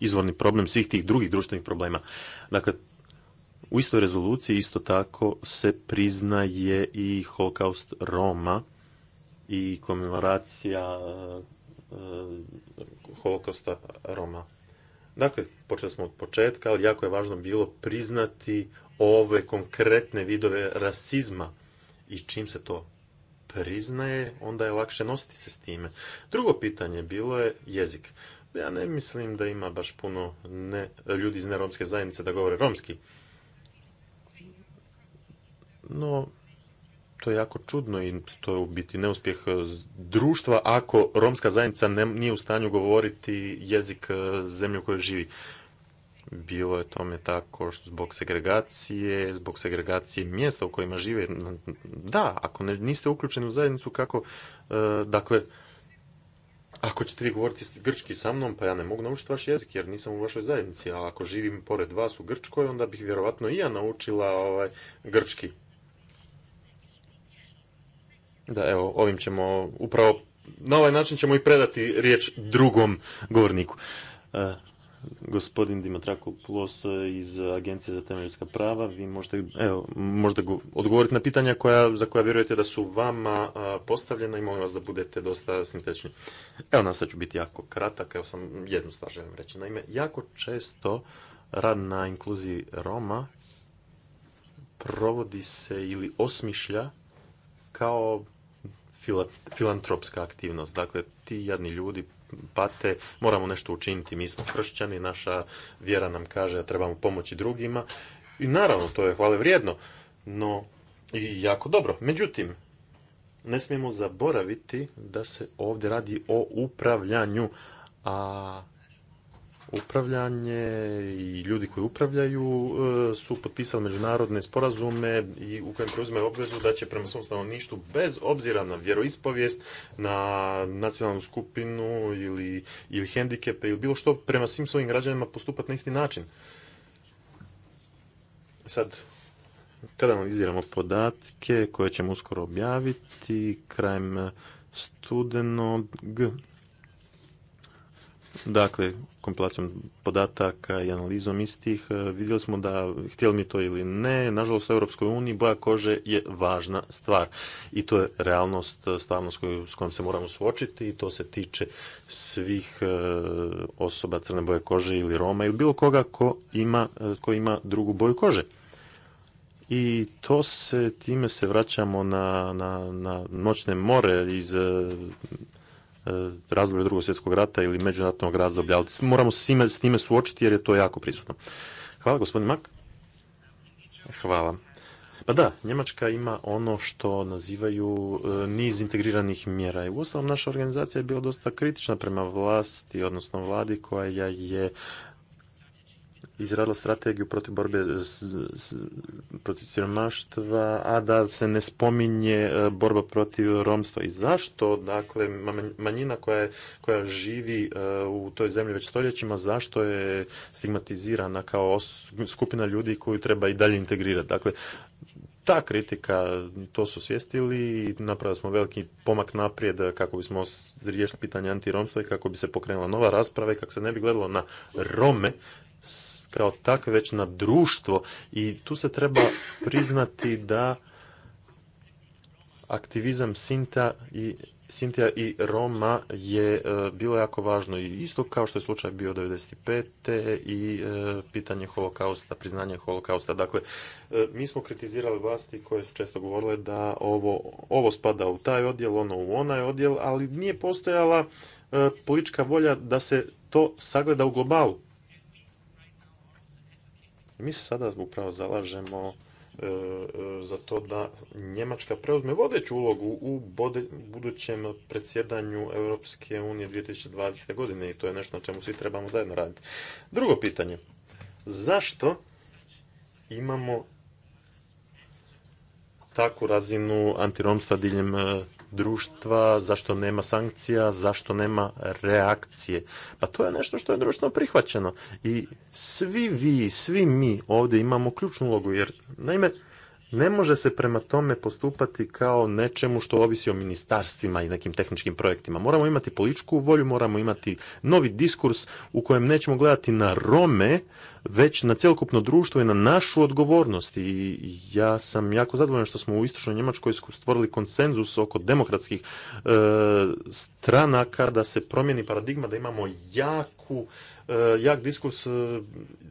izvorni problem svih tih drugih društvenih problema. Dakle, u istoj rezoluciji isto tako se priznaje i holokaust Roma i komemoracija e, holokosta Roma. Dakle, počeli smo od početka, ali jako je važno bilo priznati ove konkretne vidove rasizma i čim se to priznaje, onda je lakše nositi se s time. Drugo pitanje bilo je jezik. Ja ne mislim da ima baš puno ne, ljudi iz neromske zajednice da govore romski. No, to je jako čudno i to je u biti neuspjeh e, društva ako romska zajednica ne, nije u stanju govoriti jezik e, zemlje u kojoj živi. Bilo je tome tako zbog segregacije, zbog segregacije mjesta u kojima žive. Da, ako niste uključeni u zajednicu, kako, e, dakle, ako ćete vi govoriti grčki sa mnom, pa ja ne mogu naučiti vaš jezik jer nisam u vašoj zajednici, a ako živim pored vas u Grčkoj, onda bih vjerovatno i ja naučila ovaj, grčki. Da, evo, ovim ćemo upravo, na ovaj način ćemo i predati riječ drugom govorniku. Uh, gospodin Plos iz Agencije za temeljska prava, vi možete, evo, možda odgovoriti na pitanja koja, za koja vjerujete da su vama postavljena i molim vas da budete dosta sintetični. Evo, nastavit ću biti jako kratak, evo sam jednu stvar želim reći. Naime, jako često rad na inkluziji Roma provodi se ili osmišlja kao filantropska aktivnost. Dakle, ti jadni ljudi pate, moramo nešto učiniti. Mi smo kršćani, naša vjera nam kaže da trebamo pomoći drugima. I naravno, to je hvale vrijedno, no i jako dobro. Međutim, ne smijemo zaboraviti da se ovdje radi o upravljanju, a upravljanje i ljudi koji upravljaju e, su potpisali međunarodne sporazume i u kojem preuzimaju obvezu da će prema svom stanovništvu bez obzira na vjeroispovijest, na nacionalnu skupinu ili, ili hendikepe ili bilo što prema svim svojim građanima postupati na isti način. Sad, kada analiziramo podatke koje ćemo uskoro objaviti, krajem studenog Dakle, kompilacijom podataka i analizom istih e, vidjeli smo da htjeli mi to ili ne, nažalost u Europskoj uniji boja kože je važna stvar i to je realnost e, stavnost s kojom se moramo suočiti i to se tiče svih e, osoba crne boje kože ili Roma ili bilo koga ko ima, ko ima drugu boju kože. I to se, time se vraćamo na, na noćne more iz E, razdoblju drugog svjetskog rata ili međunarodnog razdoblja, ali moramo se s time suočiti jer je to jako prisutno. Hvala, gospodin Mak. Hvala. Pa da, Njemačka ima ono što nazivaju e, niz integriranih mjera. I uostalom naša organizacija je bila dosta kritična prema vlasti, odnosno vladi koja je izradila strategiju protiv borbe protiv siromaštva, a da se ne spominje e, borba protiv romstva. I zašto, dakle, manjina koja, je, koja živi e, u toj zemlji već stoljećima, zašto je stigmatizirana kao skupina ljudi koju treba i dalje integrirati? Dakle, ta kritika, to su svjestili i napravili smo veliki pomak naprijed kako bismo riješili pitanje antiromstva i kako bi se pokrenula nova rasprava i kako se ne bi gledalo na Rome kao takve, već na društvo i tu se treba priznati da aktivizam Sinta i Sintija i Roma je e, bilo jako važno i isto kao što je slučaj bio 95. i e, pitanje holokausta, priznanje holokausta. Dakle, e, mi smo kritizirali vlasti koje su često govorile da ovo, ovo spada u taj odjel, ono u onaj odjel, ali nije postojala politička volja da se to sagleda u globalu. Mi se sada upravo zalažemo e, e, za to da Njemačka preuzme vodeću ulogu u budućem predsjedanju Europske unije 2020. godine i to je nešto na čemu svi trebamo zajedno raditi. Drugo pitanje. Zašto imamo takvu razinu antiromstva diljem e, društva, zašto nema sankcija, zašto nema reakcije. Pa to je nešto što je društveno prihvaćeno. I svi vi, svi mi ovdje imamo ključnu ulogu, jer naime, ne može se prema tome postupati kao nečemu što ovisi o ministarstvima i nekim tehničkim projektima. Moramo imati političku volju, moramo imati novi diskurs u kojem nećemo gledati na Rome, već na cjelokupno društvo i na našu odgovornost. I ja sam jako zadovoljan što smo u Istočnoj Njemačkoj stvorili konsenzus oko demokratskih e, stranaka da se promijeni paradigma, da imamo jaku, e, jak diskurs e,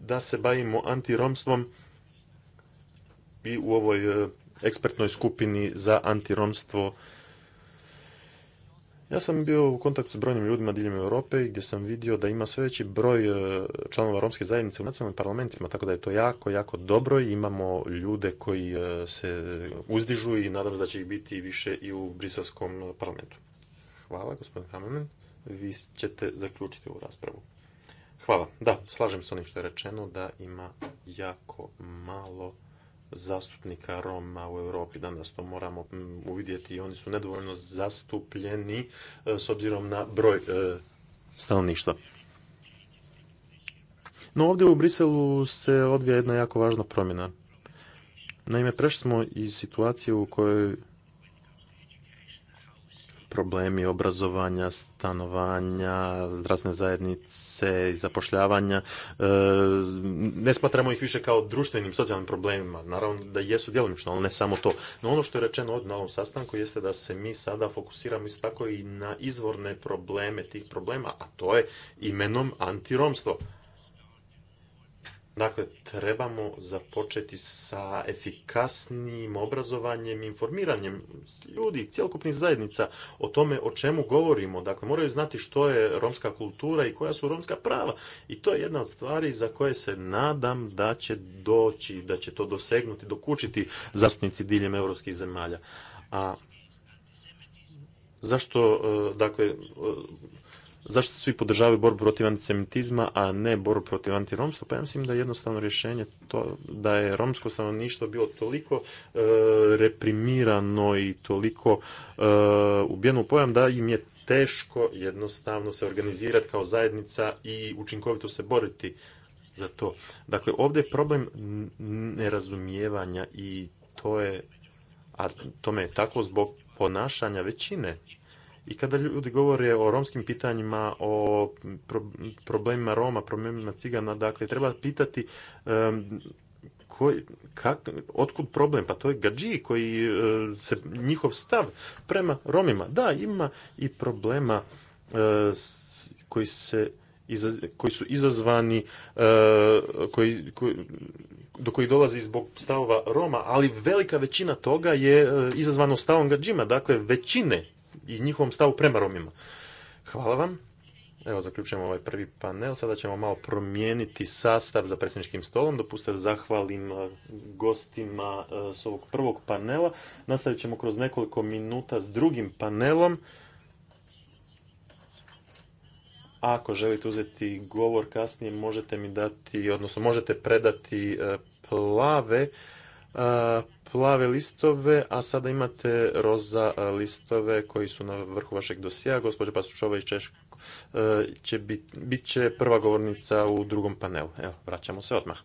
da se bavimo antiromstvom i u ovoj e, ekspertnoj skupini za antiromstvo. Ja sam bio u kontaktu s brojnim ljudima diljem Europe gdje sam vidio da ima sve veći broj e, članova romske zajednice u nacionalnim parlamentima, tako da je to jako, jako dobro i imamo ljude koji e, se uzdižu i nadam se da će ih biti više i u briselskom parlamentu. Hvala, gospodin Hamemen. Vi ćete zaključiti ovu raspravu. Hvala. Da, slažem se onim što je rečeno, da ima jako malo zastupnika Roma u Europi. Danas to moramo mm, uvidjeti oni su nedovoljno zastupljeni e, s obzirom na broj e, stanovništva. No ovdje u Briselu se odvija jedna jako važna promjena. Naime, prešli smo iz situacije u kojoj problemi obrazovanja, stanovanja, zdravstvene zajednice i zapošljavanja. E, ne smatramo ih više kao društvenim socijalnim problemima. Naravno da jesu djelomično, ali ne samo to. No ono što je rečeno od na ovom sastanku jeste da se mi sada fokusiramo isto tako i na izvorne probleme tih problema, a to je imenom antiromstvo. Dakle, trebamo započeti sa efikasnim obrazovanjem, informiranjem ljudi, cjelokupnih zajednica o tome o čemu govorimo. Dakle, moraju znati što je romska kultura i koja su romska prava. I to je jedna od stvari za koje se nadam da će doći, da će to dosegnuti, dokučiti zastupnici diljem europskih zemalja. A zašto, e, dakle, e, zašto svi podržavaju borbu protiv antisemitizma, a ne borbu protiv antiromstva? Pa ja mislim da je jednostavno rješenje to da je romsko stanovništvo bilo toliko e, reprimirano i toliko e, ubijeno u pojam da im je teško jednostavno se organizirati kao zajednica i učinkovito se boriti za to. Dakle, ovdje je problem nerazumijevanja i to je, a tome je tako zbog ponašanja većine i kada ljudi govore o romskim pitanjima, o problemima Roma, problemima Cigana, dakle, treba pitati koji, otkud problem? Pa to je gađi koji e, se njihov stav prema Romima. Da, ima i problema e, koji se koji su izazvani, e, koji, koji, do koji dolazi zbog stavova Roma, ali velika većina toga je izazvano stavom Gađima, dakle većine i njihovom stavu prema Romima. Hvala vam. Evo, zaključujemo ovaj prvi panel. Sada ćemo malo promijeniti sastav za predsjedničkim stolom. Dopustite da zahvalim e, gostima e, s ovog prvog panela. Nastavit ćemo kroz nekoliko minuta s drugim panelom. Ako želite uzeti govor kasnije, možete mi dati, odnosno možete predati e, plave plave listove, a sada imate roza listove koji su na vrhu vašeg dosija. Gospođa Pasučova iz Češko e, će bit, će prva govornica u drugom panelu. Evo, vraćamo se odmah.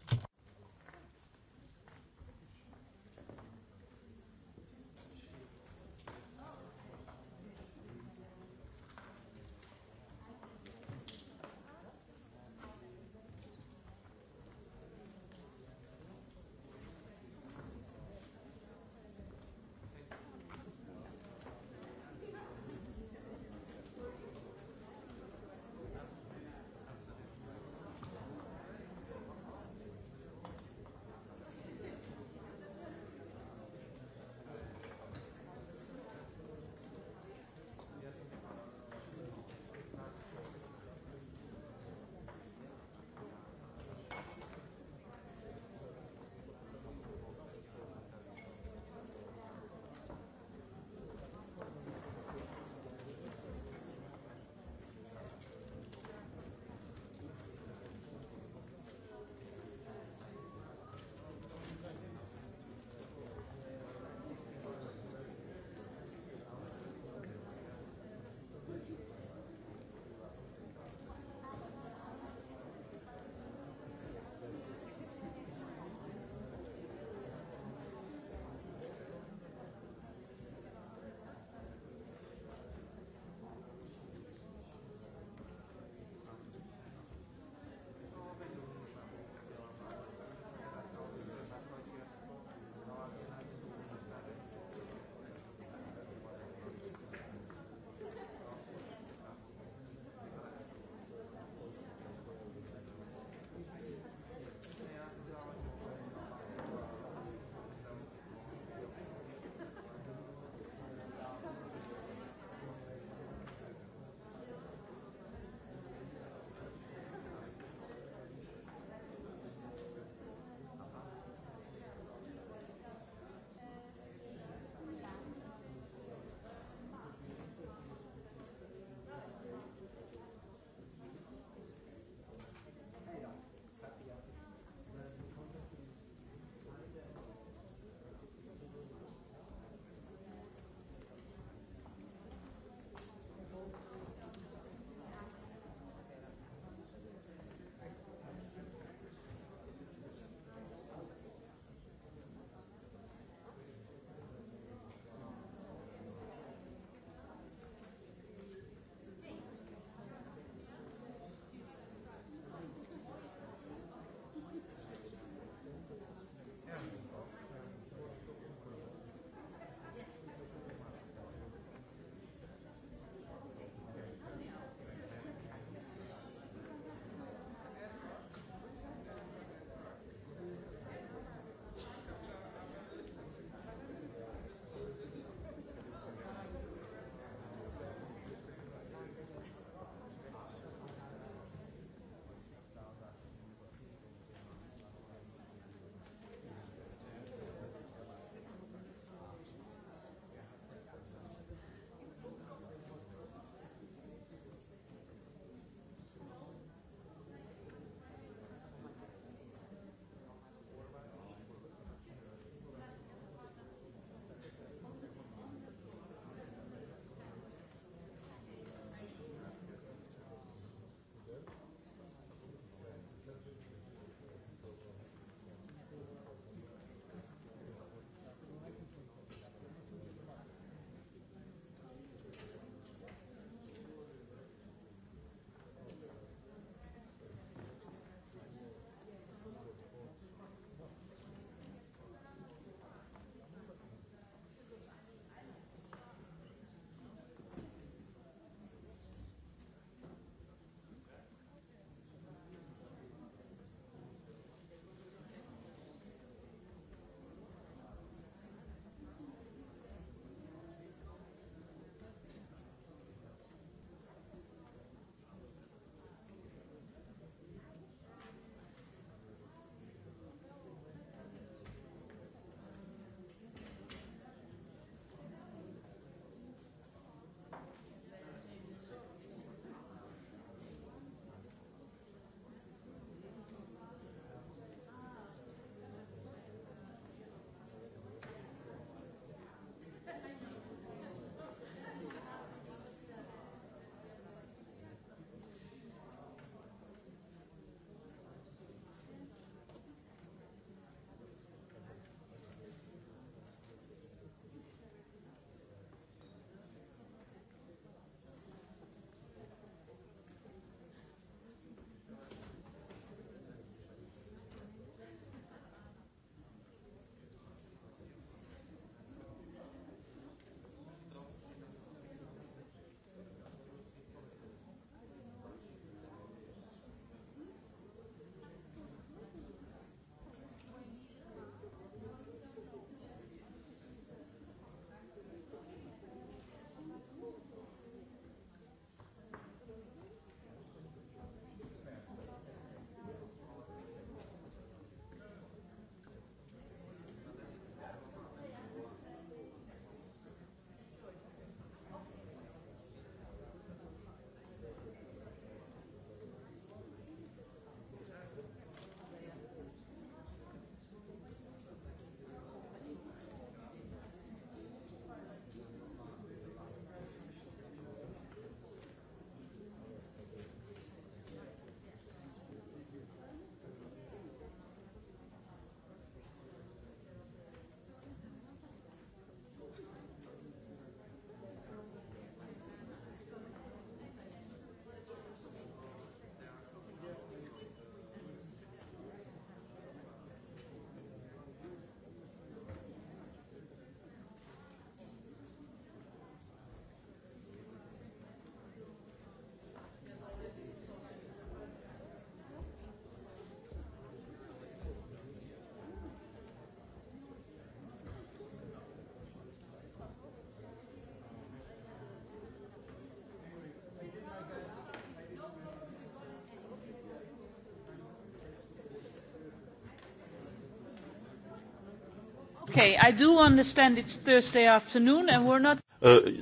Okay,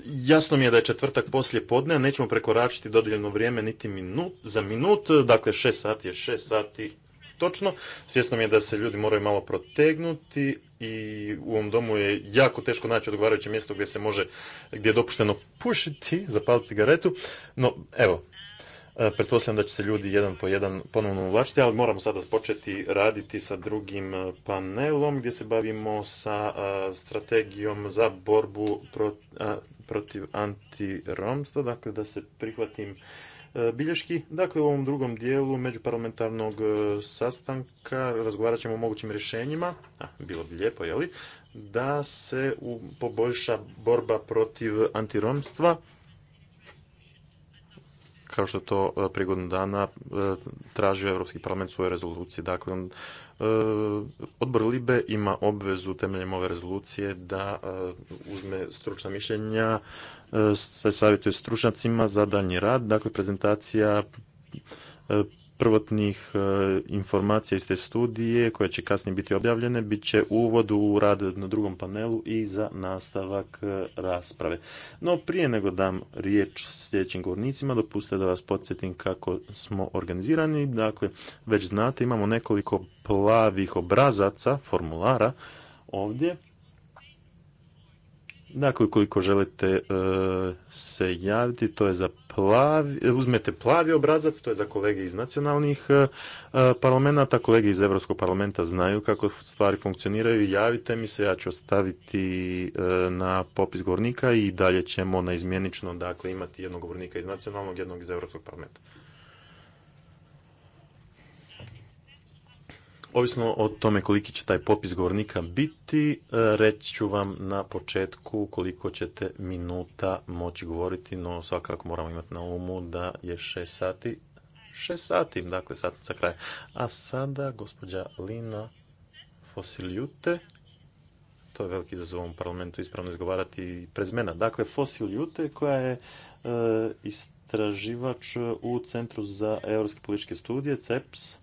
jasno mi je da je četvrtak poslije podne, nećemo prekoračiti dodijeljeno vrijeme niti minut, za minut, dakle šest sati je šest sati točno. Svjesno mi je da se ljudi moraju malo protegnuti i u ovom domu je jako teško naći odgovarajuće mjesto gdje se može, gdje je dopušteno pušiti, zapaliti cigaretu. No, evo, E, pretpostavljam da će se ljudi jedan po jedan ponovno uvlačiti, ali moramo sada početi raditi sa drugim e, panelom gdje se bavimo sa e, strategijom za borbu protiv antiromstva, dakle da se prihvatim bilješki. Dakle, u ovom drugom dijelu međuparlamentarnog sastanka razgovarat ćemo o mogućim rješenjima, a, bilo bi lijepo, jeli, da se poboljša borba protiv antiromstva kao što to e, prigodno dana e, tražio Europski parlament svoje rezolucije. Dakle, e, odbor Libe ima obvezu temeljem ove rezolucije da uzme stručna mišljenja, se savjetuje stručnjacima za daljnji rad. Dakle, prezentacija prvotnih e, informacija iz te studije koje će kasnije biti objavljene bit će uvod u rad na drugom panelu i za nastavak e, rasprave. No prije nego dam riječ sljedećim govornicima, dopustite da vas podsjetim kako smo organizirani. Dakle, već znate imamo nekoliko plavih obrazaca, formulara ovdje Dakle, koliko želite e, se javiti, to je za plavi, e, uzmete plavi obrazac, to je za kolege iz nacionalnih e, parlamenta, kolege iz Europskog parlamenta znaju kako stvari funkcioniraju, javite mi se, ja ću ostaviti na popis govornika i dalje ćemo na izmjenično, dakle, imati jednog govornika iz nacionalnog, jednog iz Europskog parlamenta. Ovisno o tome koliki će taj popis govornika biti, e, reći ću vam na početku koliko ćete minuta moći govoriti, no svakako moramo imati na umu da je šest sati, šest sati, dakle satnica kraja. A sada gospođa Lina Fosiljute, to je veliki izazov ovom parlamentu ispravno izgovarati prezmena, dakle Fosiljute koja je e, istraživač u Centru za europske političke studije, CEPS,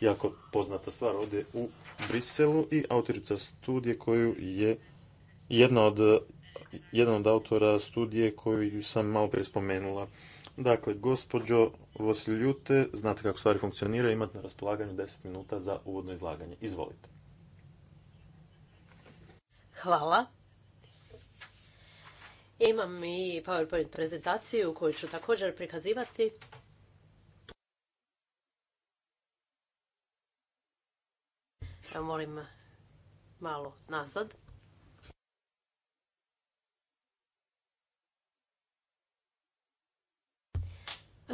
jako poznata stvar ovdje u Briselu i autorica studije koju je jedna od, jedan od autora studije koju sam malo prije spomenula. Dakle, gospođo Vosiljute, znate kako stvari funkcioniraju, imate na raspolaganju 10 minuta za uvodno izlaganje. Izvolite. Hvala. Imam i PowerPoint prezentaciju koju ću također prikazivati. Evo molim malo nazad.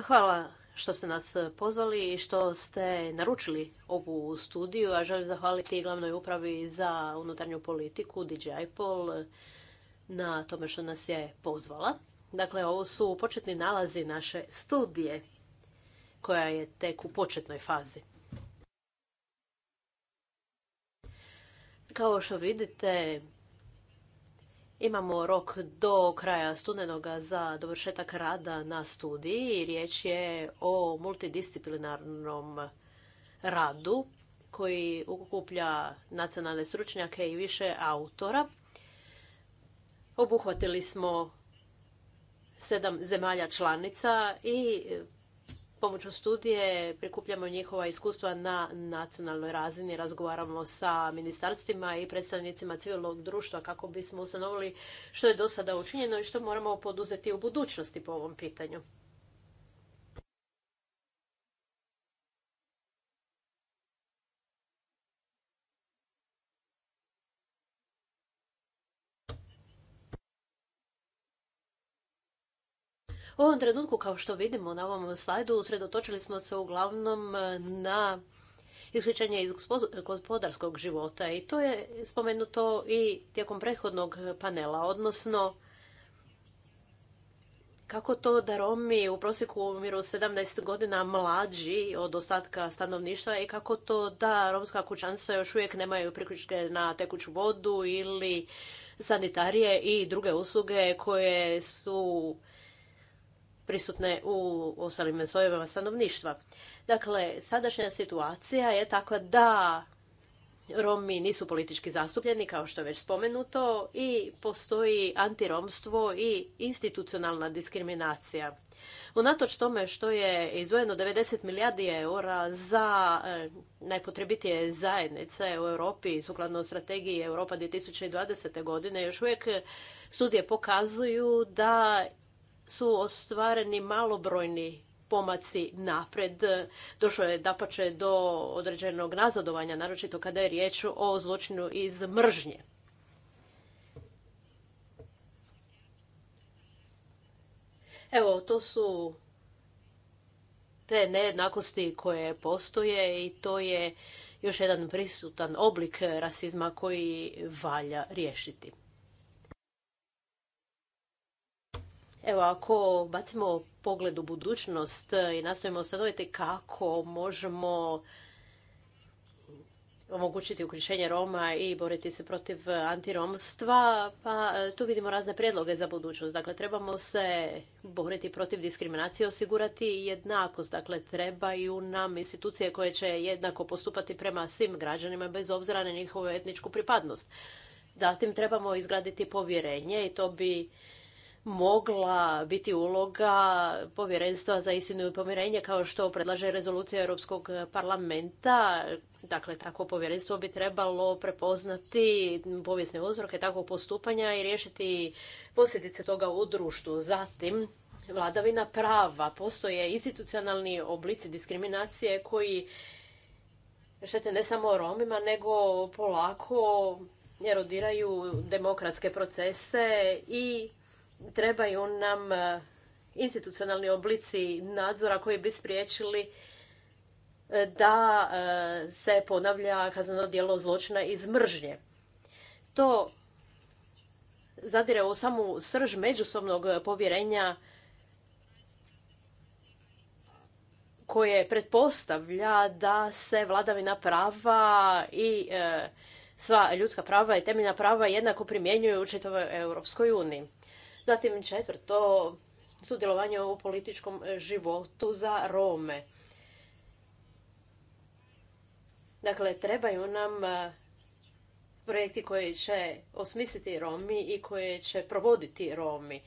Hvala što ste nas pozvali i što ste naručili ovu studiju, a želim zahvaliti glavnoj upravi za unutarnju politiku DJ Pol na tome što nas je pozvala. Dakle, ovo su početni nalazi naše studije koja je tek u početnoj fazi. Kao što vidite, imamo rok do kraja studenoga za dovršetak rada na studiji. Riječ je o multidisciplinarnom radu koji ukuplja nacionalne stručnjake i više autora. Obuhvatili smo sedam zemalja članica i pomoću studije prikupljamo njihova iskustva na nacionalnoj razini, razgovaramo sa ministarstvima i predstavnicima civilnog društva kako bismo ustanovili što je do sada učinjeno i što moramo poduzeti u budućnosti po ovom pitanju. U ovom trenutku, kao što vidimo na ovom slajdu, usredotočili smo se uglavnom e, na isključenje iz gospodarskog života i to je spomenuto i tijekom prethodnog panela, odnosno kako to da Romi u prosjeku umiru 17 godina mlađi od ostatka stanovništva i kako to da romska kućanstva još uvijek nemaju priključke na tekuću vodu ili sanitarije i druge usluge koje su prisutne u ostalim slojevima stanovništva. Dakle, sadašnja situacija je takva da Romi nisu politički zastupljeni, kao što je već spomenuto, i postoji antiromstvo i institucionalna diskriminacija. Unatoč tome što je izvojeno 90 milijardi eura za e, najpotrebitije zajednice u Europi, sukladno strategiji Europa 2020. godine, još uvijek studije pokazuju da su ostvareni malobrojni pomaci napred. Došlo je dapače do određenog nazadovanja, naročito kada je riječ o zločinu iz mržnje. Evo, to su te nejednakosti koje postoje i to je još jedan prisutan oblik rasizma koji valja riješiti. Evo, ako bacimo pogled u budućnost i nastojimo ostanoviti kako možemo omogućiti uključenje Roma i boriti se protiv antiromstva, pa e, tu vidimo razne prijedloge za budućnost. Dakle, trebamo se boriti protiv diskriminacije, osigurati jednakost. Dakle, trebaju nam institucije koje će jednako postupati prema svim građanima bez obzira na njihovu etničku pripadnost. Zatim trebamo izgraditi povjerenje i to bi mogla biti uloga povjerenstva za istinu i pomirenje kao što predlaže rezolucija Europskog parlamenta. Dakle, tako povjerenstvo bi trebalo prepoznati povijesne uzroke takvog postupanja i riješiti posljedice toga u društvu. Zatim, vladavina prava. Postoje institucionalni oblici diskriminacije koji štete ne samo Romima, nego polako erodiraju demokratske procese i trebaju nam e, institucionalni oblici nadzora koji bi spriječili e, da e, se ponavlja kazneno djelo zločina iz mržnje. To zadire u samu srž međusobnog povjerenja koje pretpostavlja da se vladavina prava i sva ljudska prava i temeljna prava jednako primjenjuju u čitavoj Europskoj uniji. Zatim četvrto, sudjelovanje u političkom e, životu za Rome. Dakle, trebaju nam e, projekti koje će osmisliti Romi i koje će provoditi Romi.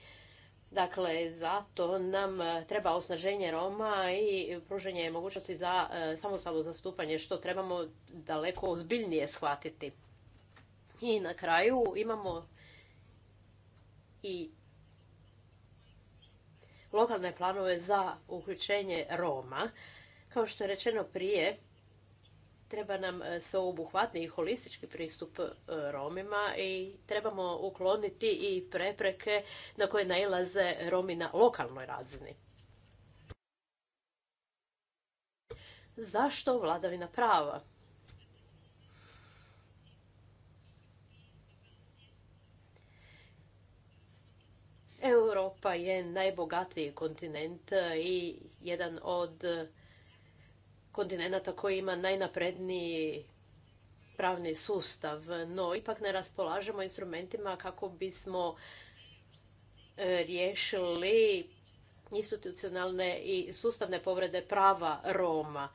Dakle, zato nam e, treba osnaženje Roma i pruženje mogućnosti za samostalno zastupanje, što trebamo daleko ozbiljnije shvatiti. I na kraju imamo i lokalne planove za uključenje Roma. Kao što je rečeno prije, treba nam e, sveobuhvatni i holistički pristup e, Romima i trebamo ukloniti i prepreke na koje nailaze Romi na lokalnoj razini. Zašto vladavina prava? Europa je najbogatiji kontinent e, i jedan od kontinenta koji ima najnapredniji pravni sustav, no ipak ne raspolažemo instrumentima kako bismo e, riješili institucionalne i sustavne povrede prava Roma.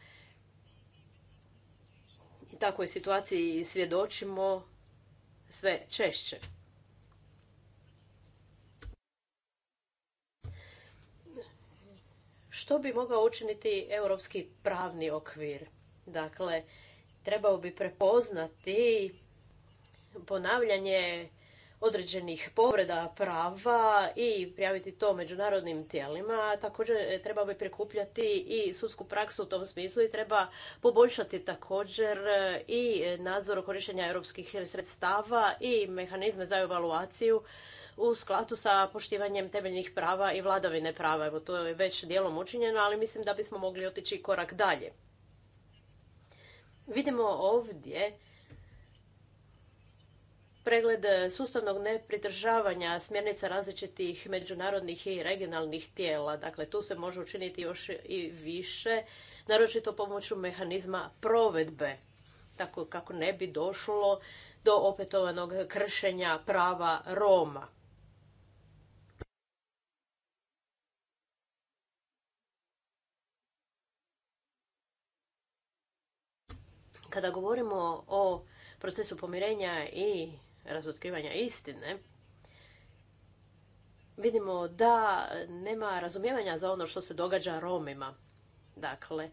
I takvoj situaciji svjedočimo sve češće. što bi mogao učiniti europski pravni okvir. Dakle, trebao bi prepoznati ponavljanje određenih povreda prava i prijaviti to međunarodnim tijelima. Također treba bi prikupljati i sudsku praksu u tom smislu i treba poboljšati također i nadzor korištenja europskih sredstava i mehanizme za evaluaciju u skladu sa poštivanjem temeljnih prava i vladavine prava. Evo, to je već dijelom učinjeno, ali mislim da bismo mogli otići korak dalje. Vidimo ovdje pregled sustavnog nepridržavanja smjernica različitih međunarodnih i regionalnih tijela. Dakle, tu se može učiniti još i više, naročito pomoću mehanizma provedbe, tako kako ne bi došlo do opetovanog kršenja prava Roma. Kada govorimo o procesu pomirenja i razotkrivanja istine, vidimo da nema razumijevanja za ono što se događa Romima. Dakle,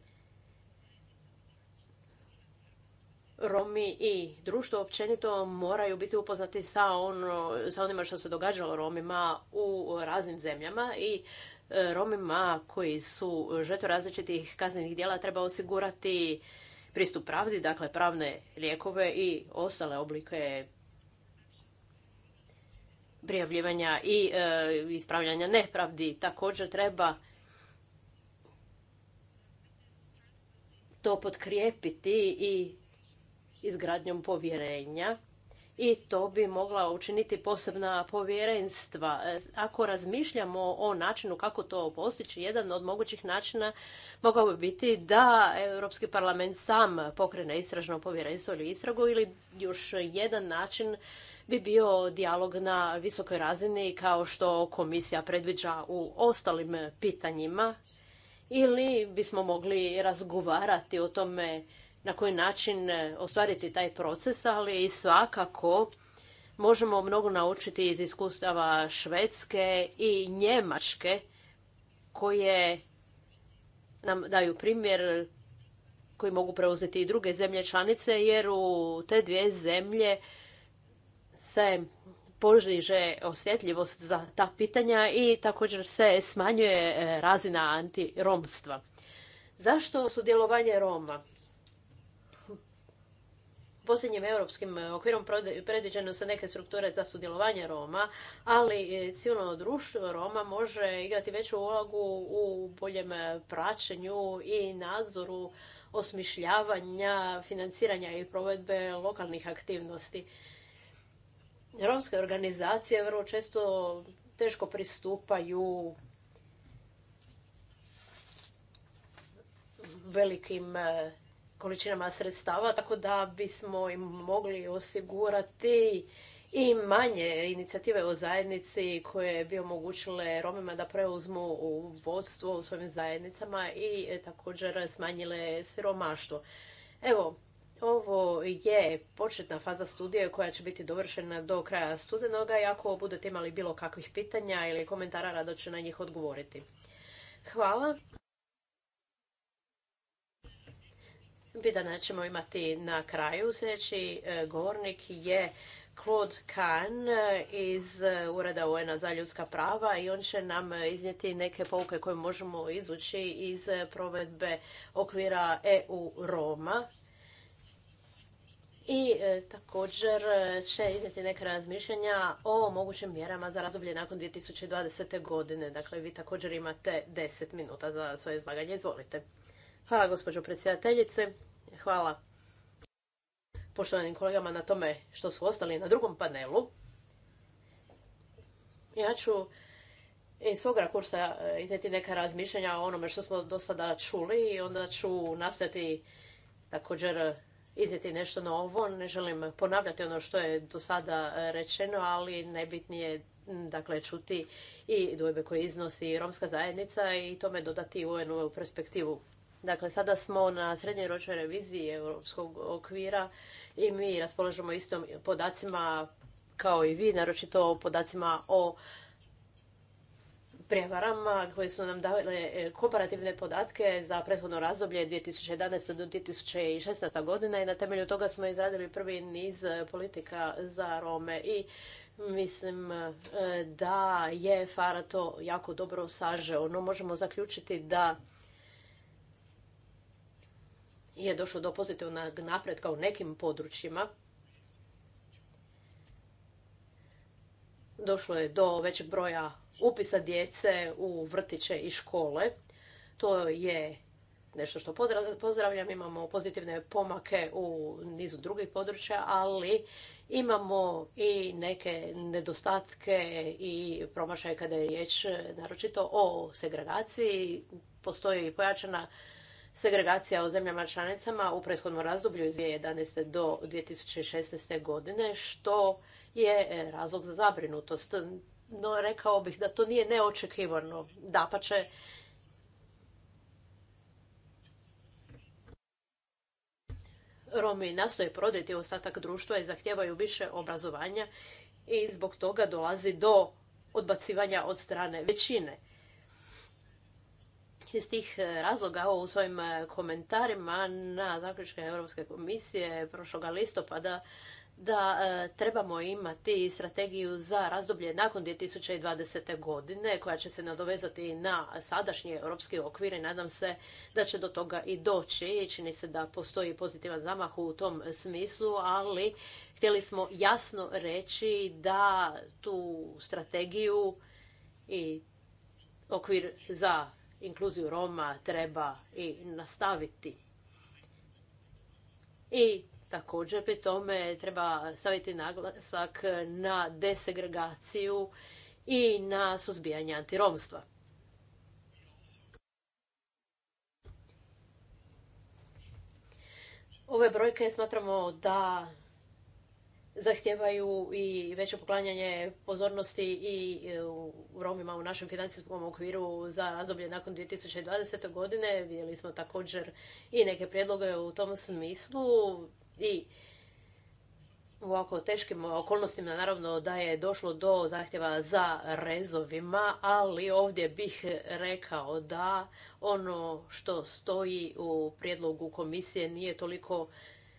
Romi i društvo općenito moraju biti upoznati sa, ono, sa onima što se događalo Romima u raznim zemljama i e, Romima koji su žeto različitih kaznenih djela treba osigurati pristup pravdi, dakle pravne lijekove i ostale oblike prijavljivanja i e, ispravljanja nepravdi. Također treba to potkrijepiti i izgradnjom povjerenja i to bi mogla učiniti posebna povjerenstva. E, ako razmišljamo o načinu kako to postići, jedan od mogućih načina mogao bi biti da Europski parlament sam pokrene istražno povjerenstvo ili istragu ili još jedan način bi bio dijalog na visokoj razini kao što komisija predviđa u ostalim pitanjima ili bismo mogli razgovarati o tome na koji način e, ostvariti taj proces, ali i svakako možemo mnogo naučiti iz iskustava Švedske i Njemačke koje nam daju primjer koji mogu preuzeti i druge zemlje članice jer u te dvije zemlje se požiže osjetljivost za ta pitanja i također se smanjuje e, razina antiromstva. Zašto sudjelovanje Roma? posljednjim europskim e, okvirom predviđene se neke strukture za sudjelovanje Roma, ali e, civilno društvo Roma može igrati veću ulogu u boljem e, praćenju i nadzoru osmišljavanja, financiranja i provedbe lokalnih aktivnosti. Romske organizacije vrlo često teško pristupaju velikim količinama sredstava, tako da bismo im mogli osigurati i manje inicijative o zajednici koje bi omogućile Romima da preuzmu u vodstvo u svojim zajednicama i e, također smanjile siromaštvo. Evo, ovo je početna faza studije koja će biti dovršena do kraja studenoga i ako budete imali bilo kakvih pitanja ili komentara, rado ću na njih odgovoriti. Hvala. da ćemo imati na kraju. Sljedeći e, govornik je Claude Kahn e, iz e, Ureda un za ljudska prava i on će nam iznijeti neke pouke koje možemo izvući iz provedbe okvira EU-Roma. I također će iznijeti neke razmišljanja o mogućim mjerama za razdoblje nakon 2020. godine. Dakle, vi također imate 10 minuta za svoje izlaganje. Izvolite. Hvala gospođo predsjedateljice. Hvala poštovanim kolegama na tome što su ostali na drugom panelu. Ja ću iz svog kursa e, iznijeti neka razmišljanja o onome što smo do sada čuli i onda ću nastojati također e, iznijeti nešto novo. Ne želim ponavljati ono što je do sada e, rečeno, ali najbitnije dakle, čuti i dojbe koje iznosi romska zajednica i tome dodati u jednu perspektivu. Dakle, sada smo na srednjoročnoj reviziji europskog okvira i mi raspolažemo istom podacima kao i vi, naročito podacima o prevarama koje su nam davale e, komparativne podatke za prethodno razdoblje 2011. do 2016. godina i na temelju toga smo izradili prvi niz politika za Rome i mislim e, da je Fara to jako dobro sažeo. No možemo zaključiti da je došlo do pozitivnog napretka u nekim područjima. Došlo je do većeg broja upisa djece u vrtiće i škole. To je nešto što pozdravljam. Imamo pozitivne pomake u nizu drugih područja, ali imamo i neke nedostatke i promašaje kada je riječ naročito o segregaciji. Postoji pojačana segregacija u zemljama članicama u prethodnom razdoblju iz 2011. do 2016. godine, što je e, razlog za zabrinutost. No, rekao bih da to nije neočekivano. Dapače, Romi nastoje prodati ostatak društva i zahtijevaju više obrazovanja i zbog toga dolazi do odbacivanja od strane većine. Iz tih e, razloga u svojim e, komentarima na zaključke Europske komisije prošlog listopada da e, trebamo imati strategiju za razdoblje nakon 2020. godine koja će se nadovezati na sadašnji europski okvir i nadam se da će do toga i doći. Čini se da postoji pozitivan zamah u tom smislu, ali htjeli smo jasno reći da tu strategiju i okvir za inkluziju Roma treba i nastaviti. I također pri tome treba staviti naglasak na desegregaciju i na suzbijanje antiromstva. Ove brojke smatramo da zahtijevaju i veće poklanjanje pozornosti i e, u Romima u našem financijskom okviru za razdoblje nakon 2020. godine. Vidjeli smo također i neke prijedloge u tom smislu i u ovako teškim okolnostima naravno da je došlo do zahtjeva za rezovima, ali ovdje bih rekao da ono što stoji u prijedlogu komisije nije toliko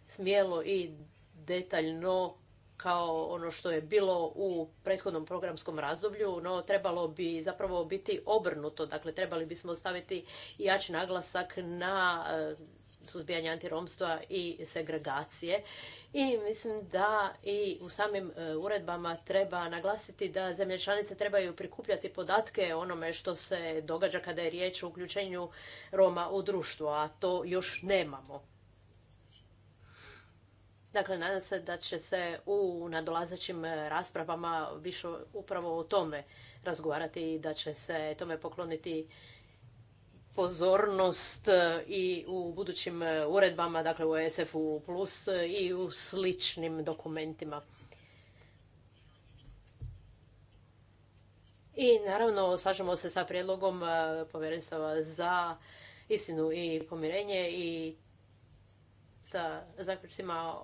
smjelo i detaljno kao ono što je bilo u prethodnom programskom razdoblju, no trebalo bi zapravo biti obrnuto. Dakle, trebali bismo staviti jači naglasak na e, suzbijanje antiromstva i segregacije. I mislim da i u samim e, uredbama treba naglasiti da zemlje članice trebaju prikupljati podatke o onome što se događa kada je riječ o uključenju Roma u društvo, a to još nemamo. Dakle, nadam se da će se u nadolazećim raspravama više upravo o tome razgovarati i da će se tome pokloniti pozornost e, i u budućim uredbama, dakle u ESF-u plus i u sličnim dokumentima. I naravno slažemo se sa prijedlogom e, povjerenstva za istinu i pomirenje i sa zaključcima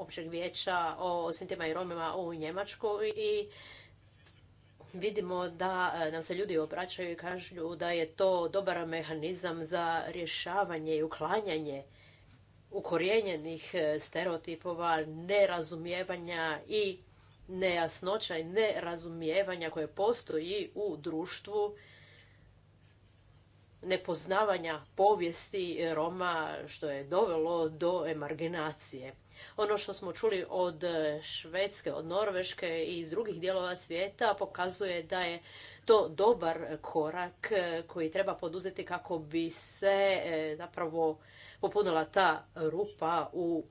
općeg vijeća o Sintima i Romima u Njemačkoj i vidimo da e, nam se ljudi obraćaju i kažu da je to dobar mehanizam za rješavanje i uklanjanje ukorijenjenih e, stereotipova, nerazumijevanja i nejasnoća i nerazumijevanja koje postoji u društvu nepoznavanja povijesti Roma što je dovelo do emarginacije. Ono što smo čuli od Švedske, od Norveške i iz drugih dijelova svijeta pokazuje da je to dobar korak koji treba poduzeti kako bi se e, zapravo popunila ta rupa u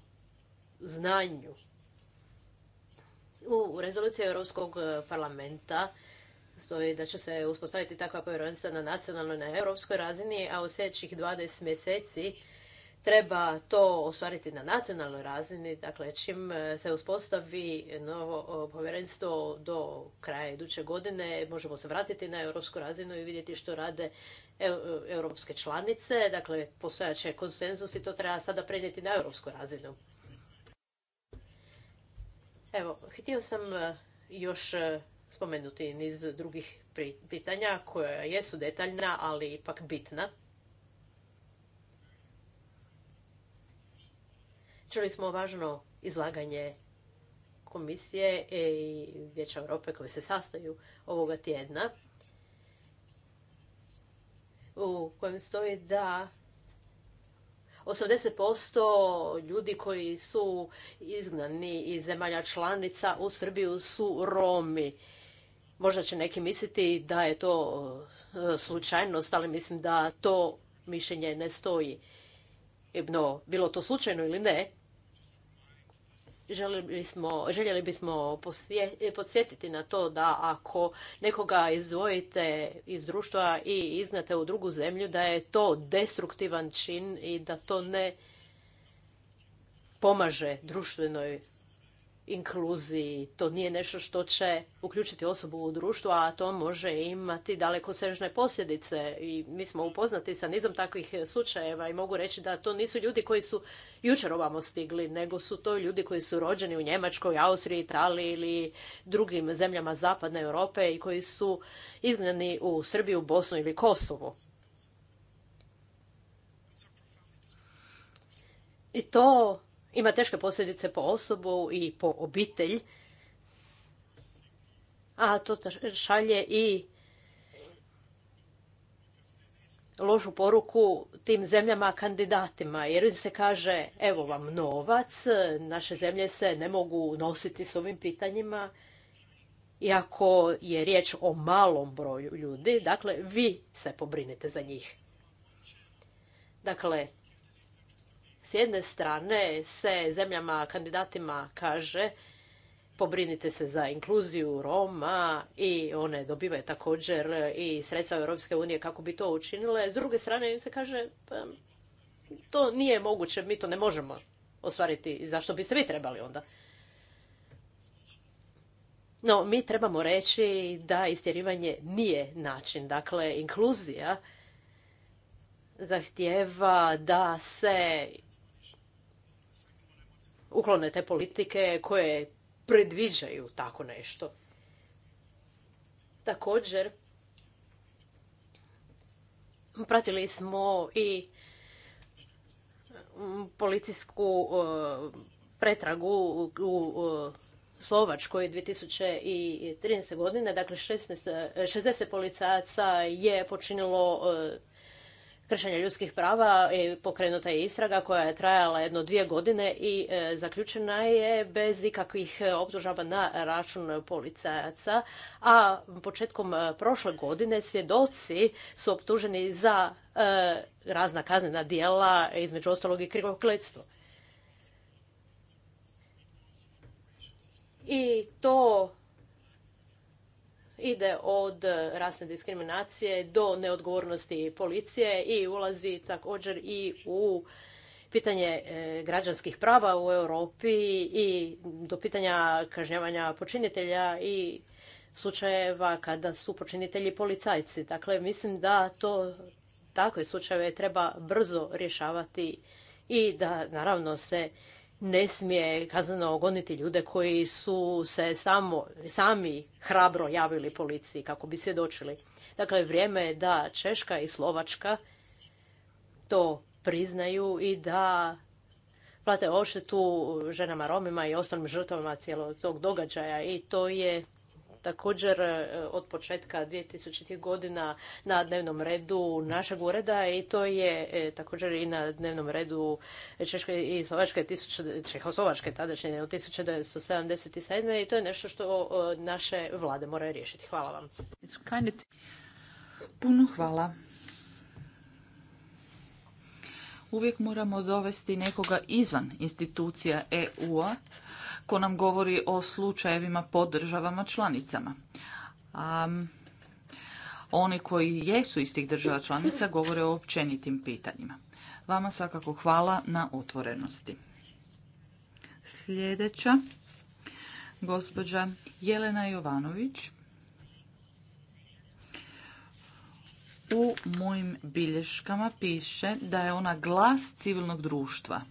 znanju. U rezoluciji Europskog parlamenta stoji da će se uspostaviti takva povjerenstva na nacionalnoj i na europskoj razini, a u sljedećih 20 mjeseci treba to ostvariti na nacionalnoj razini. Dakle, čim e, se uspostavi novo povjerenstvo do kraja iduće godine, možemo se vratiti na europsku razinu i vidjeti što rade e, europske članice. Dakle, će konsenzus i to treba sada prenijeti na europsku razinu. Evo, htio sam e, još spomenuti niz drugih pitanja koja jesu detaljna, ali ipak bitna. Čuli smo važno izlaganje komisije i Vijeća Europe koje se sastaju ovoga tjedna u kojem stoji da 80% ljudi koji su izgnani iz zemalja članica u Srbiju su Romi. Možda će neki misliti da je to e, slučajnost, ali mislim da to mišljenje ne stoji. No, bilo to slučajno ili ne, željeli bismo, željeli bismo podsjetiti na to da ako nekoga izdvojite iz društva i iznate u drugu zemlju, da je to destruktivan čin i da to ne pomaže društvenoj inkluziji. To nije nešto što će uključiti osobu u društvo, a to može imati daleko sežne posljedice. I mi smo upoznati sa nizom takvih slučajeva i mogu reći da to nisu ljudi koji su jučer ovamo stigli, nego su to ljudi koji su rođeni u Njemačkoj, Austriji, Italiji ili drugim zemljama zapadne Europe i koji su izgnani u Srbiju, Bosnu ili Kosovo. I to ima teške posljedice po osobu i po obitelj, a to šalje i lošu poruku tim zemljama kandidatima, jer im se kaže evo vam novac, naše zemlje se ne mogu nositi s ovim pitanjima, iako je riječ o malom broju ljudi, dakle vi se pobrinite za njih. Dakle, s jedne strane se zemljama kandidatima kaže pobrinite se za inkluziju Roma i one dobivaju također i sredstva Europske unije kako bi to učinile. S druge strane im se kaže pa, to nije moguće, mi to ne možemo ostvariti. Zašto bi se vi trebali onda? No, mi trebamo reći da istjerivanje nije način. Dakle, inkluzija zahtjeva da se uklone te politike koje predviđaju tako nešto. Također, pratili smo i mm, policijsku e, pretragu u e, Slovačkoj 2013. godine. Dakle, 60 policajaca je počinilo e, kršenja ljudskih prava i pokrenuta je istraga koja je trajala jedno dvije godine i e, zaključena je bez ikakvih e, optužaba na račun policajaca, a početkom e, prošle godine svjedoci su optuženi za razna kaznena djela, između ostalog i krivokletstvo. I to ide od rasne diskriminacije do neodgovornosti policije i ulazi također i u pitanje e, građanskih prava u Europi i do pitanja kažnjavanja počinitelja i slučajeva kada su počinitelji policajci. Dakle, mislim da to takve slučajeve treba brzo rješavati i da naravno se ne smije kazneno goniti ljude koji su se samo, sami hrabro javili policiji kako bi svjedočili. Dakle, vrijeme je da Češka i Slovačka to priznaju i da plate oštetu ženama Romima i ostalim žrtvama cijelog tog događaja i to je također e, od početka 2000. godina na dnevnom redu našeg ureda i to je e, također i na dnevnom redu Češke i Slovačke, Čehoslovačke tadašnje od 1977. i to je nešto što e, naše vlade moraju riješiti. Hvala vam. Puno hvala. Uvijek moramo dovesti nekoga izvan institucija EU-a ko nam govori o slučajevima po državama članicama. oni koji jesu iz tih država članica govore o općenitim pitanjima. Vama svakako hvala na otvorenosti. Sljedeća, gospođa Jelena Jovanović. U mojim bilješkama piše da je ona glas civilnog društva –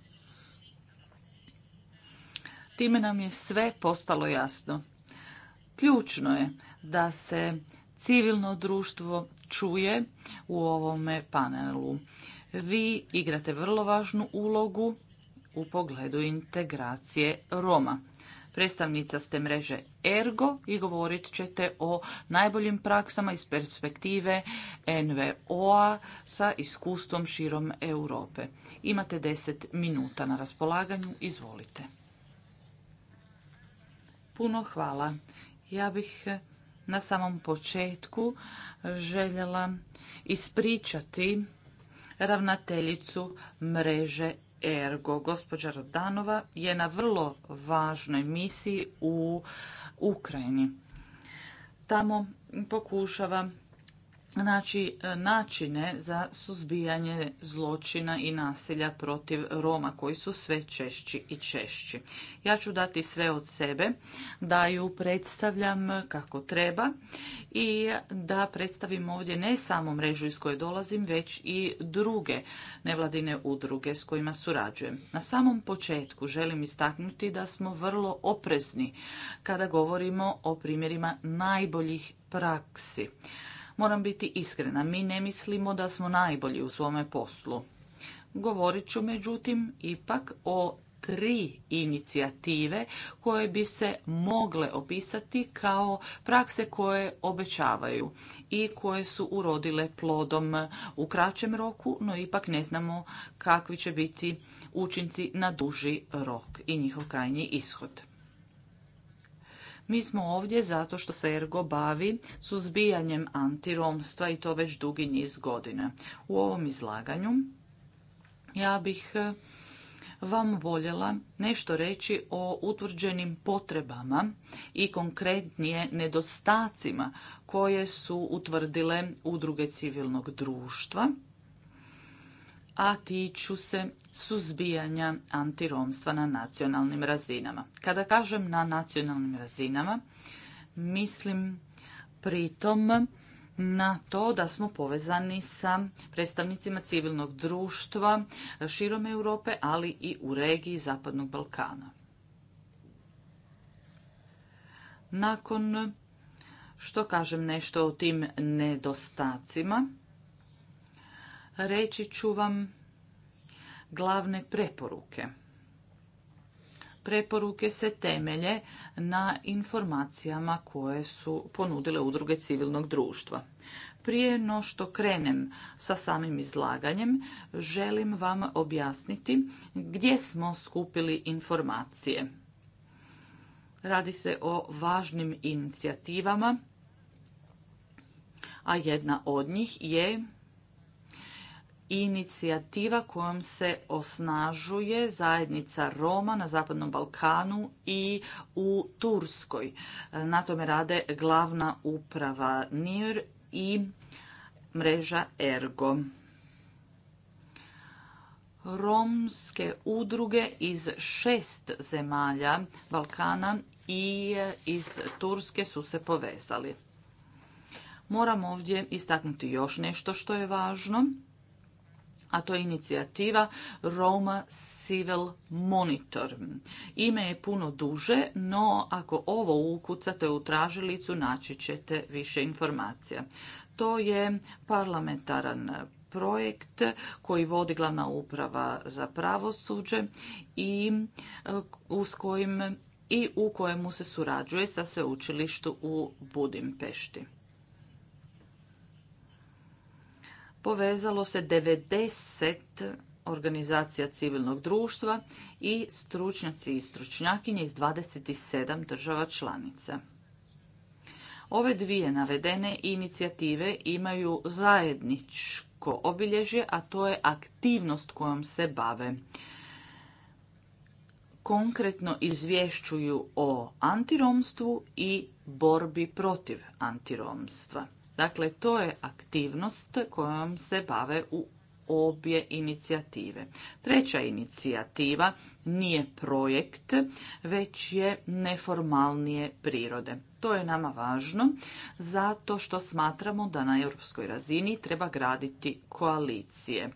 Time nam je sve postalo jasno. Ključno je da se civilno društvo čuje u ovome panelu. Vi igrate vrlo važnu ulogu u pogledu integracije Roma. Predstavnica ste mreže Ergo i govorit ćete o najboljim praksama iz perspektive NVO-a sa iskustvom širom Europe. Imate 10 minuta na raspolaganju, izvolite. Puno hvala. Ja bih eh, na samom početku željela ispričati ravnateljicu mreže Ergo. Gospođa Rodanova je na vrlo važnoj misiji u Ukrajini. Tamo pokušava Znači, e, načine za suzbijanje zločina i nasilja protiv Roma koji su sve češći i češći. Ja ću dati sve od sebe da ju predstavljam kako treba i da predstavim ovdje ne samo mrežu iz koje dolazim, već i druge nevladine udruge s kojima surađujem. Na samom početku želim istaknuti da smo vrlo oprezni kada govorimo o primjerima najboljih praksi. Moram biti iskrena, mi ne mislimo da smo najbolji u svome poslu. Govorit ću međutim ipak o tri inicijative koje bi se mogle opisati kao prakse koje obećavaju i koje su urodile plodom u kraćem roku, no ipak ne znamo kakvi će biti učinci na duži rok i njihov krajnji ishod. Mi smo ovdje zato što se Ergo bavi suzbijanjem antiromstva i to već dugi niz godina. U ovom izlaganju ja bih e, vam voljela nešto reći o utvrđenim potrebama i konkretnije nedostacima koje su utvrdile udruge civilnog društva a tiču se suzbijanja antiromstva na nacionalnim razinama. Kada kažem na nacionalnim razinama, mislim pritom na to da smo povezani sa predstavnicima civilnog društva širom Europe, ali i u regiji Zapadnog Balkana. Nakon što kažem nešto o tim nedostacima, reći ću vam glavne preporuke. Preporuke se temelje na informacijama koje su ponudile udruge civilnog društva. Prije no što krenem sa samim izlaganjem, želim vam objasniti gdje smo skupili informacije. Radi se o važnim inicijativama, a jedna od njih je inicijativa kojom se osnažuje zajednica Roma na Zapadnom Balkanu i u Turskoj. E, na tome rade glavna uprava NIR i mreža Ergo. Romske udruge iz šest zemalja Balkana i e, iz Turske su se povezali. Moram ovdje istaknuti još nešto što je važno a to je inicijativa Roma Civil Monitor. Ime je puno duže, no ako ovo ukucate u tražilicu naći ćete više informacija. To je parlamentaran projekt koji vodi glavna uprava za pravosuđe i e, uz kojim i u kojemu se surađuje sa sveučilištu u Budimpešti. povezalo se 90 organizacija civilnog društva i stručnjaci i stručnjakinje iz 27 država članica. Ove dvije navedene inicijative imaju zajedničko obilježje, a to je aktivnost kojom se bave. Konkretno izvješćuju o antiromstvu i borbi protiv antiromstva. Dakle, to je aktivnost kojom se bave u obje inicijative. Treća inicijativa nije projekt, već je neformalnije prirode. To je nama važno zato što smatramo da na europskoj razini treba graditi koalicije.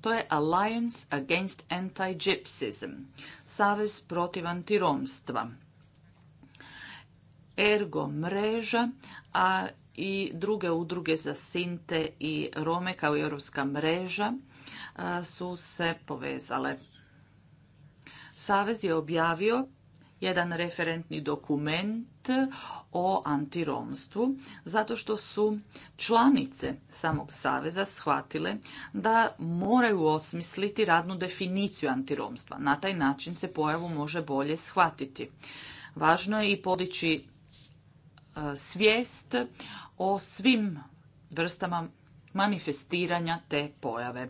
To je Alliance Against Anti-Gypsism, Savez protiv antiromstva. Ergo mreža, a i druge udruge za Sinte i Rome kao i Europska mreža e, su se povezale. Savez je objavio jedan referentni dokument o antiromstvu, zato što su članice samog saveza shvatile da moraju osmisliti radnu definiciju antiromstva. Na taj način se pojavu može bolje shvatiti. Važno je i podići E, svijest o svim vrstama manifestiranja te pojave.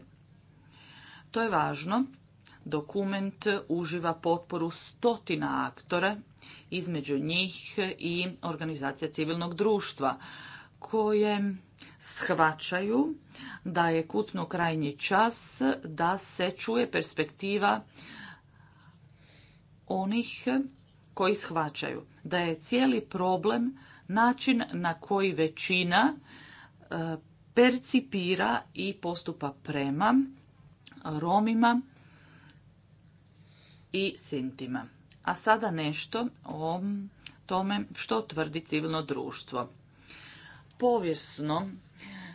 To je važno. Dokument uživa potporu stotina aktora, između njih i organizacija civilnog društva, koje shvaćaju da je kutno krajnji čas da se čuje perspektiva onih koji shvaćaju da je cijeli problem način na koji većina e, percipira i postupa prema Romima i Sintima. A sada nešto o tome što tvrdi civilno društvo. Povijesno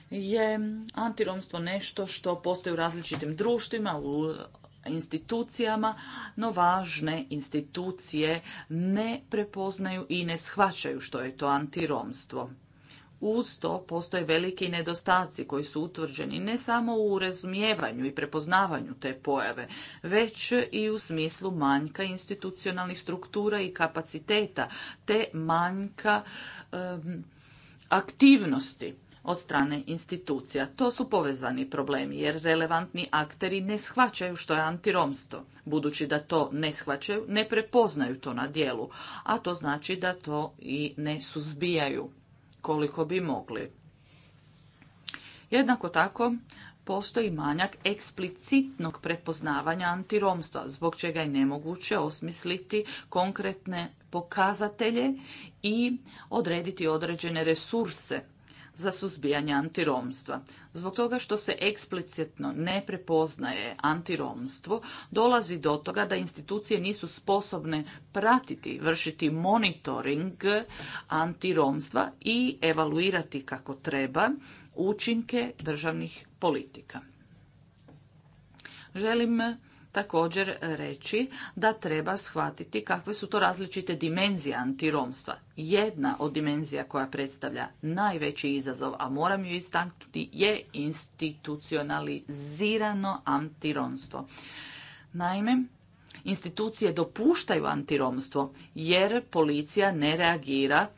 je antiromstvo nešto što postoji u različitim društvima, u institucijama, no važne institucije ne prepoznaju i ne shvaćaju što je to antiromstvo. Uz to postoje veliki nedostaci koji su utvrđeni ne samo u razumijevanju i prepoznavanju te pojave, već i u smislu manjka institucionalnih struktura i kapaciteta, te manjka aktivnosti od strane institucija. To su povezani problemi jer relevantni akteri ne shvaćaju što je antiromstvo. Budući da to ne shvaćaju, ne prepoznaju to na dijelu, a to znači da to i ne suzbijaju koliko bi mogli. Jednako tako, postoji manjak eksplicitnog prepoznavanja antiromstva, zbog čega je nemoguće osmisliti konkretne pokazatelje i odrediti određene resurse za suzbijanje antiromstva. Zbog toga što se eksplicitno ne prepoznaje antiromstvo, dolazi do toga da institucije nisu sposobne pratiti, vršiti monitoring antiromstva i evaluirati kako treba učinke državnih politika. Želim također reći da treba shvatiti kakve su to različite dimenzije antiromstva. Jedna od dimenzija koja predstavlja najveći izazov, a moram ju istaknuti, je institucionalizirano antiromstvo. Naime, institucije dopuštaju antiromstvo jer policija ne reagira e,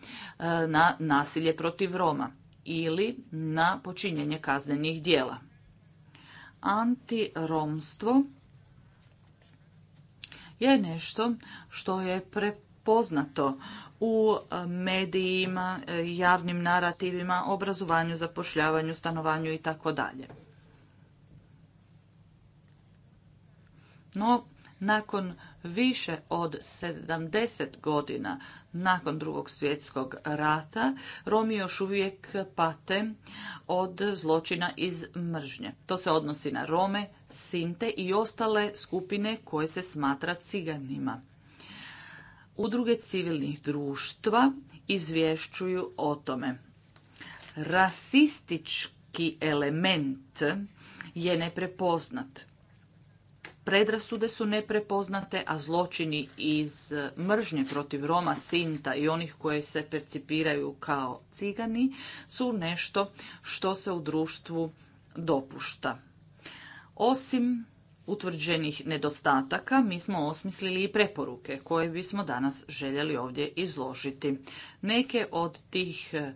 na nasilje protiv Roma ili na počinjenje kaznenih dijela. Antiromstvo je nešto što je prepoznato u medijima, javnim narativima, obrazovanju, zapošljavanju, stanovanju i tako dalje. No, nakon više od 70 godina nakon drugog svjetskog rata Romi još uvijek pate od zločina iz mržnje. To se odnosi na Rome, Sinte i ostale skupine koje se smatra ciganima. Udruge civilnih društva izvješćuju o tome. Rasistički element je neprepoznat Predrasude su neprepoznate, a zločini iz e, mržnje protiv Roma, Sinta i onih koje se percipiraju kao cigani su nešto što se u društvu dopušta. Osim utvrđenih nedostataka, mi smo osmislili i preporuke koje bismo danas željeli ovdje izložiti. Neke od tih e,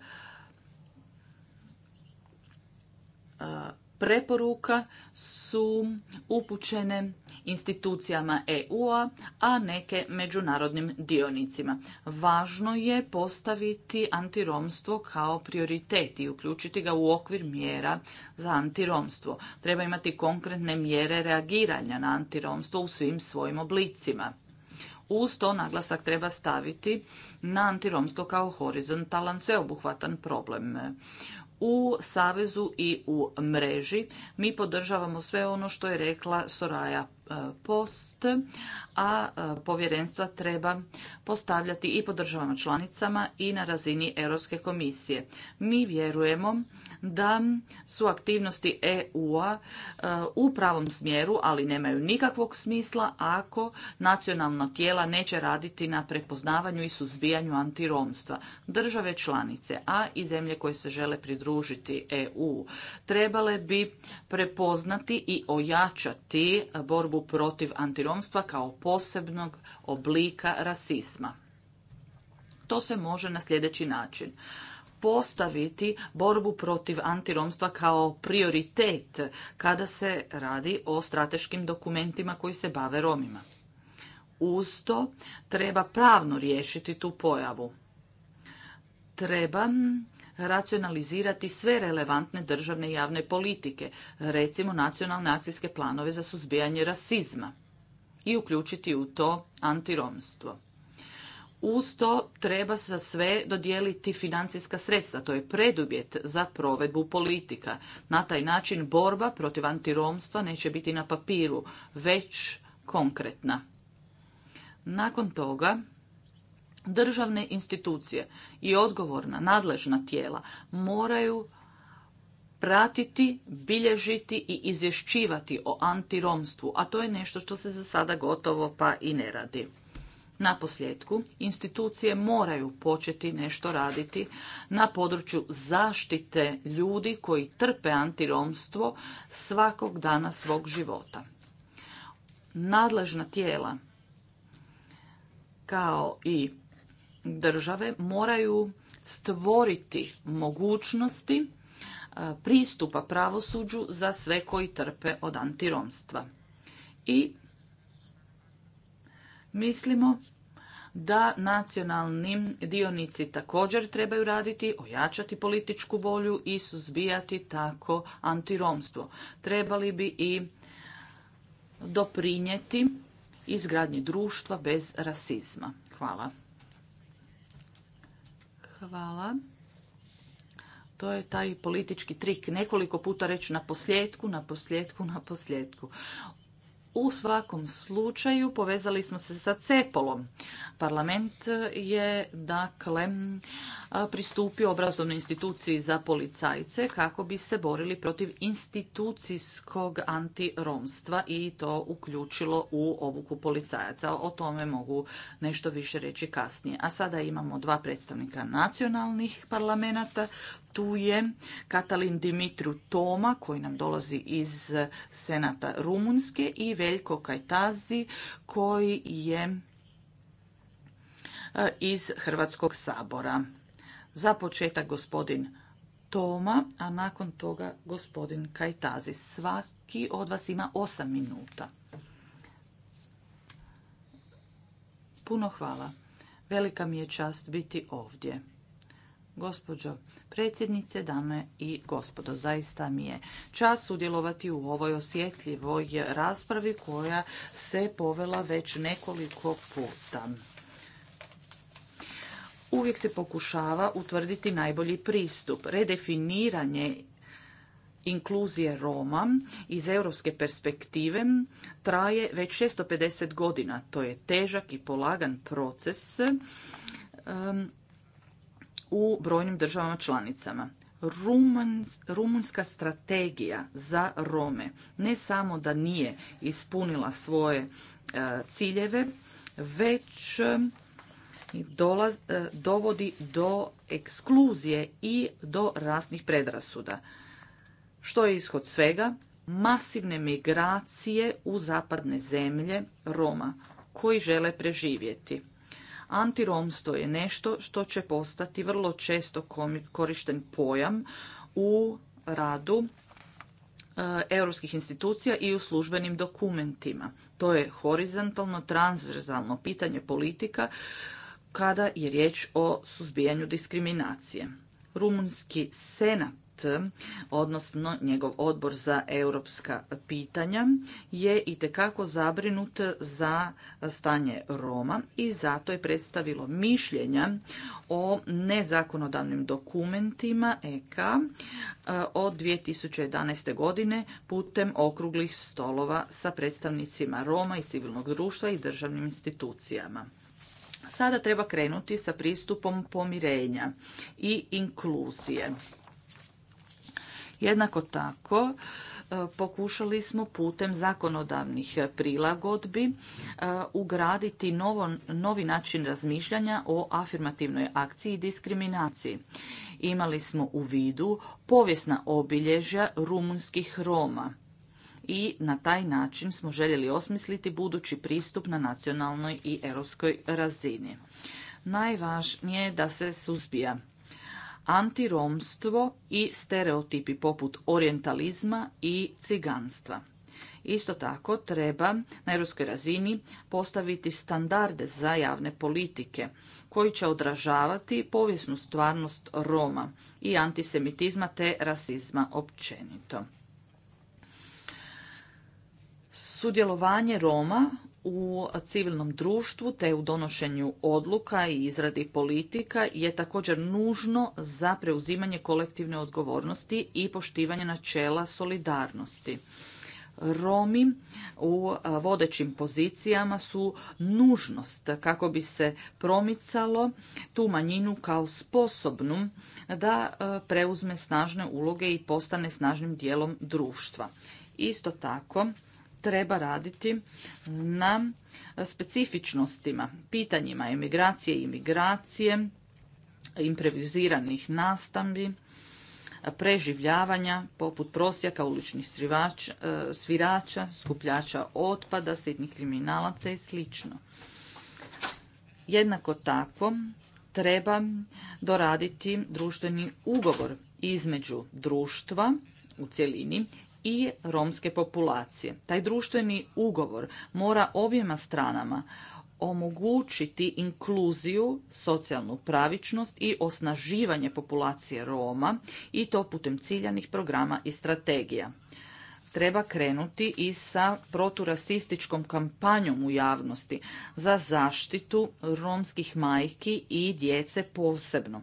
preporuka su upućene institucijama EU-a, a neke međunarodnim dionicima. Važno je postaviti antiromstvo kao prioritet i uključiti ga u okvir mjera za antiromstvo. Treba imati konkretne mjere reagiranja na antiromstvo u svim svojim oblicima. Uz to naglasak treba staviti na antiromstvo kao horizontalan, sveobuhvatan problem u Savezu i u mreži. Mi podržavamo sve ono što je rekla Soraya E, post, a e, povjerenstva treba postavljati i po državama članicama i na razini Europske komisije. Mi vjerujemo da su aktivnosti EU-a e, u pravom smjeru, ali nemaju nikakvog smisla ako nacionalna tijela neće raditi na prepoznavanju i suzbijanju antiromstva. Države članice, a i zemlje koje se žele pridružiti EU, trebale bi prepoznati i ojačati borbu protiv antiromstva kao posebnog oblika rasizma. To se može na sljedeći način postaviti borbu protiv antiromstva kao prioritet kada se radi o strateškim dokumentima koji se bave Romima. Uz to treba pravno riješiti tu pojavu. Treba racionalizirati sve relevantne državne i javne politike, recimo nacionalne akcijske planove za suzbijanje rasizma i uključiti u to antiromstvo. Uz to treba sa sve dodijeliti financijska sredstva, to je preduvjet za provedbu politika. Na taj način borba protiv antiromstva neće biti na papiru, već konkretna. Nakon toga Državne institucije i odgovorna nadležna tijela moraju pratiti, bilježiti i izvješćivati o antiromstvu, a to je nešto što se za sada gotovo pa i ne radi. Na posljedku, institucije moraju početi nešto raditi na području zaštite ljudi koji trpe antiromstvo svakog dana svog života. Nadležna tijela kao i države moraju stvoriti mogućnosti e, pristupa pravosuđu za sve koji trpe od antiromstva. I mislimo da nacionalni dionici također trebaju raditi, ojačati političku volju i suzbijati tako antiromstvo. Trebali bi i doprinijeti izgradnji društva bez rasizma. Hvala. Hvala. To je taj politički trik. Nekoliko puta reći na posljedku, na posljedku, na posljedku. U svakom slučaju povezali smo se sa Cepolom. Parlament je dakle pristupio obrazovnoj instituciji za policajce kako bi se borili protiv institucijskog antiromstva i to uključilo u obuku policajaca. O tome mogu nešto više reći kasnije. A sada imamo dva predstavnika nacionalnih parlamenta. Tu je Katalin Dimitru Toma koji nam dolazi iz Senata Rumunske i Veljko Kajtazi koji je e, iz Hrvatskog sabora. Za početak gospodin Toma, a nakon toga gospodin Kajtazi. Svaki od vas ima osam minuta. Puno hvala. Velika mi je čast biti ovdje. Gospođo predsjednice, dame i gospodo, zaista mi je čas udjelovati u ovoj osjetljivoj raspravi koja se povela već nekoliko puta uvijek se pokušava utvrditi najbolji pristup. Redefiniranje inkluzije Roma iz europske perspektive traje već 650 godina. To je težak i polagan proces u brojnim državama članicama. Rumunska strategija za Rome ne samo da nije ispunila svoje e, ciljeve, već dolaz, e, dovodi do ekskluzije i do rasnih predrasuda. Što je ishod svega? Masivne migracije u zapadne zemlje Roma koji žele preživjeti. Antiromstvo je nešto što će postati vrlo često korišten pojam u radu e, europskih institucija i u službenim dokumentima. To je horizontalno, transverzalno pitanje politika kada je riječ o suzbijanju diskriminacije. Rumunski senat odnosno njegov odbor za europska pitanja je i tekako zabrinut za stanje Roma i zato je predstavilo mišljenja o nezakonodavnim dokumentima EK eh, od 2011. godine putem okruglih stolova sa predstavnicima Roma i civilnog društva i državnim institucijama. Sada treba krenuti sa pristupom pomirenja i inkluzije. Jednako tako e, pokušali smo putem zakonodavnih prilagodbi e, ugraditi novi način razmišljanja o afirmativnoj akciji i diskriminaciji. Imali smo u vidu povijesna obilježja rumunskih Roma i na taj način smo željeli osmisliti budući pristup na nacionalnoj i europskoj razini. Najvažnije je da se suzbija antiromstvo i stereotipi poput orientalizma i ciganstva. Isto tako treba na europskoj razini postaviti standarde za javne politike koji će odražavati povijesnu stvarnost Roma i antisemitizma te rasizma općenito. Sudjelovanje Roma u civilnom društvu te u donošenju odluka i izradi politika je također nužno za preuzimanje kolektivne odgovornosti i poštivanje načela solidarnosti. Romi u vodećim pozicijama su nužnost kako bi se promicalo tu manjinu kao sposobnu da e, preuzme snažne uloge i postane snažnim dijelom društva. Isto tako, treba raditi na specifičnostima, pitanjima emigracije i imigracije, improviziranih nastambi, preživljavanja poput prosjaka, uličnih e, svirača, skupljača otpada, sitnih kriminalaca i sl. Jednako tako treba doraditi društveni ugovor između društva u cjelini i romske populacije. Taj društveni ugovor mora objema stranama omogućiti inkluziju, socijalnu pravičnost i osnaživanje populacije Roma i to putem ciljanih programa i strategija. Treba krenuti i sa proturasističkom kampanjom u javnosti za zaštitu romskih majki i djece posebno.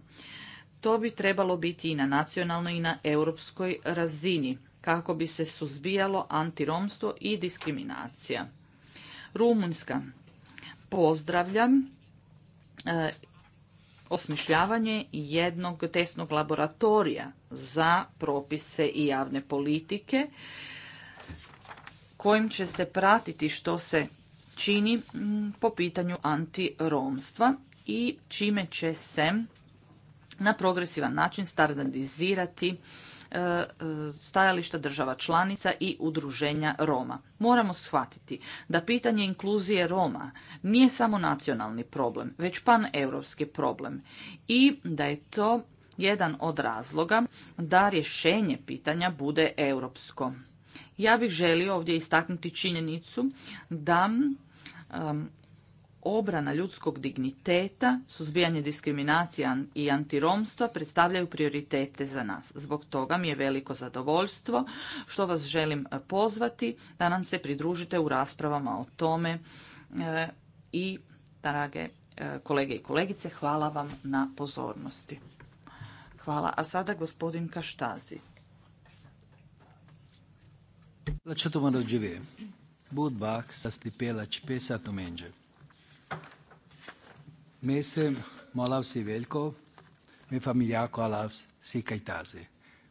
To bi trebalo biti i na nacionalnoj i na europskoj razini kako bi se suzbijalo antiromstvo i diskriminacija. Rumunjska pozdravljam e, osmišljavanje jednog testnog laboratorija za propise i javne politike kojim će se pratiti što se čini po pitanju antiromstva i čime će se na progresivan način standardizirati E, e, stajališta država članica i udruženja Roma. Moramo shvatiti da pitanje inkluzije Roma nije samo nacionalni problem, već paneuropski problem i da je to jedan od razloga da rješenje pitanja bude europsko. Ja bih želio ovdje istaknuti činjenicu da obrana ljudskog digniteta, suzbijanje diskriminacija i antiromstva predstavljaju prioritete za nas. Zbog toga mi je veliko zadovoljstvo što vas želim pozvati da nam se pridružite u raspravama o tome e, i drage e, kolege i kolegice, hvala vam na pozornosti. Hvala. A sada gospodin Kaštazi. Budbak sa stipela Mesem malav si veliko, me familjako alav si Kajtazi.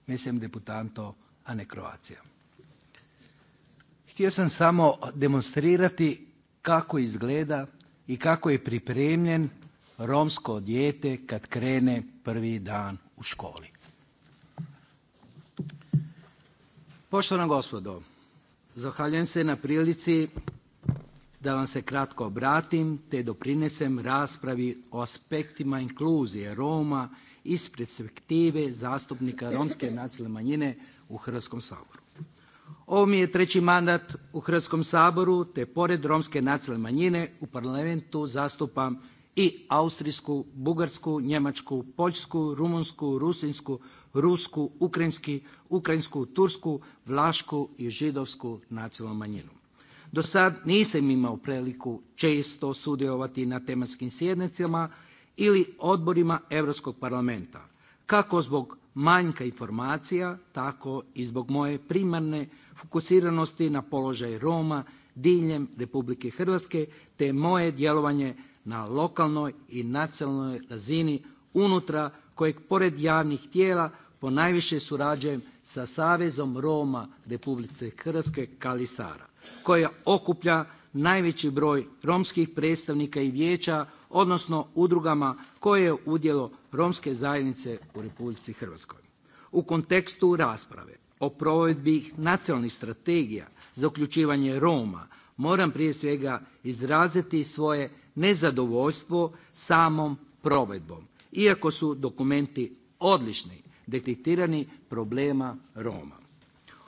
Mesem deputanto, a ne Kroacija. Htio sam samo demonstrirati kako izgleda i kako je pripremljen romsko dijete kad krene prvi dan u školi. Poštovana gospodo, zahvaljujem se na prilici da vam se kratko obratim te doprinesem raspravi o aspektima inkluzije Roma iz perspektive zastupnika romske nacionalne manjine u Hrvatskom saboru. Ovo mi je treći mandat u Hrvatskom saboru te pored romske nacionalne manjine u parlamentu zastupam i austrijsku, bugarsku, njemačku, poljsku, rumunsku, rusinsku, rusku, ukrajinski, ukrajinsku, tursku, vlašku i židovsku nacionalnu manjinu. Do sad nisam imao priliku često sudjelovati na tematskim sjednicama ili odborima Europskog parlamenta, kako zbog manjka informacija, tako i zbog moje primarne fokusiranosti na položaj Roma diljem Republike Hrvatske te moje djelovanje na lokalnoj i nacionalnoj razini unutra kojeg pored javnih tijela ponajviše surađujem sa Savezom Roma Republike Hrvatske Kalisara, koja okuplja najveći broj romskih predstavnika i vijeća, odnosno udrugama koje je udjelo romske zajednice u Republici Hrvatskoj. U kontekstu rasprave o provedbi nacionalnih strategija za uključivanje Roma moram prije svega izraziti svoje nezadovoljstvo samom provedbom. Iako su dokumenti odlični, detektirani problema Roma.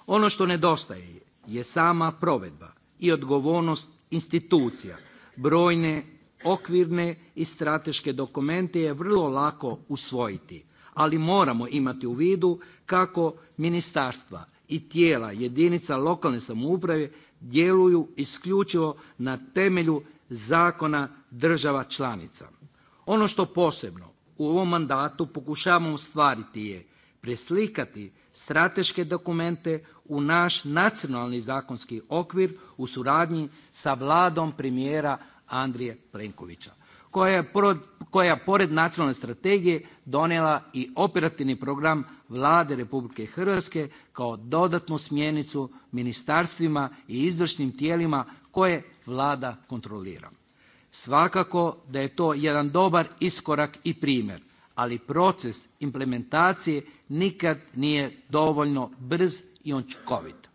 Ono što nedostaje je sama provedba i odgovornost institucija. Brojne okvirne i strateške dokumente je vrlo lako usvojiti, ali moramo imati u vidu kako ministarstva i tijela jedinica lokalne samouprave djeluju isključivo na temelju zakona država članica. Ono što posebno u ovom mandatu pokušavamo ostvariti je preslikati strateške dokumente u naš nacionalni zakonski okvir u suradnji sa Vladom premijera Andrije Plenkovića koja je pored nacionalne strategije donijela i operativni program Vlade Republike Hrvatske kao dodatnu smjernicu ministarstvima i izvršnim tijelima koje Vlada kontrolira. Svakako da je to jedan dobar iskorak i primjer ali proces implementacije nikad nije dovoljno brz i učinkovit.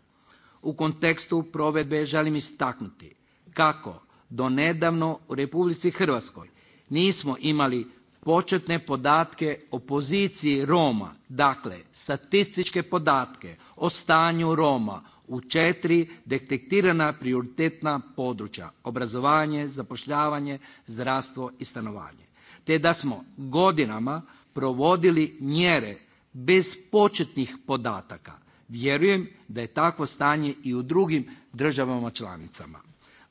U kontekstu provedbe želim istaknuti kako do nedavno u Republici Hrvatskoj nismo imali početne podatke o poziciji Roma, dakle statističke podatke o stanju Roma u četiri detektirana prioritetna područja obrazovanje, zapošljavanje, zdravstvo i stanovanje te da smo godinama provodili mjere bez početnih podataka. Vjerujem da je takvo stanje i u drugim državama članicama.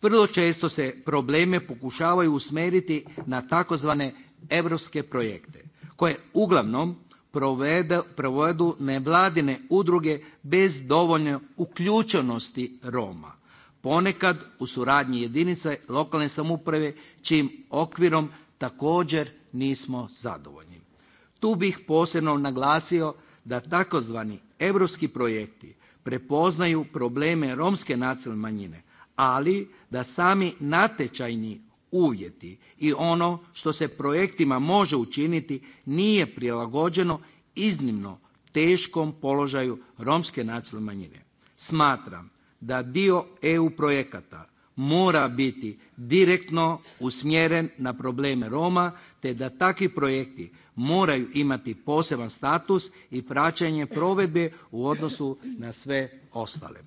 Vrlo često se probleme pokušavaju usmeriti na takozvane europske projekte koje uglavnom provedu nevladine udruge bez dovoljne uključenosti Roma, ponekad u suradnji jedinice lokalne samouprave čijim okvirom također nismo zadovoljni. Tu bih posebno naglasio da takozvani europski projekti prepoznaju probleme romske nacionalne manjine, ali da sami natječajni uvjeti i ono što se projektima može učiniti nije prilagođeno iznimno teškom položaju romske nacionalne manjine. Smatram da dio EU projekata mora biti direktno usmjeren na probleme Roma te da takvi projekti moraju imati poseban status i praćenje provedbe u odnosu na sve ostale.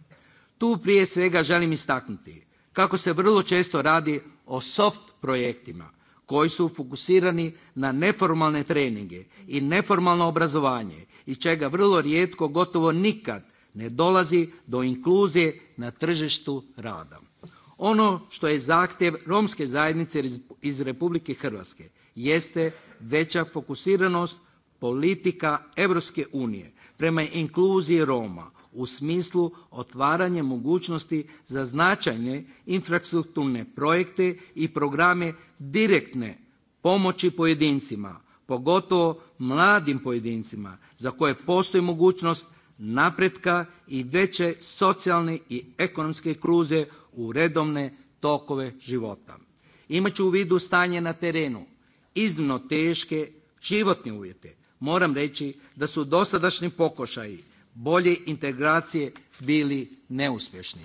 Tu prije svega želim istaknuti kako se vrlo često radi o soft projektima koji su fokusirani na neformalne treninge i neformalno obrazovanje i čega vrlo rijetko, gotovo nikad ne dolazi do inkluzije na tržištu rada. Ono što je zahtjev romske zajednice iz Republike Hrvatske jeste veća fokusiranost politika Europske unije prema inkluziji Roma u smislu otvaranja mogućnosti za značajne infrastrukturne projekte i programe direktne pomoći pojedincima, pogotovo mladim pojedincima za koje postoji mogućnost napretka i veće socijalne i ekonomske kruze u redovne tokove života. Imajući u vidu stanje na terenu, iznimno teške životne uvjete, moram reći da su dosadašnji pokušaji bolje integracije bili neuspješni.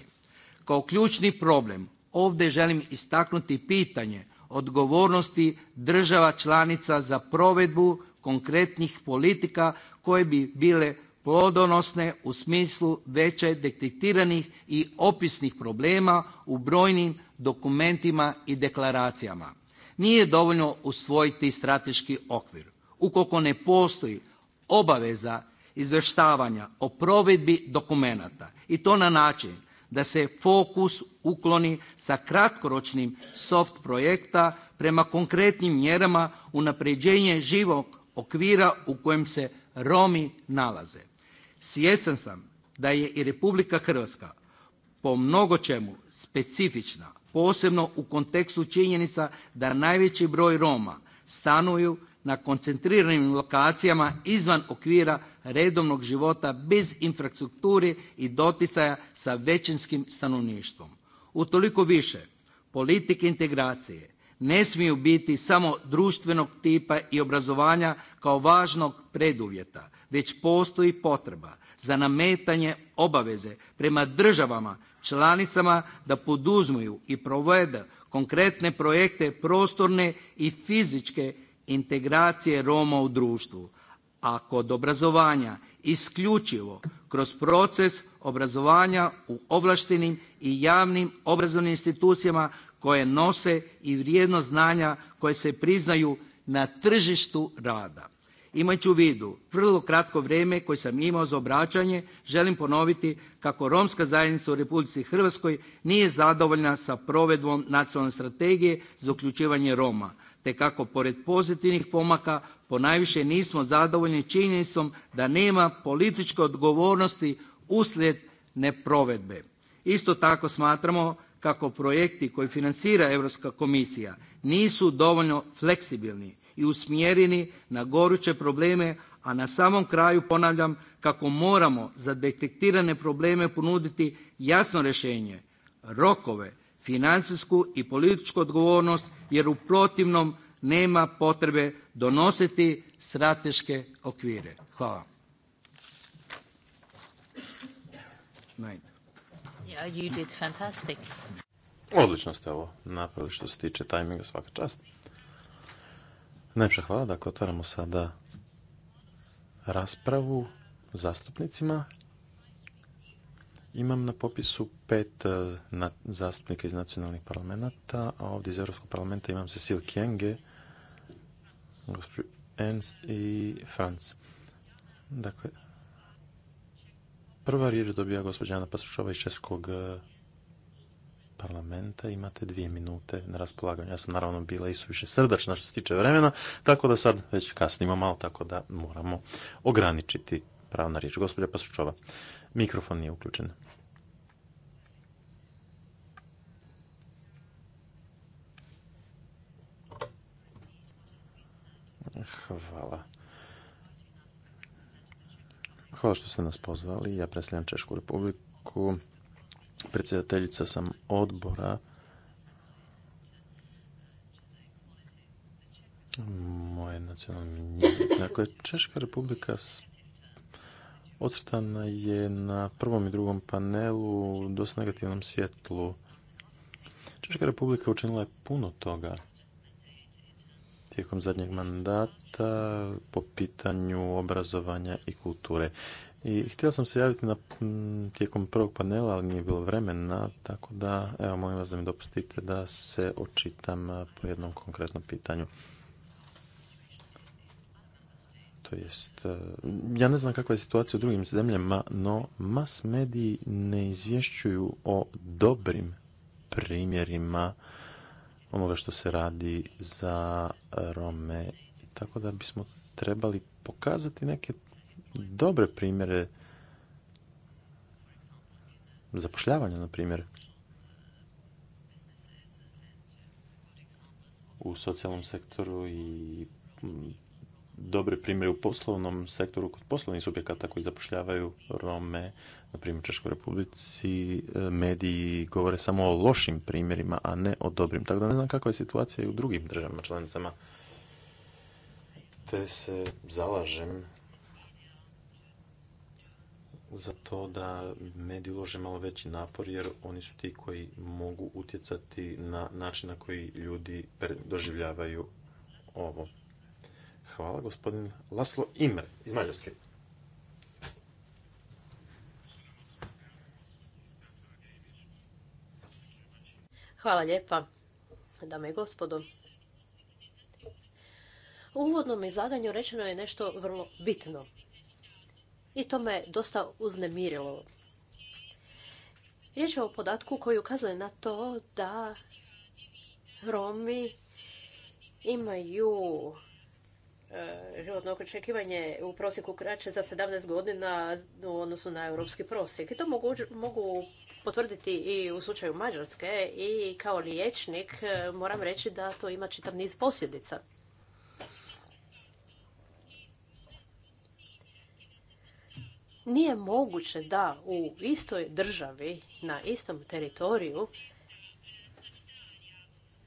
Kao ključni problem ovdje želim istaknuti pitanje odgovornosti država članica za provedbu konkretnih politika koje bi bile plodonosne u smislu veće detektiranih i opisnih problema u brojnim dokumentima i deklaracijama. Nije dovoljno usvojiti strateški okvir ukoliko ne postoji obaveza izvještavanja o provedbi dokumenata i to na način da se fokus ukloni sa kratkoročnim soft projekta prema konkretnim mjerama unapređenje živog okvira u kojem se Romi nalaze. Svjestan sam da je i Republika Hrvatska po mnogo čemu specifična, posebno u kontekstu činjenica da najveći broj Roma stanuju na koncentriranim lokacijama izvan okvira redovnog života bez infrastrukture i doticaja sa većinskim stanovništvom. Utoliko više politike integracije ne smiju biti samo društvenog tipa i obrazovanja kao važnog preduvjeta već postoji potreba za nametanje obaveze prema državama članicama da poduzmuju i provedu konkretne projekte prostorne i fizičke integracije Roma u društvu, a kod obrazovanja isključivo kroz proces obrazovanja u ovlaštenim i javnim obrazovnim institucijama koje nose i vrijednost znanja koje se priznaju na tržištu rada. Imajući u vidu vrlo kratko vrijeme koje sam imao za obraćanje želim ponoviti kako romska zajednica u Republici Hrvatskoj nije zadovoljna sa provedbom Nacionalne strategije za uključivanje Roma te kako pored pozitivnih pomaka ponajviše nismo zadovoljni činjenicom da nema političke odgovornosti uslijed neprovedbe. Isto tako smatramo kako projekti koje financira Europska komisija nisu dovoljno fleksibilni i usmjereni na goruće probleme, a na samom kraju ponavljam kako moramo za detektirane probleme ponuditi jasno rješenje, rokove, financijsku i političku odgovornost jer u protivnom nema potrebe donositi strateške okvire. Hvala. Yeah, Odlično ste ovo napravili što se tiče tajminga svaka čast. Najpša hvala. Dakle, otvaramo sada raspravu zastupnicima. Imam na popisu pet e, zastupnika iz nacionalnih parlamenta, a ovdje iz Europskog parlamenta imam Cecil Kjenge, gospođu Ernst i Franz. Dakle, prva riječ dobija gospođa Ana Pasučova iz Českog e, parlamenta imate dvije minute na raspolaganju. Ja sam naravno bila i suviše srdačna što se tiče vremena, tako da sad već kasnimo malo, tako da moramo ograničiti pravna riječ. Gospodja Pasučova, mikrofon nije uključen. Hvala. Hvala što ste nas pozvali. Ja predstavljam Češku republiku predsjedateljica sam odbora moje nacionalne manjine. Dakle, Češka republika ocrtana je na prvom i drugom panelu u dosta negativnom svjetlu. Češka republika učinila je puno toga tijekom zadnjeg mandata po pitanju obrazovanja i kulture. I htio sam se javiti na, tijekom prvog panela, ali nije bilo vremena, tako da, evo, molim vas da mi dopustite da se očitam po jednom konkretnom pitanju. To jest, e, ja ne znam kakva je situacija u drugim zemljama, no mas mediji ne izvješćuju o dobrim primjerima onoga što se radi za Rome. Tako da bismo trebali pokazati neke dobre primjere zapošljavanja, na primjer, u socijalnom sektoru i mm, dobre primjere u poslovnom sektoru kod poslovnih subjekata koji zapošljavaju Rome, na primjer Češkoj republici, e, mediji govore samo o lošim primjerima, a ne o dobrim. Tako da ne znam kakva je situacija i u drugim državama članicama. Te se zalažem za to da mediji ulože malo veći napor jer oni su ti koji mogu utjecati na način na koji ljudi doživljavaju ovo. Hvala gospodin Laslo Imre iz Mađarske. Hvala lijepa, dame i gospodo. U uvodnom izlaganju rečeno je nešto vrlo bitno i to me dosta uznemirilo. Riječ je o podatku koji ukazuje na to da Romi imaju e, životno očekivanje u prosjeku kraće za 17 godina u odnosu na europski prosjek. I to mogu, mogu potvrditi i u slučaju Mađarske i kao liječnik e, moram reći da to ima čitav niz posljedica. Nije moguće da u istoj državi, na istom teritoriju,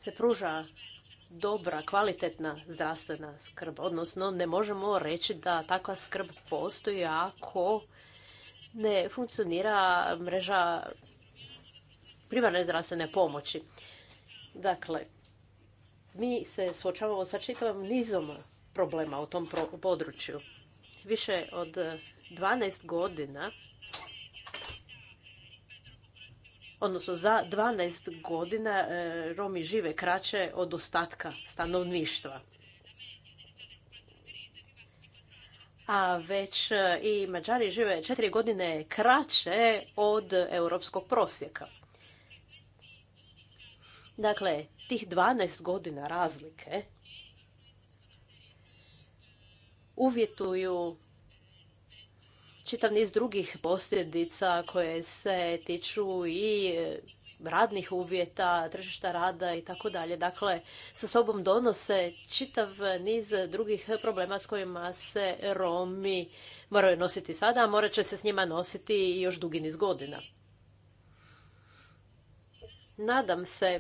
se pruža dobra, kvalitetna zdravstvena skrb. Odnosno, ne možemo reći da takva skrb postoji ako ne funkcionira mreža primarne zdravstvene pomoći. Dakle, mi se suočavamo sa čitavom nizom problema u tom području. Više od 12 godina, odnosno za 12 godina e, Romi žive kraće od ostatka stanovništva. a već e, i Mađari žive četiri godine kraće od europskog prosjeka. Dakle, tih 12 godina razlike uvjetuju čitav niz drugih posljedica koje se tiču i radnih uvjeta, tržišta rada i tako dalje. Dakle, sa sobom donose čitav niz drugih problema s kojima se Romi moraju nositi sada, a morat će se s njima nositi još dugi niz godina. Nadam se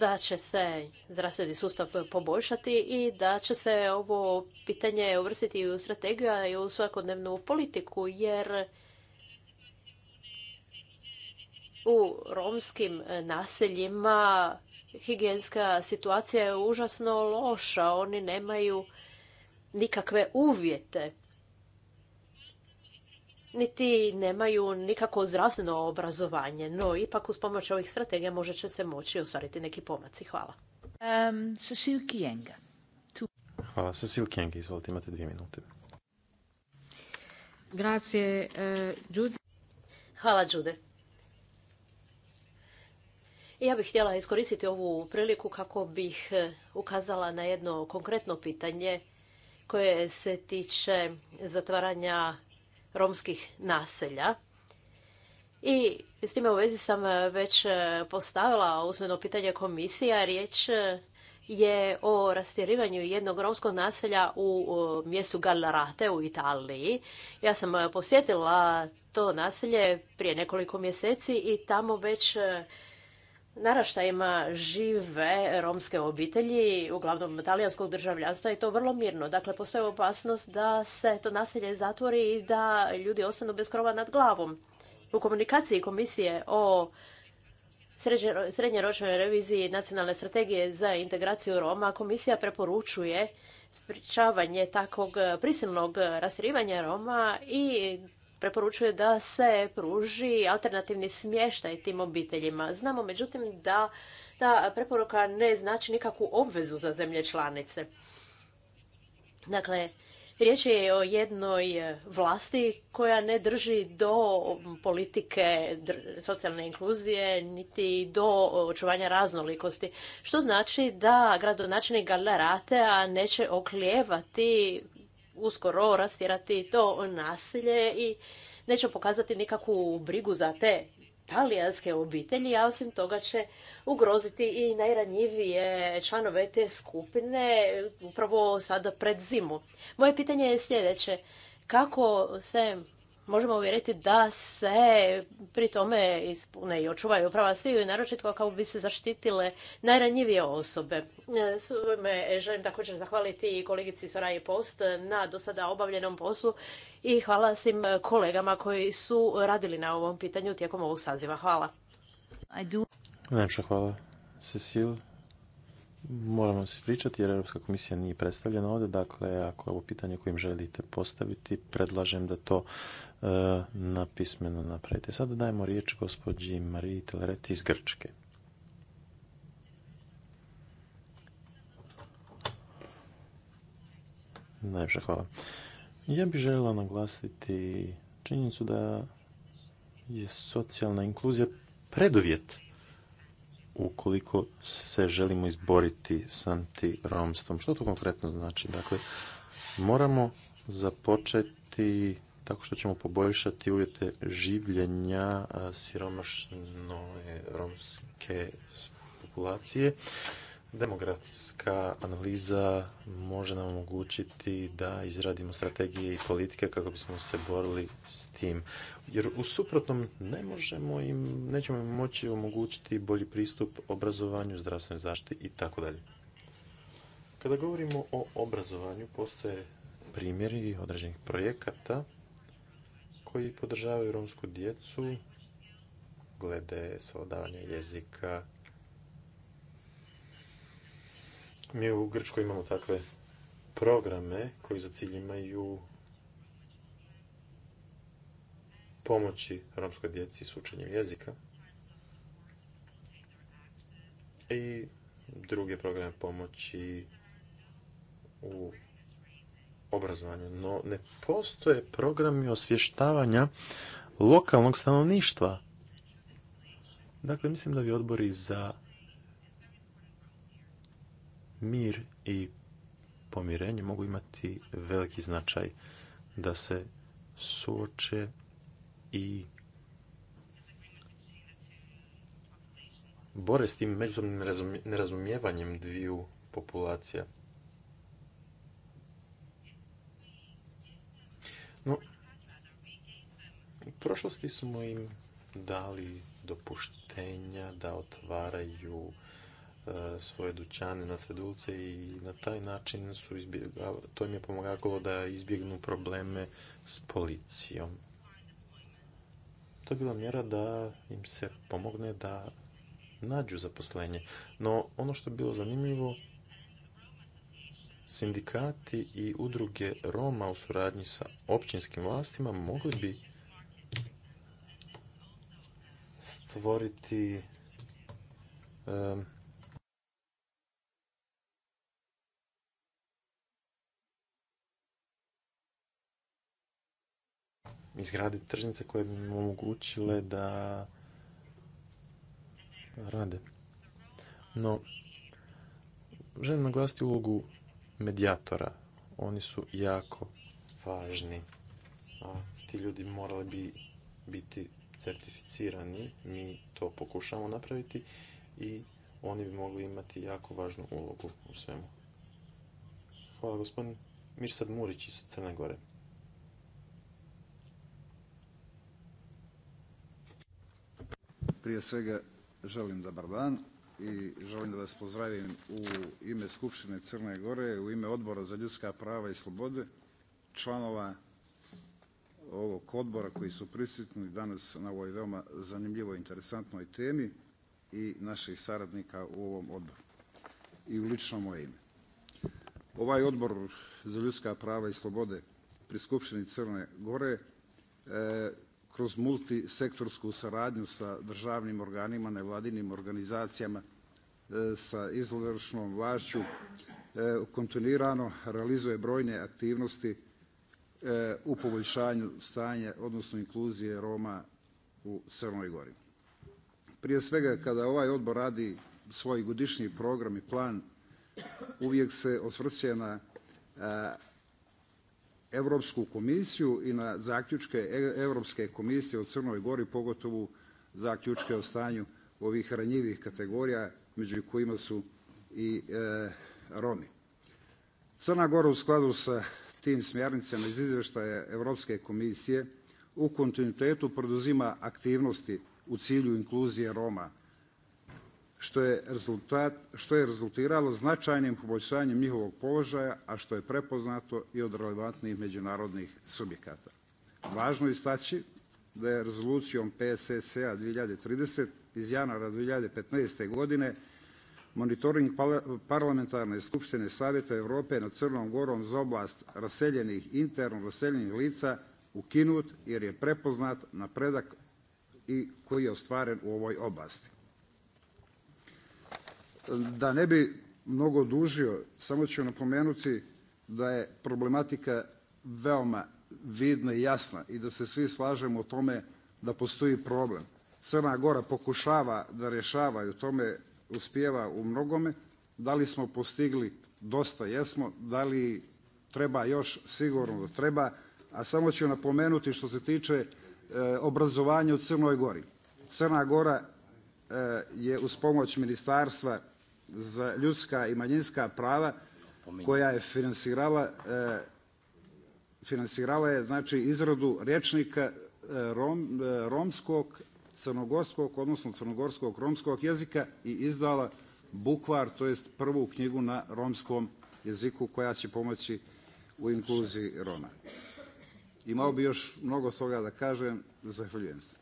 da će se zdravstveni sustav poboljšati i da će se ovo pitanje uvrstiti u strategiju, a i u svakodnevnu politiku, jer u romskim naseljima higijenska situacija je užasno loša. Oni nemaju nikakve uvjete niti nemaju nikako zdravstveno obrazovanje, no ipak uz pomoć ovih strategija možda će se moći ostvariti neki pomaci. Hvala. Um, Hvala, Cecil Kienga, izvolite, imate dvije minute. Eh, Hvala, Jude. Ja bih htjela iskoristiti ovu priliku kako bih eh, ukazala na jedno konkretno pitanje koje se tiče zatvaranja romskih naselja. I s time u vezi sam eh, već eh, postavila usmeno pitanje komisija. Riječ eh, je o rastjerivanju jednog romskog naselja u mjestu Gallarate u Italiji. Ja sam posjetila to naselje prije nekoliko mjeseci i tamo već naraštajima žive romske obitelji, uglavnom talijanskog državljanstva i to vrlo mirno. Dakle, postoji opasnost da se to nasilje zatvori i da ljudi ostanu bez krova nad glavom. U komunikaciji komisije o srednjeročnoj reviziji nacionalne strategije za integraciju Roma komisija preporučuje sprječavanje takvog prisilnog rasirivanja Roma i preporučuje da se pruži alternativni smještaj tim obiteljima. Znamo međutim da ta preporuka ne znači nikakvu obvezu za zemlje članice. Dakle, riječ je o jednoj vlasti koja ne drži do politike socijalne inkluzije niti do očuvanja raznolikosti. Što znači da gradonačelnik Galeratea neće oklijevati uskoro rastjerati to nasilje i neće pokazati nikakvu brigu za te talijanske obitelji, a osim toga će ugroziti i najranjivije članove te skupine upravo sada pred zimu. Moje pitanje je sljedeće. Kako se možemo uvjeriti da se pri tome ispune i očuvaju prava sviju, naročito kako bi se zaštitile najranjivije osobe. E, e, želim također zahvaliti i kolegici Soraji Post na do sada obavljenom poslu i hvala svim kolegama koji su radili na ovom pitanju tijekom ovog saziva. Hvala. Najpša hvala, Cecil. Moramo se spričati jer Europska komisija nije predstavljena ovdje. Dakle, ako je ovo pitanje kojim želite postaviti, predlažem da to E, napismeno napravite. Sada dajemo riječ gospođi Mariji Telereti iz Grčke. Najviše hvala. Ja bih željela naglasiti činjenicu da je socijalna inkluzija preduvjet ukoliko se želimo izboriti s antiromstvom. Što to konkretno znači? Dakle, moramo započeti tako što ćemo poboljšati uvjete življenja siromašne romske populacije. Demografska analiza može nam omogućiti da izradimo strategije i politike kako bismo se borili s tim. Jer u suprotnom ne možemo im, nećemo im moći omogućiti bolji pristup obrazovanju, zdravstvenoj zaštiti i tako dalje. Kada govorimo o obrazovanju, postoje primjeri određenih projekata koji podržavaju romsku djecu glede savladavanja jezika. Mi u Grčkoj imamo takve programe koji za cilj imaju pomoći romskoj djeci s učenjem jezika i druge programe pomoći u obrazovanju, no ne postoje programi osvještavanja lokalnog stanovništva. Dakle, mislim da bi odbori za mir i pomirenje mogu imati veliki značaj da se suoče i bore s tim međusobnim nerazumijevanjem dviju populacija. No, u prošlosti smo im dali dopuštenja da otvaraju e, svoje dućane na sredulce i na taj način su to im je pomagalo da izbjegnu probleme s policijom. To je bila mjera da im se pomogne da nađu zaposlenje. No ono što je bilo zanimljivo sindikati i udruge Roma u suradnji sa općinskim vlastima mogli bi stvoriti izgraditi tržnice koje bi im omogućile da rade. No, želim naglasiti ulogu medijatora. Oni su jako važni. A ti ljudi morali bi biti certificirani. Mi to pokušamo napraviti i oni bi mogli imati jako važnu ulogu u svemu. Hvala gospodin Mirsad Murić iz Crne Gore. Prije svega želim dobar dan i želim da vas pozdravim u ime Skupštine Crne Gore, u ime Odbora za ljudska prava i slobode, članova ovog odbora koji su prisutni danas na ovoj veoma zanimljivoj, interesantnoj temi i naših saradnika u ovom odboru i u ličnom moje ime. Ovaj odbor za ljudska prava i slobode pri Skupštini Crne Gore e, kroz multisektorsku saradnju sa državnim organima, nevladinim organizacijama, e, sa izvršnom vlašću e, kontinuirano realizuje brojne aktivnosti e, u poboljšanju stanja, odnosno inkluzije Roma u Crnoj Gori. Prije svega, kada ovaj odbor radi svoj godišnji program i plan, uvijek se osvrće na Europsku komisiju i na zaključke e, Europske komisije u Crnoj Gori, pogotovo zaključke o stanju ovih ranjivih kategorija među kojima su i e, Romi. Crna Gora u skladu sa tim smjernicama iz izvještaja Europske komisije u kontinuitetu poduzima aktivnosti u cilju inkluzije Roma što je rezultiralo značajnim poboljšanjem njihovog položaja, a što je prepoznato i od relevantnih međunarodnih subjekata. Važno je istaći da je Rezolucijom PSSA 2030 iz januara 2015. godine monitoring Parlamentarne skupštine Savjeta Europe nad Crnom Gorom za oblast raseljenih, interno raseljenih lica ukinut jer je prepoznat napredak i koji je ostvaren u ovoj oblasti. Da ne bi mnogo dužio samo ću napomenuti da je problematika veoma vidna i jasna i da se svi slažemo o tome da postoji problem. Crna Gora pokušava da rješava i u tome uspijeva u mnogome. Da li smo postigli? Dosta jesmo. Da li treba još? Sigurno da treba. A samo ću napomenuti što se tiče e, obrazovanja u Crnoj Gori. Crna Gora e, je uz pomoć Ministarstva za ljudska i manjinska prava koja je finansirala e, financirala je znači izradu rječnika e, rom, e, romskog, crnogorskog, odnosno crnogorskog romskog jezika i izdala bukvar, to jest prvu knjigu na romskom jeziku koja će pomoći u inkluziji Roma. Imao bi još mnogo toga da kažem, zahvaljujem se.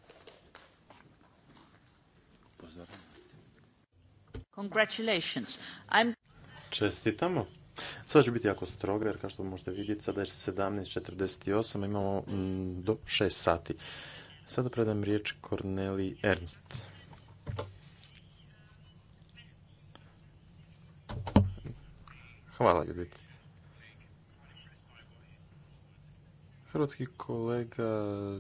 Congratulations. Čestitamo. Sada ću biti jako stroga jer kao što možete vidjeti sada je 17.48, imamo mm, do 6 sati. Sada predam riječ Korneli Ernst. Hvala Hrvatski kolega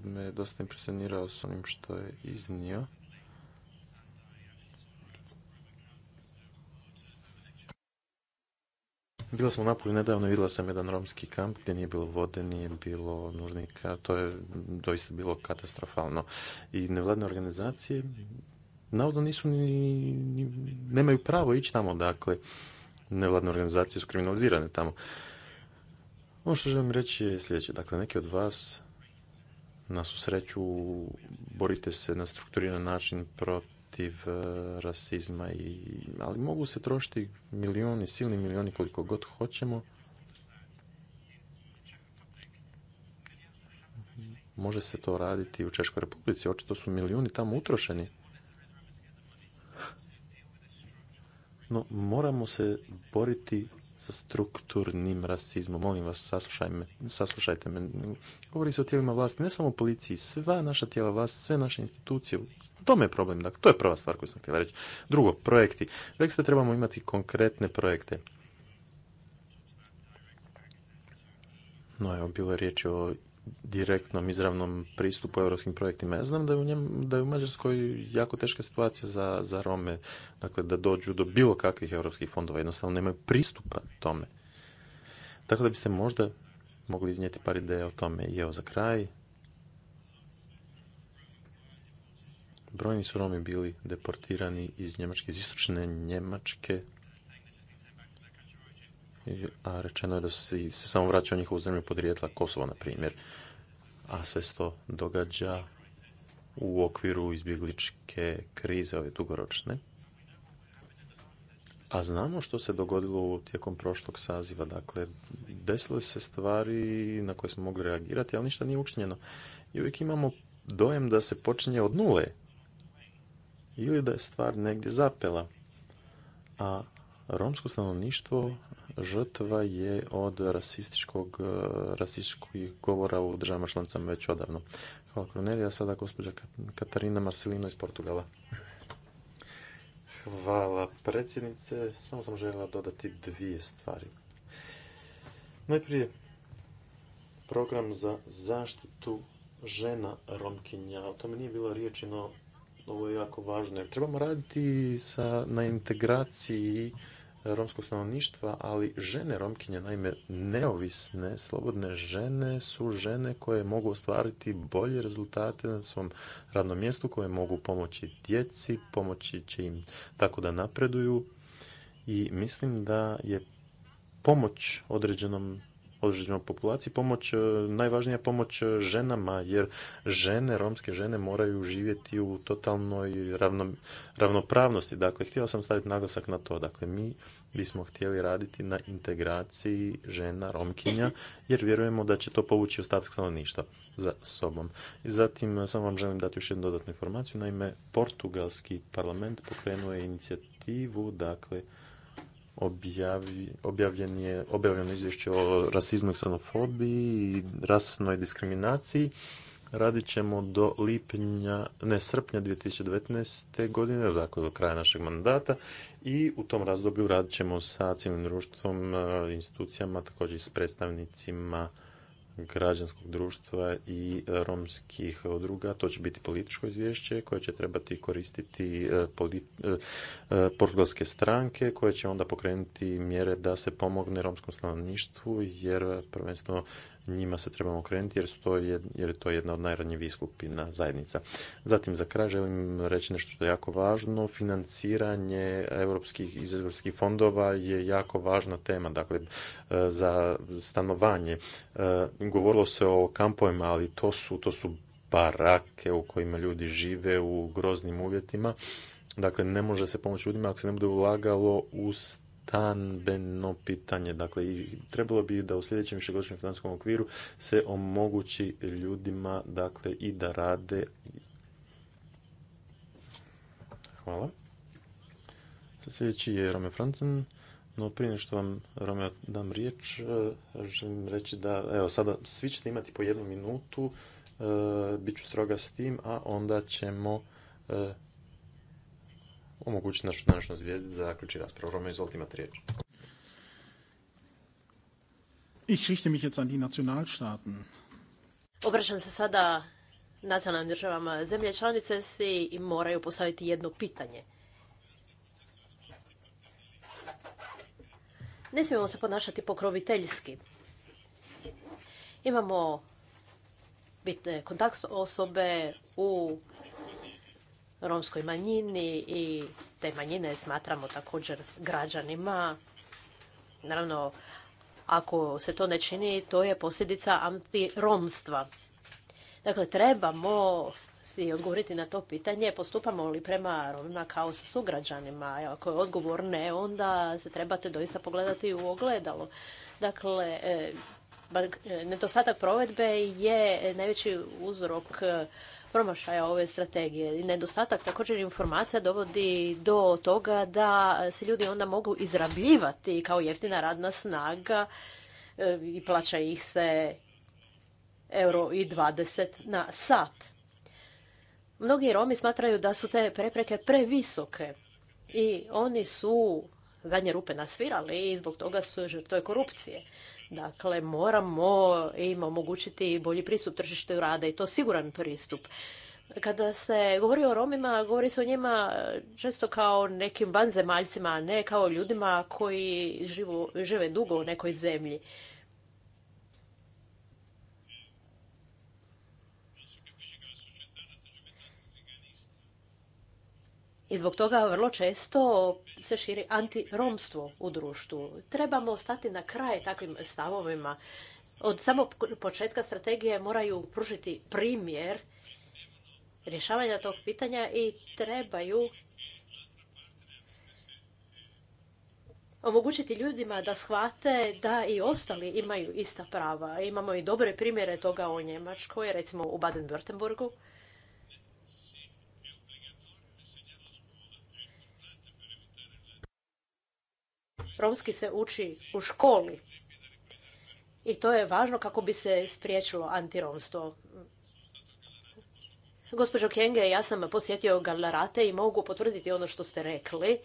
me dosta impresionirao s onim što je iznio. Bila smo u nedavno, vidjela sam jedan romski kamp gdje nije bilo vode, nije bilo nužnika, to je doista bilo katastrofalno. I nevladne organizacije navodno nisu ni, nemaju pravo ići tamo, dakle, nevladne organizacije su kriminalizirane tamo. Ono što želim reći je sljedeće, dakle, neki od vas na susreću borite se na strukturiran način protiv protiv e, rasizma, i, ali mogu se trošiti milioni, silni milijoni koliko god hoćemo. Može se to raditi u Češkoj republici, očito su milijuni tamo utrošeni. No, moramo se boriti sa strukturnim rasizmom. Molim vas, saslušajte me. Govori se o tijelima vlasti, ne samo o policiji, sva naša tijela vlasti, sve naše institucije. To tome je problem, dakle, to je prva stvar koju sam htjela reći. Drugo, projekti. Rekli ste trebamo imati konkretne projekte. No, evo, bilo je riječ o direktnom, izravnom pristupu europskim projektima. Ja znam da je u, njem, da u Mađarskoj jako teška situacija za, za Rome, dakle da dođu do bilo kakvih europskih fondova, jednostavno nemaju pristupa tome. Tako da biste možda mogli iznijeti par ideja o tome. I evo za kraj, brojni su Romi bili deportirani iz Njemačke, iz istočne Njemačke a rečeno je da se samo vraća u njihovu zemlju podrijetla Kosovo, na primjer, a sve se to događa u okviru izbjegličke krize, ove dugoročne. A znamo što se dogodilo tijekom prošlog saziva. Dakle, desile se stvari na koje smo mogli reagirati, ali ništa nije učinjeno. I uvijek imamo dojem da se počinje od nule. Ili da je stvar negdje zapela. A romsko stanovništvo žrtva je od rasističkog, e, rasističkih govora u državama članicama već odavno. Hvala Kornelija, sada gospođa Katarina Marcelino iz Portugala. Hvala predsjednice, samo sam željela dodati dvije stvari. Najprije, program za zaštitu žena Romkinja, o tome nije bilo riječi, no ovo je jako važno, trebamo raditi sa, na integraciji romskog stanovništva, ali žene romkinje, naime neovisne, slobodne žene su žene koje mogu ostvariti bolje rezultate na svom radnom mjestu, koje mogu pomoći djeci, pomoći će im tako da napreduju i mislim da je pomoć određenom određenoj populaciji, pomoć, e, najvažnija pomoć e, ženama, jer žene, romske žene moraju živjeti u totalnoj ravnopravnosti. Dakle, htio sam staviti naglasak na to. Dakle, mi bismo htjeli raditi na integraciji žena, romkinja, jer vjerujemo da će to povući ostatak stanovništva za sobom. I zatim, e, samo vam želim dati još jednu dodatnu informaciju. Naime, portugalski parlament pokrenuo je inicijativu, dakle, objavljen je, objavljeno izvješće o rasizmu i ksenofobiji i rasnoj diskriminaciji. Radit ćemo do lipnja, ne srpnja 2019. godine, dakle do kraja našeg mandata i u tom razdoblju radit ćemo sa civilnim društvom, e, institucijama, također i s predstavnicima građanskog društva i romskih udruga. To će biti političko izvješće koje će trebati koristiti e, e, e, portugalske stranke koje će onda pokrenuti mjere da se pomogne romskom stanovništvu jer prvenstveno njima se trebamo okrenuti jer, to je, jer je to jedna od najranjivijih skupina zajednica. Zatim za kraj želim reći nešto što je jako važno. Financiranje europskih, iz fondova je jako važna tema. Dakle, e, za stanovanje. E, govorilo se o kampovima, ali to su, to su barake u kojima ljudi žive u groznim uvjetima. Dakle, ne može se pomoći ljudima ako se ne bude ulagalo u stanbeno pitanje. Dakle, i trebalo bi da u sljedećem višegodišnjem financijskom okviru se omogući ljudima dakle, i da rade. Hvala. sljedeći je Rome Francen. No prije što vam Romeo dam riječ, e, želim reći da, evo sada svi ćete imati po jednu minutu, Biću e, bit ću stroga s tim, a onda ćemo e, omogućiti našu današnju zvijezdu da zaključi raspravu. Roma, izvolite imati riječ. Ich richte mich jetzt an die Nationalstaaten. Obraćam se sada nacionalnim državama. Zemlje članice i moraju postaviti jedno pitanje. Ne smijemo se ponašati pokroviteljski. Imamo bitne kontakt osobe u romskoj manjini i te manjine smatramo također građanima. Naravno, ako se to ne čini, to je posljedica antiromstva. Dakle, trebamo si odgovoriti na to pitanje, postupamo li prema Romima kao sa sugrađanima. Ako je odgovor ne, onda se trebate doista pogledati u ogledalo. Dakle, e, e, nedostatak provedbe je najveći uzrok e, promašaja ove strategije. I nedostatak također informacija dovodi do toga da se ljudi onda mogu izrabljivati kao jeftina radna snaga e, i plaća ih se euro i 20 na sat. Mnogi Romi smatraju da su te prepreke previsoke i oni su zadnje rupe nasvirali i zbog toga su žrtve korupcije. Dakle, moramo im omogućiti bolji pristup tržištu rada i to siguran pristup. Kada se govori o Romima, govori se o njima često kao nekim vanzemaljcima, a ne kao ljudima koji žive dugo u nekoj zemlji. I zbog toga vrlo često se širi antiromstvo u društvu. Trebamo stati na kraj takvim stavovima. Od samog početka strategije moraju pružiti primjer rješavanja tog pitanja i trebaju omogućiti ljudima da shvate da i ostali imaju ista prava. Imamo i dobre primjere toga u Njemačkoj, recimo u Baden-Württembergu. romski se uči u školi. I to je važno kako bi se spriječilo antiromstvo. Gospođo Kenge, ja sam posjetio Galerate i mogu potvrditi ono što ste rekli.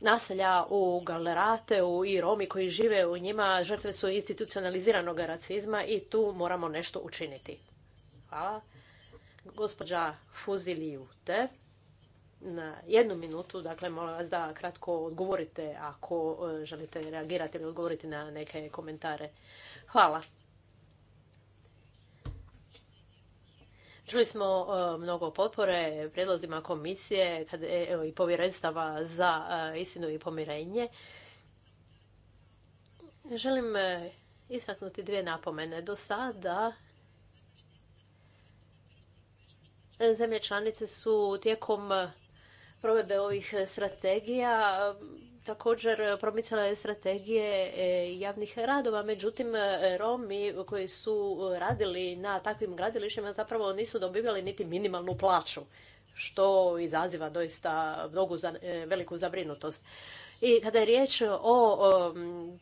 Naselja u Galerateu i Romi koji žive u njima žrtve su institucionaliziranog racizma i tu moramo nešto učiniti. Hvala. Gospođa Fuzili te na jednu minutu. Dakle, molim vas da kratko odgovorite ako e, želite reagirati ili odgovoriti na neke komentare. Hvala. Čuli smo e, mnogo potpore prijedlozima komisije e, i povjerenstava za istinu i pomirenje. Želim istaknuti dvije napomene. Do sada zemlje članice su tijekom provedbe ovih e, strategija e, također promicala je strategije e, javnih radova, međutim Romi koji su radili na takvim gradilištima zapravo nisu dobivali niti minimalnu plaću, što izaziva doista mnogu veliku zabrinutost. I kada je riječ o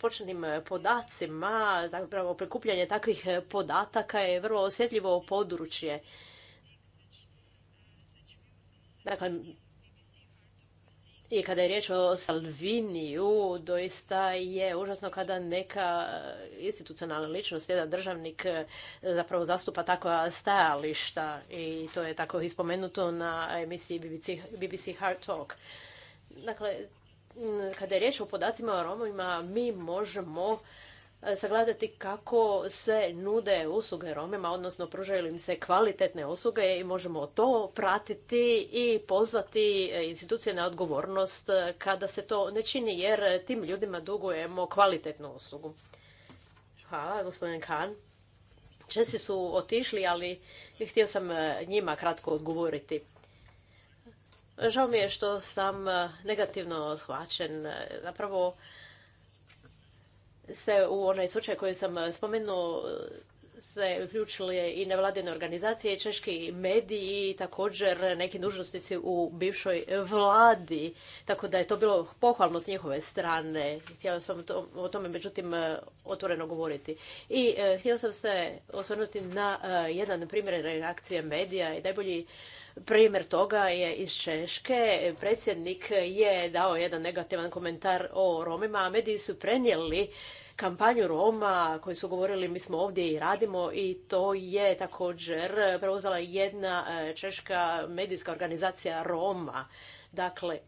početnim podacima, zapravo prikupljanje takvih podataka je vrlo osjetljivo područje. Dakle, i kada je riječ o Salviniju, doista je užasno kada neka institucionalna ličnost, jedan državnik e, zapravo zastupa takva stajališta i to je tako ispomenuto na emisiji BBC, Hard Talk. Dakle, kada je riječ o podacima o Romovima, mi možemo E, sagledati kako se nude usluge Romima, odnosno pružaju im se kvalitetne usluge i možemo to pratiti i pozvati e, institucije na odgovornost e, kada se to ne čini jer tim ljudima dugujemo kvalitetnu uslugu. Hvala, gospodin Khan. Česi su otišli, ali htio sam njima kratko odgovoriti. Žao mi je što sam negativno shvaćen. Zapravo, se u onaj slučaj koji sam e, spomenuo e, se uključile i nevladine organizacije i češki mediji i također neki dužnosnici u bivšoj vladi, tako da je to bilo pohvalno s njihove strane. Htjela sam o tome međutim e, otvoreno govoriti. I htjela sam se osvrnuti na jedan primjer reakcije medija i najbolji Primjer toga je iz Češke. Predsjednik je dao jedan negativan komentar o Romima, a mediji su prenijeli kampanju Roma koji su govorili mi smo ovdje i radimo i to je također preuzela jedna e, češka medijska organizacija Roma. Dakle,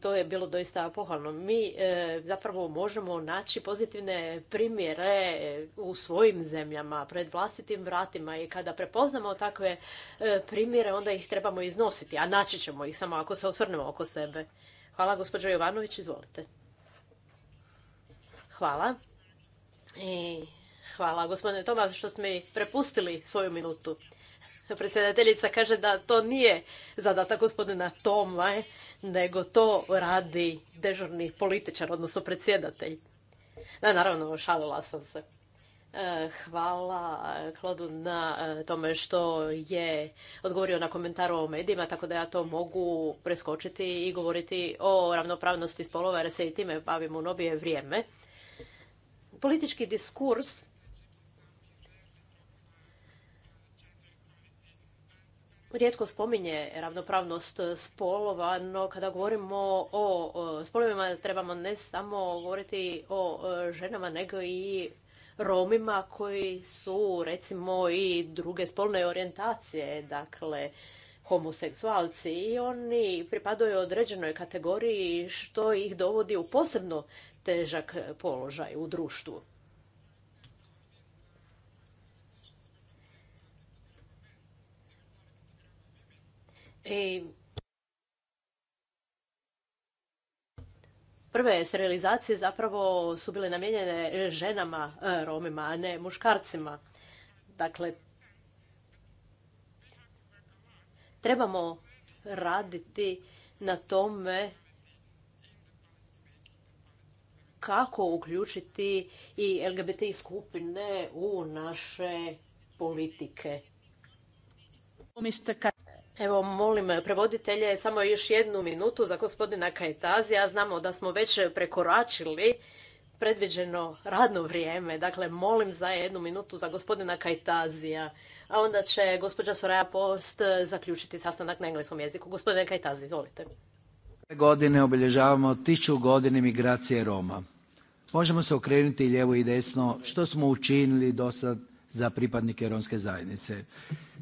to je bilo doista pohvalno. Mi e, zapravo možemo naći pozitivne primjere u svojim zemljama, pred vlastitim vratima i kada prepoznamo takve e, primjere, onda ih trebamo iznositi, a naći ćemo ih samo ako se osvrnemo oko sebe. Hvala, gospođo Jovanović, izvolite. Hvala. I hvala, gospodine Toma, što ste mi prepustili svoju minutu. Predsjedateljica kaže da to nije zadatak gospodina Toma, nego to radi dežurni političar, odnosno predsjedatelj. Da, naravno, šalila sam se. E, hvala Klodu na e, tome što je odgovorio na komentar o medijima, tako da ja to mogu preskočiti i govoriti o ravnopravnosti spolova jer se i time bavim u novije vrijeme. Politički diskurs rijetko spominje ravnopravnost spolova, no kada govorimo o spolovima trebamo ne samo govoriti o ženama, nego i Romima koji su recimo i druge spolne orijentacije, dakle homoseksualci i oni pripadaju određenoj kategoriji što ih dovodi u posebno težak položaj u društvu. prve serializacije zapravo su bile namijenjene ženama e, Romima, a ne muškarcima. Dakle, trebamo raditi na tome kako uključiti i LGBT skupine u naše politike. Evo, molim prevoditelje samo još jednu minutu za gospodina Kajtazija. Znamo da smo već prekoračili predviđeno radno vrijeme. Dakle, molim za jednu minutu za gospodina Kajtazija. A onda će gospođa Soraya Post zaključiti sastanak na engleskom jeziku. Gospodine Kajtazi, izvolite. Godine obilježavamo tisuću godine migracije Roma. Možemo se okrenuti lijevo i desno što smo učinili do sad za pripadnike romske zajednice.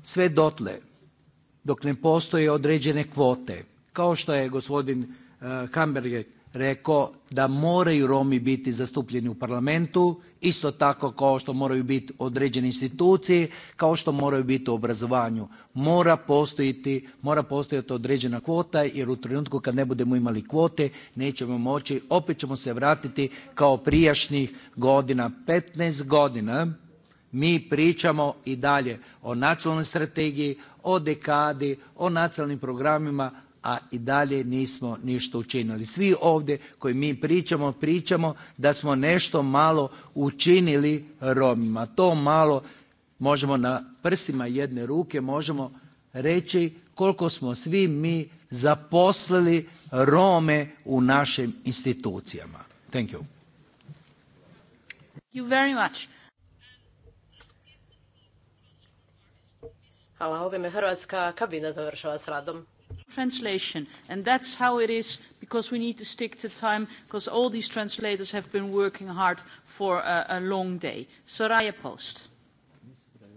Sve dotle dok ne postoje određene kvote. Kao što je gospodin eh, Hamberger rekao da moraju Romi biti zastupljeni u parlamentu, isto tako kao što moraju biti određene institucije, kao što moraju biti u obrazovanju. Mora postojati, mora postojati određena kvota jer u trenutku kad ne budemo imali kvote nećemo moći, opet ćemo se vratiti kao prijašnjih godina. 15 godina mi pričamo i dalje o nacionalnoj strategiji, o dekadi, o nacionalnim programima, a i dalje nismo ništa učinili. Svi ovdje koji mi pričamo, pričamo da smo nešto malo učinili Romima. To malo možemo na prstima jedne ruke možemo reći koliko smo svi mi zaposlili Rome u našim institucijama. Thank you. you very much. hrvatska kabina završava s radom. Translation, and that's how it is because we need to stick to time because all these translators have been working hard for a, a long day. Soraya Post.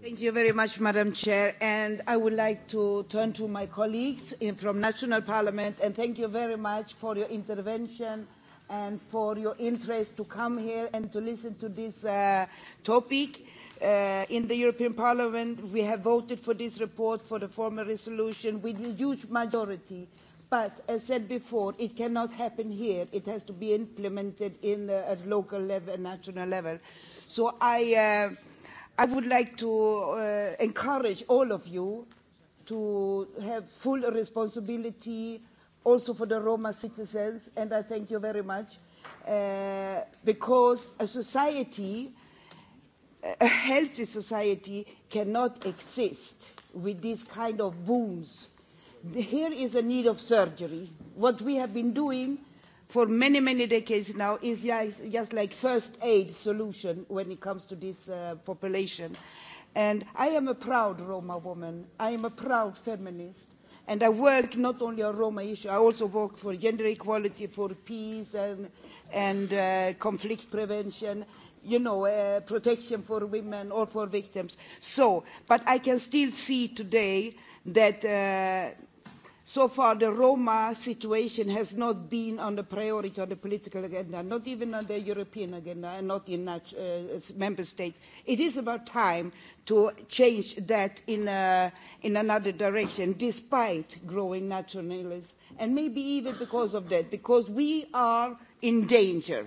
Thank you very much, Madam Chair. And I would like to turn to my colleagues in, from National Parliament and thank you very much for your intervention and for your interest to come here and to listen to this uh, topic. Uh, in the European Parliament, we have voted for this report, for the former resolution, with a huge majority. But as said before, it cannot happen here. It has to be implemented in the, at local level and national level. So I, uh, I would like to uh, encourage all of you to have full responsibility also for the Roma citizens, and I thank you very much, uh, because a society a healthy society cannot exist with these kind of wounds. Here is a need of surgery. What we have been doing for many, many decades now is just like first aid solution when it comes to this uh, population. And I am a proud Roma woman. I am a proud feminist. And I work not only on Roma issue, I also work for gender equality, for peace and, and uh, conflict prevention you know, uh, protection for women or for victims. So, but I can still see today that uh, so far the Roma situation has not been on the priority on the political agenda, not even on the European agenda and not in uh, member states. It is about time to change that in, uh, in another direction, despite growing nationalism. And maybe even because of that, because we are in danger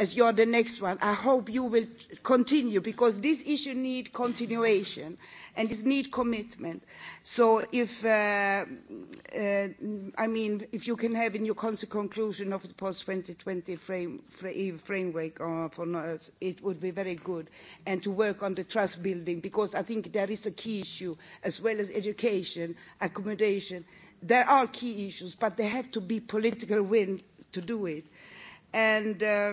as you are the next one i hope you will continue because this issue needs continuation and it needs commitment so if uh, uh, i mean if you can have in your conclusion of the post 2020 frame, e, framework uh, for us it would be very good and to work on the trust building because i think there is a key issue as well as education accommodation there are key issues but they have to be political will to do it and uh,